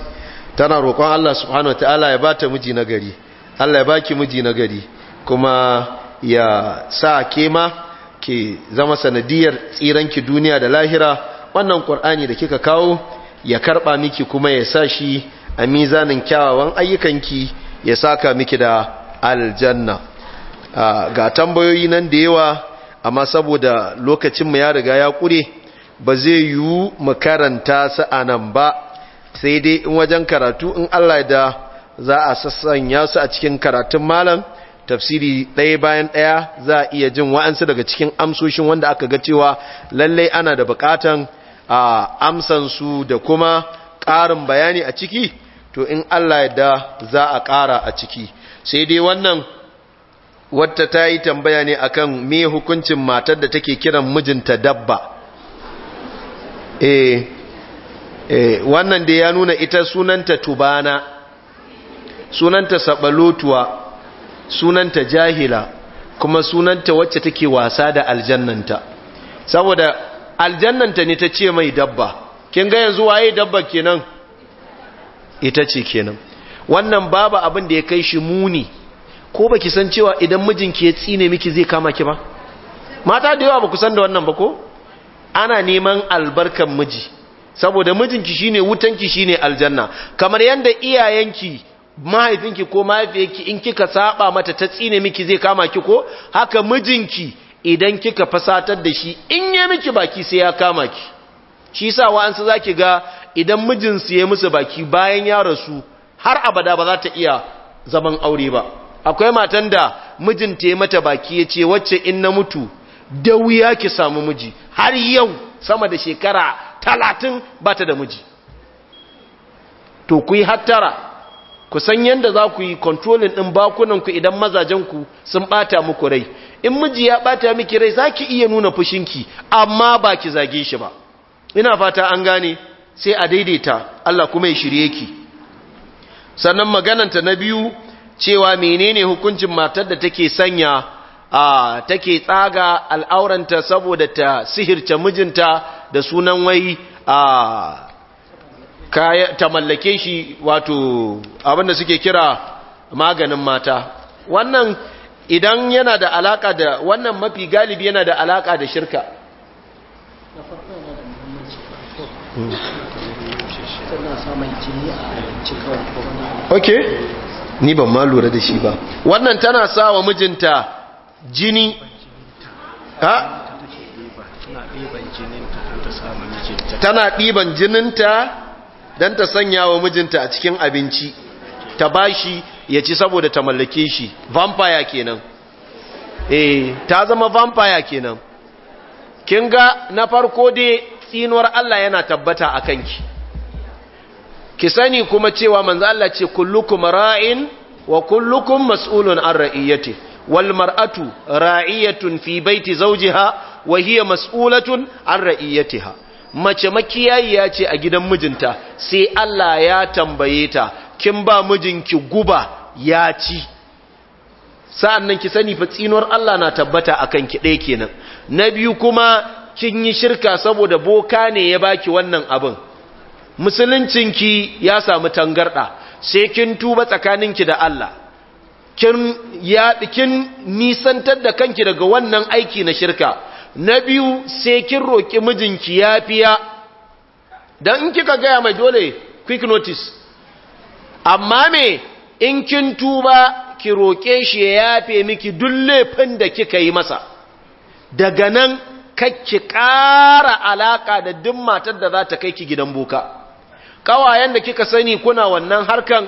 tana roƙon Allah subhanahu wataala ya bata miji na gari Allah ya baki miji na gari kuma ya sa kema ke zama sanadiyar tsiranki duniya da lahira wannan qur'ani da kika kawo ya karba miki kuma ya sa shi a mizanin kyawawan ayyukanki ya saka miki da aljanna ga tambayoyi nan da yawa amma saboda lokacin mu ya riga ya kure ba zai yiwu mu karanta sa'anan ba sai dai in wajen karatu in Allah ya da za a sassanya su a cikin karatun malam tafsiri ɗaya bayan ɗaya za a iya jin wa'ansu daga cikin amsoshin wanda aka ga cewa lallai ana da buƙatan a amsansu da kuma ƙarin bayani a ciki to in Allah ya da za a ƙara a ciki sai dai wannan wata ta yi tambaya ne akan me hukuncin matar da take kiran mijinta dabba eh Eh, wannan da ya nuna ita sunanta tubana sunanta sabalutuwa sunanta jahila kuma sunanta wacce take wasa da aljannanta saboda aljannanta ne ta ce mai dabba kin ga yanzu waye dabba kenan ita ce kenan wannan babu abin da ya kai shi muni ko baki san cewa idan mijinki ya tsine miki zai kama ki ba mata da yawa ba ku san da wannan ba ko ana neman albarkan miji saboda mijinki shine wutanki shine aljanna kamar yanda iyayenki mahaifinki ko mahaifiyarki in kika saba mata ta tsine miki zai kama ki ko haka mijinki idan kika fasatar da shi in ya miki baki sai ya kama ki shi sa wa'ansu zaki ga idan mijinsu ya musu baki bayan ya rasu har abada ba za ta iya zaman aure ba akwai matan da mijinta ya mata baki ya ce wacce in na mutu da wuya ki samu miji har yau sama da shekara talatin ba ta da miji to ku yi hattara ku san yadda za ku yi kontrolin ɗin bakunanku idan mazajenku sun ɓata muku rai in miji ya ɓata miki rai za ki iya nuna fushinki amma ba ki zage shi ba ina fata an gane sai a daidaita Allah kuma ya shirye ki sannan magananta na biyu cewa menene hukuncin matar da take sanya a take tsaga al'auranta saboda ta sihirce mijinta da sunan wai a ta mallake shi wato abinda suke kira maganin mata wannan idan yana da alaka da wannan mafi galibi yana da alaka da shirka ok ni ban ma lura da shi ba wannan tana sa wa mijinta jini ha tana ɗiban jininta don ta sanya wa mijinta a cikin abinci ta ba shi ya ci saboda ta mallake shi vampire kenan eh ta zama vampire kenan kin ga na farko dai tsinuwar Allah yana tabbata a kanki ki sani kuma cewa manzo Allah ce kullukum ra'in wa kullukum mas'ulun an ra'iyatihi wal mar'atu ra'iyatun fi baiti zawjiha wa hiya mas'ulatun an ra'iyatiha mace makiyayiya ce a gidan mijinta sai Allah ya tambaye ta kin ba mijinki guba ya ci Sa'annan ki sani fa tsinuwar Allah na tabbata a kanki ɗaya kenan na biyu kuma kin yi shirka saboda boka ne ya baki wannan abin musuluncinki ya samu tangarɗa sai kin tuba tsakaninki da Allah kin ya kin nisantar da kanki daga wannan aiki na shirka na biyu sai kin roki mijinki yafiya dan in kika ga mai dole quick notice amma me in kin tuba ki roke shi ya yafe miki duk laifin da kika yi masa daga nan kakki ƙara alaka da duk matar da za ta kai ki gidan boka ƙawayen da kika sani kuna wannan harkan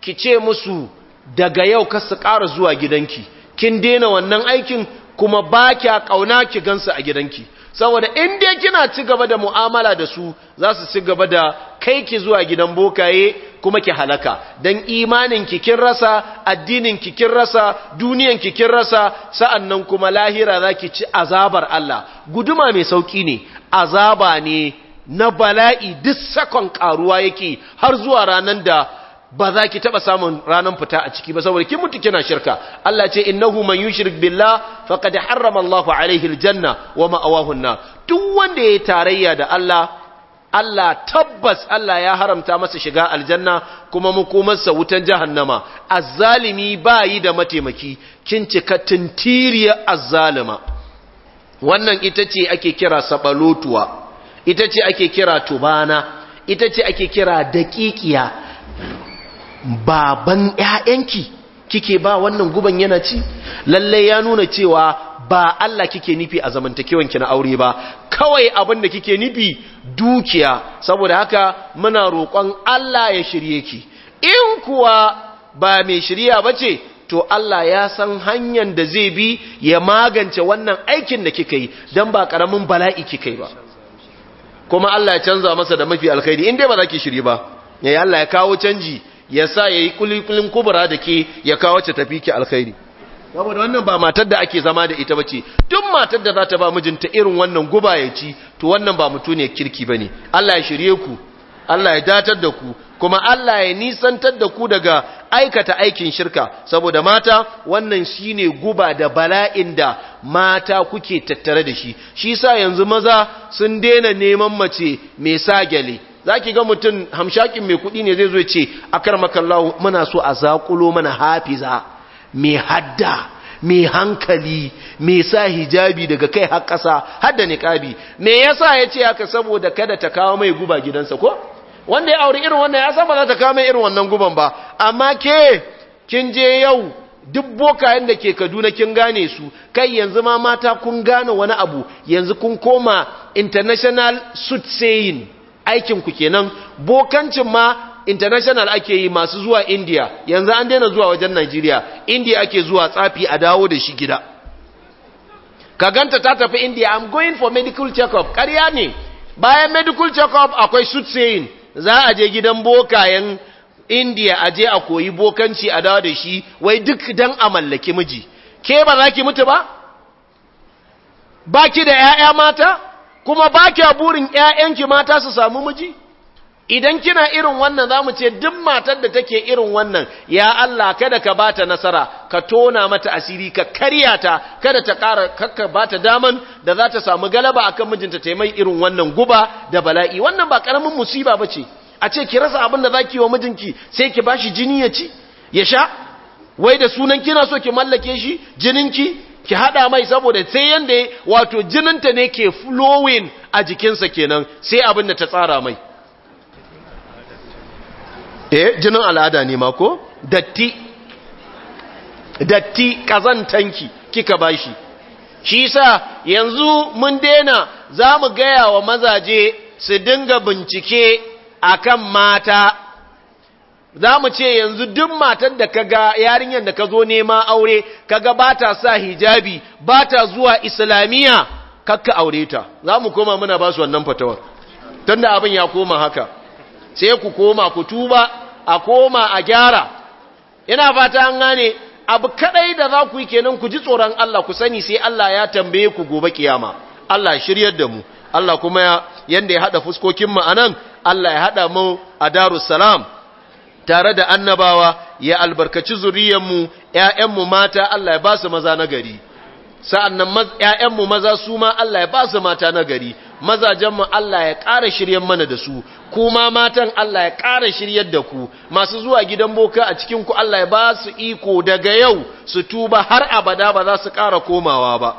ki ce musu daga yau ka su ƙara zuwa gidanki kin daina wannan aikin kuma ba kya ƙauna ki gansu a gidanki saboda inda dai kina ci gaba da mu'amala da su za su ci gaba da kai ki zuwa gidan bokaye kuma ki halaka don imanin ki kin rasa addinin ki kin rasa duniyan ki kin rasa sa'annan kuma lahira za ki ci azabar Allah guduma mai sauki ne azaba ne na bala'i duk sakon karuwa yake har zuwa ranar da ba za ki taɓa samun ranar fita a ciki ba saboda kin mutu kina shirka Allah ce innahu man yushrik billah faqad harrama Allahu alaihi aljanna wa ma'awahu an-nar duk wanda yayi tarayya da Allah Allah tabbas Allah ya haramta masa shiga aljanna kuma mukumarsa wutan jahannama azzalimi bayi da mataimaki kin cika tintiriya azzalima wannan ita ce ake kira sabalotuwa ita ce ake kira tubana ita ce ake kira daƙiƙiya baban ‘ya'yanki kike ba wannan guban yana ci lallai ya nuna cewa ba Allah kike nufi a zamantakewanki na aure ba kawai abin da kike nufi dukiya saboda haka muna roƙon Allah ya shirye ki in kuwa ba mai shirya ba ce to Allah ya san hanyar da zai bi ya magance wannan aikin da kika yi don ba ƙaramin bala'i kika ba kuma Allah ya canza masa da mafi alkhairi in dai ba za ki shirye ba yi Allah ya kawo canji ya sa ya yi kulikulin kubura da ke ya kawo ce tafi ki alkhairi saboda wannan ba matar da ake zama da ita bace duk matar da za ta ba mijinta irin wannan guba ya ci to wannan ba mutuniyar kirki ba ne. Allah ya shirye ku Allah ya datar da ku kuma Allah ya nisantar da ku daga aikata aikin shirka saboda mata wannan shine guba da bala'in da mata kuke tattare da shi shi sa yanzu maza sun daina neman mace mai sa gyale za ki ga mutum hamshakin mai kuɗi ne zai zo ce a karmakallahu muna so a zakulo mana hafiza mai hadda mai hankali mai sa hijabi daga kai har ƙasa hadda niƙabi me yasa ya ce aka saboda kada ta kawo mai guba gidansa ko wanda ya auri irin wannan ya san ba za ta kawo mai irin wannan guban ba amma ke kin je yau duk bokayen da ke kaduna kin gane su kai yanzu ma mata kun gane wani abu yanzu kun koma international suit saying. aikinku kenan bokancin ma international ake yi masu zuwa india yanzu an daina zuwa wajen nigeria india ake zuwa tsafi a dawo da shi gida Ka ganta ta tafi india i'm going for medical check-up ƙarya ne bayan medical check-up akwai soothsaying za a je gidan bokayen india a je a koyi bokanci a dawo da shi wai duk dan a mallaki miji ke ba za ki mutu ba ba ki da 'ya'ya mata kuma ba kya burin ‘ya'yanki mata su samu miji? Idan kina irin wannan za mu ce duk matar da take irin wannan, ya Allah kada ka bata nasara, ka tona mata asiri, ka karya ta, kada ta ƙara kakka bata daman da za ta samu galaba a kan mijinta ta mai irin wannan guba da bala'i. Wannan ba ƙaramin musiba ba ce, a ce ki rasa abin da za ki wa mijinki sai ki ba shi jini ya ci, ya sha, wai da sunan kina so ki mallake shi, jininki, ki hada mai saboda sai yanda wato jininta ne ke flowing a jikinsa kenan sai abin da ta tsara mai eh jinin al'ada ne mako? datti datti kazantanki kika bashi shi yasa yanzu mun daina zamu gaya wa mazaje su dinga bincike akan mata za mu ce yanzu duk matan da ka ga yarinyar da ka zo nema aure ka ga ba ta sa hijabi ba ta zuwa islamiyya kakka aure ta za mu koma muna ba su wannan fatawar Tunda abin ya koma haka sai ku koma ku tuba a koma a gyara ina fata an gane abu kadai da za ku yi kenan ku ji tsoron Allah ku sani sai Allah ya tambaye ku gobe kiyama Allah shiryar da mu Allah kuma yanda ya hada fuskokin mu anan Allah ya hada mu a Darussalam tare da annabawa ya albarkaci zuriyanmu mu mata Allah ya ba su maza na gari sa'annan mu maza su ma Allah ya ba su mata na gari mazajenmu Allah ya ƙara shiryen mana da su kuma matan Allah ya ƙara shiryar da ku masu zuwa gidan boka a cikin ku Allah ya ba su iko daga yau su tuba har abada ba za su ƙara komawa ba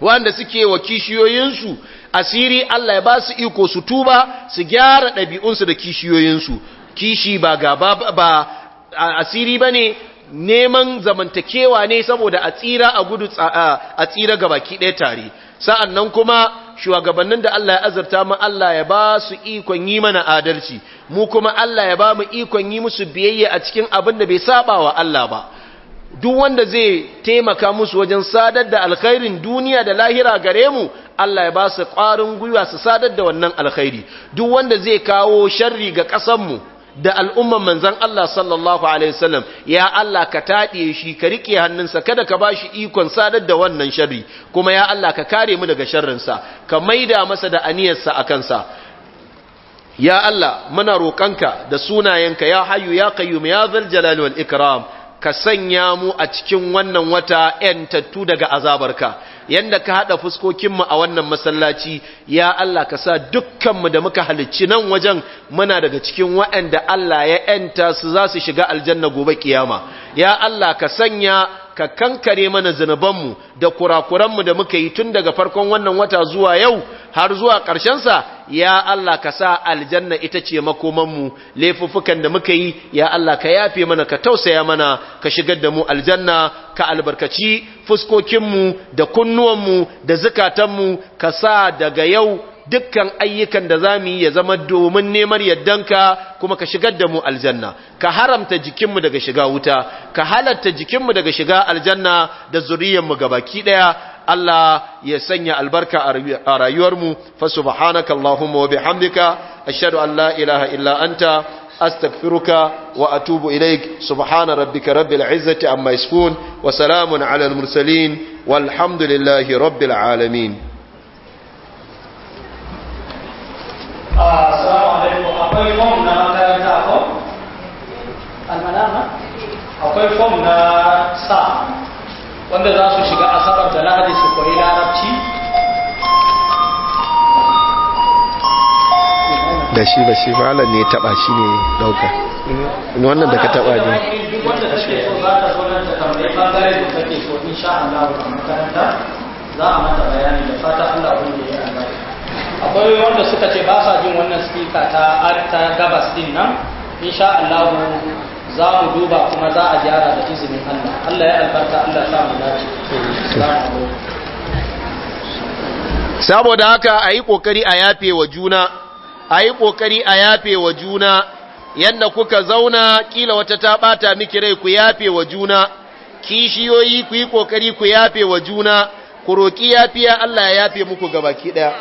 wanda suke wa kishiyoyinsu asiri Allah ya ba su iko su tuba su gyara ɗabi'unsu da kishiyoyinsu kishi ba gaba ba asiri ba ne neman zamantakewa ne saboda a tsira a gudu a tsira ga baki ɗaya tare sa'an nan kuma shugabannin da Allah ya azurta mu Allah ya ba su ikon yi mana adalci mu kuma Allah ya ba mu ikon yi musu biyayya a cikin abin da bai saba wa Allah ba duk wanda zai taimaka musu wajen sadar da alkhairin duniya da lahira gare mu Allah ya ba su ƙwarin gwiwa su sadar da wannan alkhairi duk wanda zai kawo sharri ga ƙasarmu mu da al'umman manzan Allah sallallahu Alaihi wasallam ya Allah ka taɗe shi ka riƙe hannunsa kada ka ba shi ikon sadar da wannan sharri kuma ya Allah ka kare mu daga sharrinsa ka maida masa da aniyarsa a kansa ya Allah muna roƙonka da sunayenka ya hayu ya kayyum ya zal jalali wal ikram ka sanya mu a cikin wannan wata 'yantattu daga azabarka yanda ka hada fuskokinmu a wannan masallaci ya Allah ka sa dukkanmu da muka halicci nan wajen muna daga cikin waɗanda Allah ya yanta su za su shiga aljanna gobe kiyama ya Allah ka sanya ka kankare mana mu da kurakuranmu da muka yi tun daga farkon wannan wata zuwa yau har zuwa sa ya Allah ka sa aljanna ita ce makomanmu laifuffukan da muka yi ya Allah ka yafe mana ka tausaya mana ka shigar da mu aljanna ka albarkaci fuskokinmu da kunnuwanmu da zukatanmu ka sa daga yau dukkan ayyukan da za mu yi ya zama domin neman yardanka kuma ka shigar da mu aljanna ka haramta jikinmu daga shiga wuta ka halatta jikinmu daga shiga aljanna da zuriyarmu gabaki daya Allah ya sanya albarka a rayuwarmu fa subhanaka allahumma wa bihamdika ashhadu an la ilaha illa anta astaghfiruka wa atubu ilaik subhana rabbika rabbil izzati amma yasifun wa salamun ala al mursalin walhamdulillahi rabbil alamin akwai form na makaranta ko almanama akwai form na sa wanda za su shiga asabar da lahadi su koyi larabci da shi ba shi ne taba shi ne dauka wannan da ka taba ne za mata bayani da fata Allah akwai wanda suka ce ba sa jin wannan spika ta arta gabas din nan insha Allah za mu duba kuma za a gyara da izinin Allah Allah ya albarka Allah ya samu dace saboda haka a yi ƙoƙari a yafe wa juna a yi kokari a yafe wa juna yadda kuka zauna kila wata ta ɓata miki rai ku yafe wa juna kishiyoyi ku yi ƙoƙari ku yafe wa juna ku roƙi yafiya Allah ya yafe muku gabaki ɗaya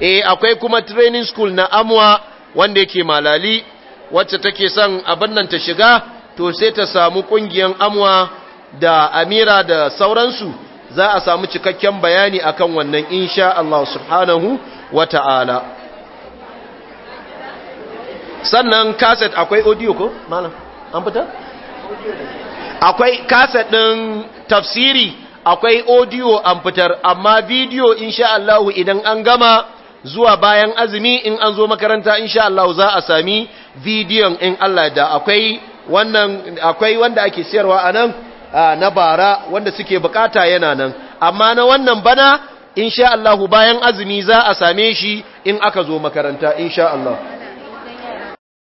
E akwai kuma training school na amwa wanda yake malali wacce take son abin nan ta shiga to sai ta samu kungiyan amwa da amira da sauransu za a samu cikakken bayani akan wannan insha Allah subhanahu wata'ala sannan kaset akwai audio ko malam an fita akwai kaset din tafsiri akwai audio an fitar amma video insha Allah idan an gama zuwa bayan azumi in an zo makaranta insha Allah za a sami bidiyon in Allah da akwai wannan akwai wanda ake siyarwa a nan na bara wanda suke bukata yana nan amma na wannan bana insha Allah bayan azumi za a same shi in aka zo makaranta insha Allah